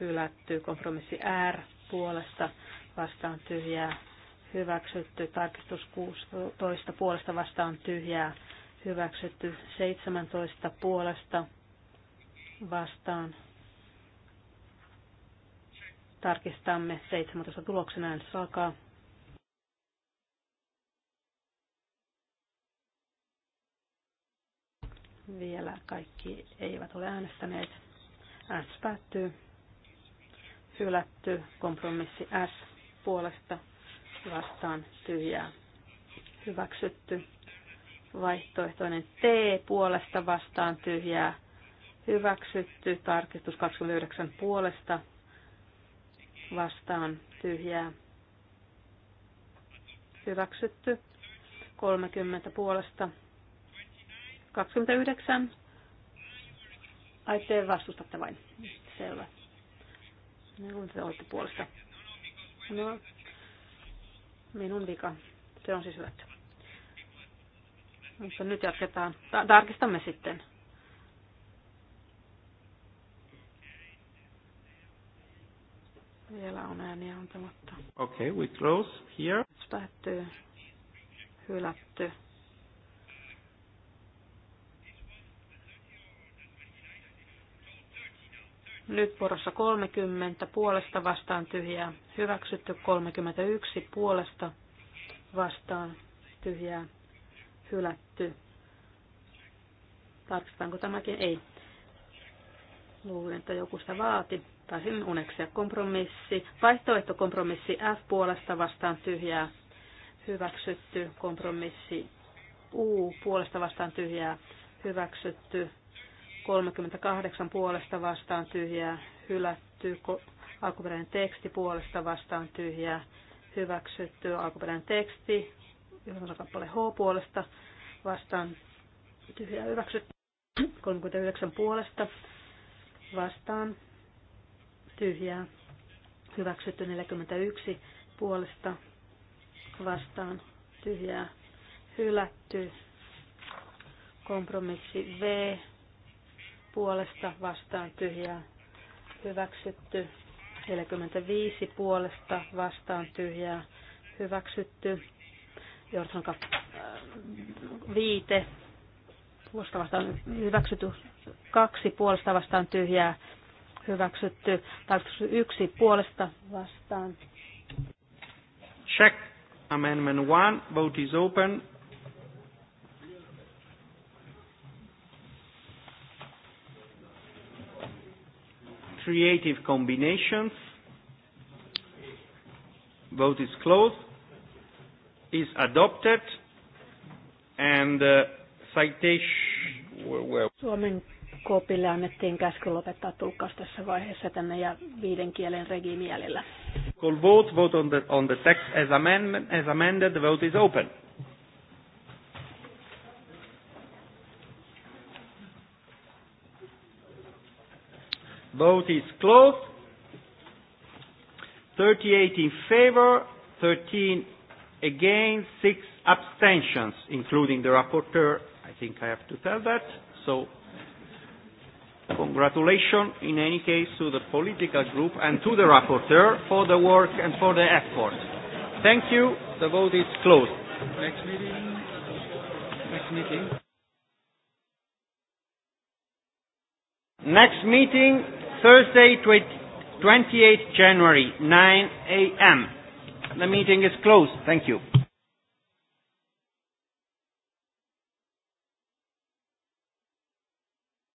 hylätty. Kompromissi R puolesta vastaan tyhjää hyväksytty, tarkistus 16 puolesta vastaan tyhjää hyväksytty, 17 puolesta vastaan. Tarkistamme 17 tuloksen äänestys alkaa. Vielä kaikki eivät ole äänestäneet. Äänestys päättyy. Hylätty kompromissi S puolesta vastaan tyhjää hyväksytty. Vaihtoehtoinen T puolesta vastaan tyhjää hyväksytty. Tarkistus 29 puolesta vastaan tyhjää hyväksytty. 30 puolesta 29. Ai te vastustatte vain. Selvä. Niin te olette puolesta No, minun vika. Se on siis hylätty. Mutta nyt jatketaan. Tarkistamme sitten. Vielä on ääniä antamatta. Okay, we close here. Päättyy. Hylätty. Nyt porossa 30 puolesta vastaan tyhjää. Hyväksytty 31 puolesta vastaan tyhjää. Hylätty. Tarkistetaanko tämäkin? Ei. Luulen, että joku sitä vaati. Taisin uneksia kompromissi. Vaihtoehto kompromissi F puolesta vastaan tyhjää. Hyväksytty kompromissi U puolesta vastaan tyhjää. Hyväksytty 38 puolesta vastaan tyhjää, hylätty alkuperäinen teksti puolesta vastaan tyhjää, hyväksytty alkuperäinen teksti, kappale H puolesta vastaan tyhjää hyväksytty, 39 puolesta vastaan tyhjää, hyväksytty 41 puolesta vastaan tyhjää, hylätty kompromissi V puolesta vastaan tyhjää hyväksytty. 45 puolesta vastaan tyhjää hyväksytty. Jorson äh, viite puolesta vastaan hyväksytty. Kaksi puolesta vastaan tyhjää hyväksytty. tarkoitus yksi puolesta vastaan. Check. Amendment one. Vote is open. creative combinations. Vote is closed. Is adopted. And uh, citation... Where, where? Suomen kopille annettiin käsky lopettaa tulkkaus tässä vaiheessa tänne ja viiden kielen regimielillä. Call vote, vote on the, on the text as, amendment, as amended, the vote is open. Vote is closed. 38 in favor, 13 against, 6 abstentions, including the rapporteur. I think I have to tell that. So congratulations, in any case, to the political group and to the rapporteur for the work and for the effort. Thank you. The vote is closed. Next meeting. Next meeting. Next meeting Thursday, 28th January, 9 a.m. The meeting is closed. Thank you.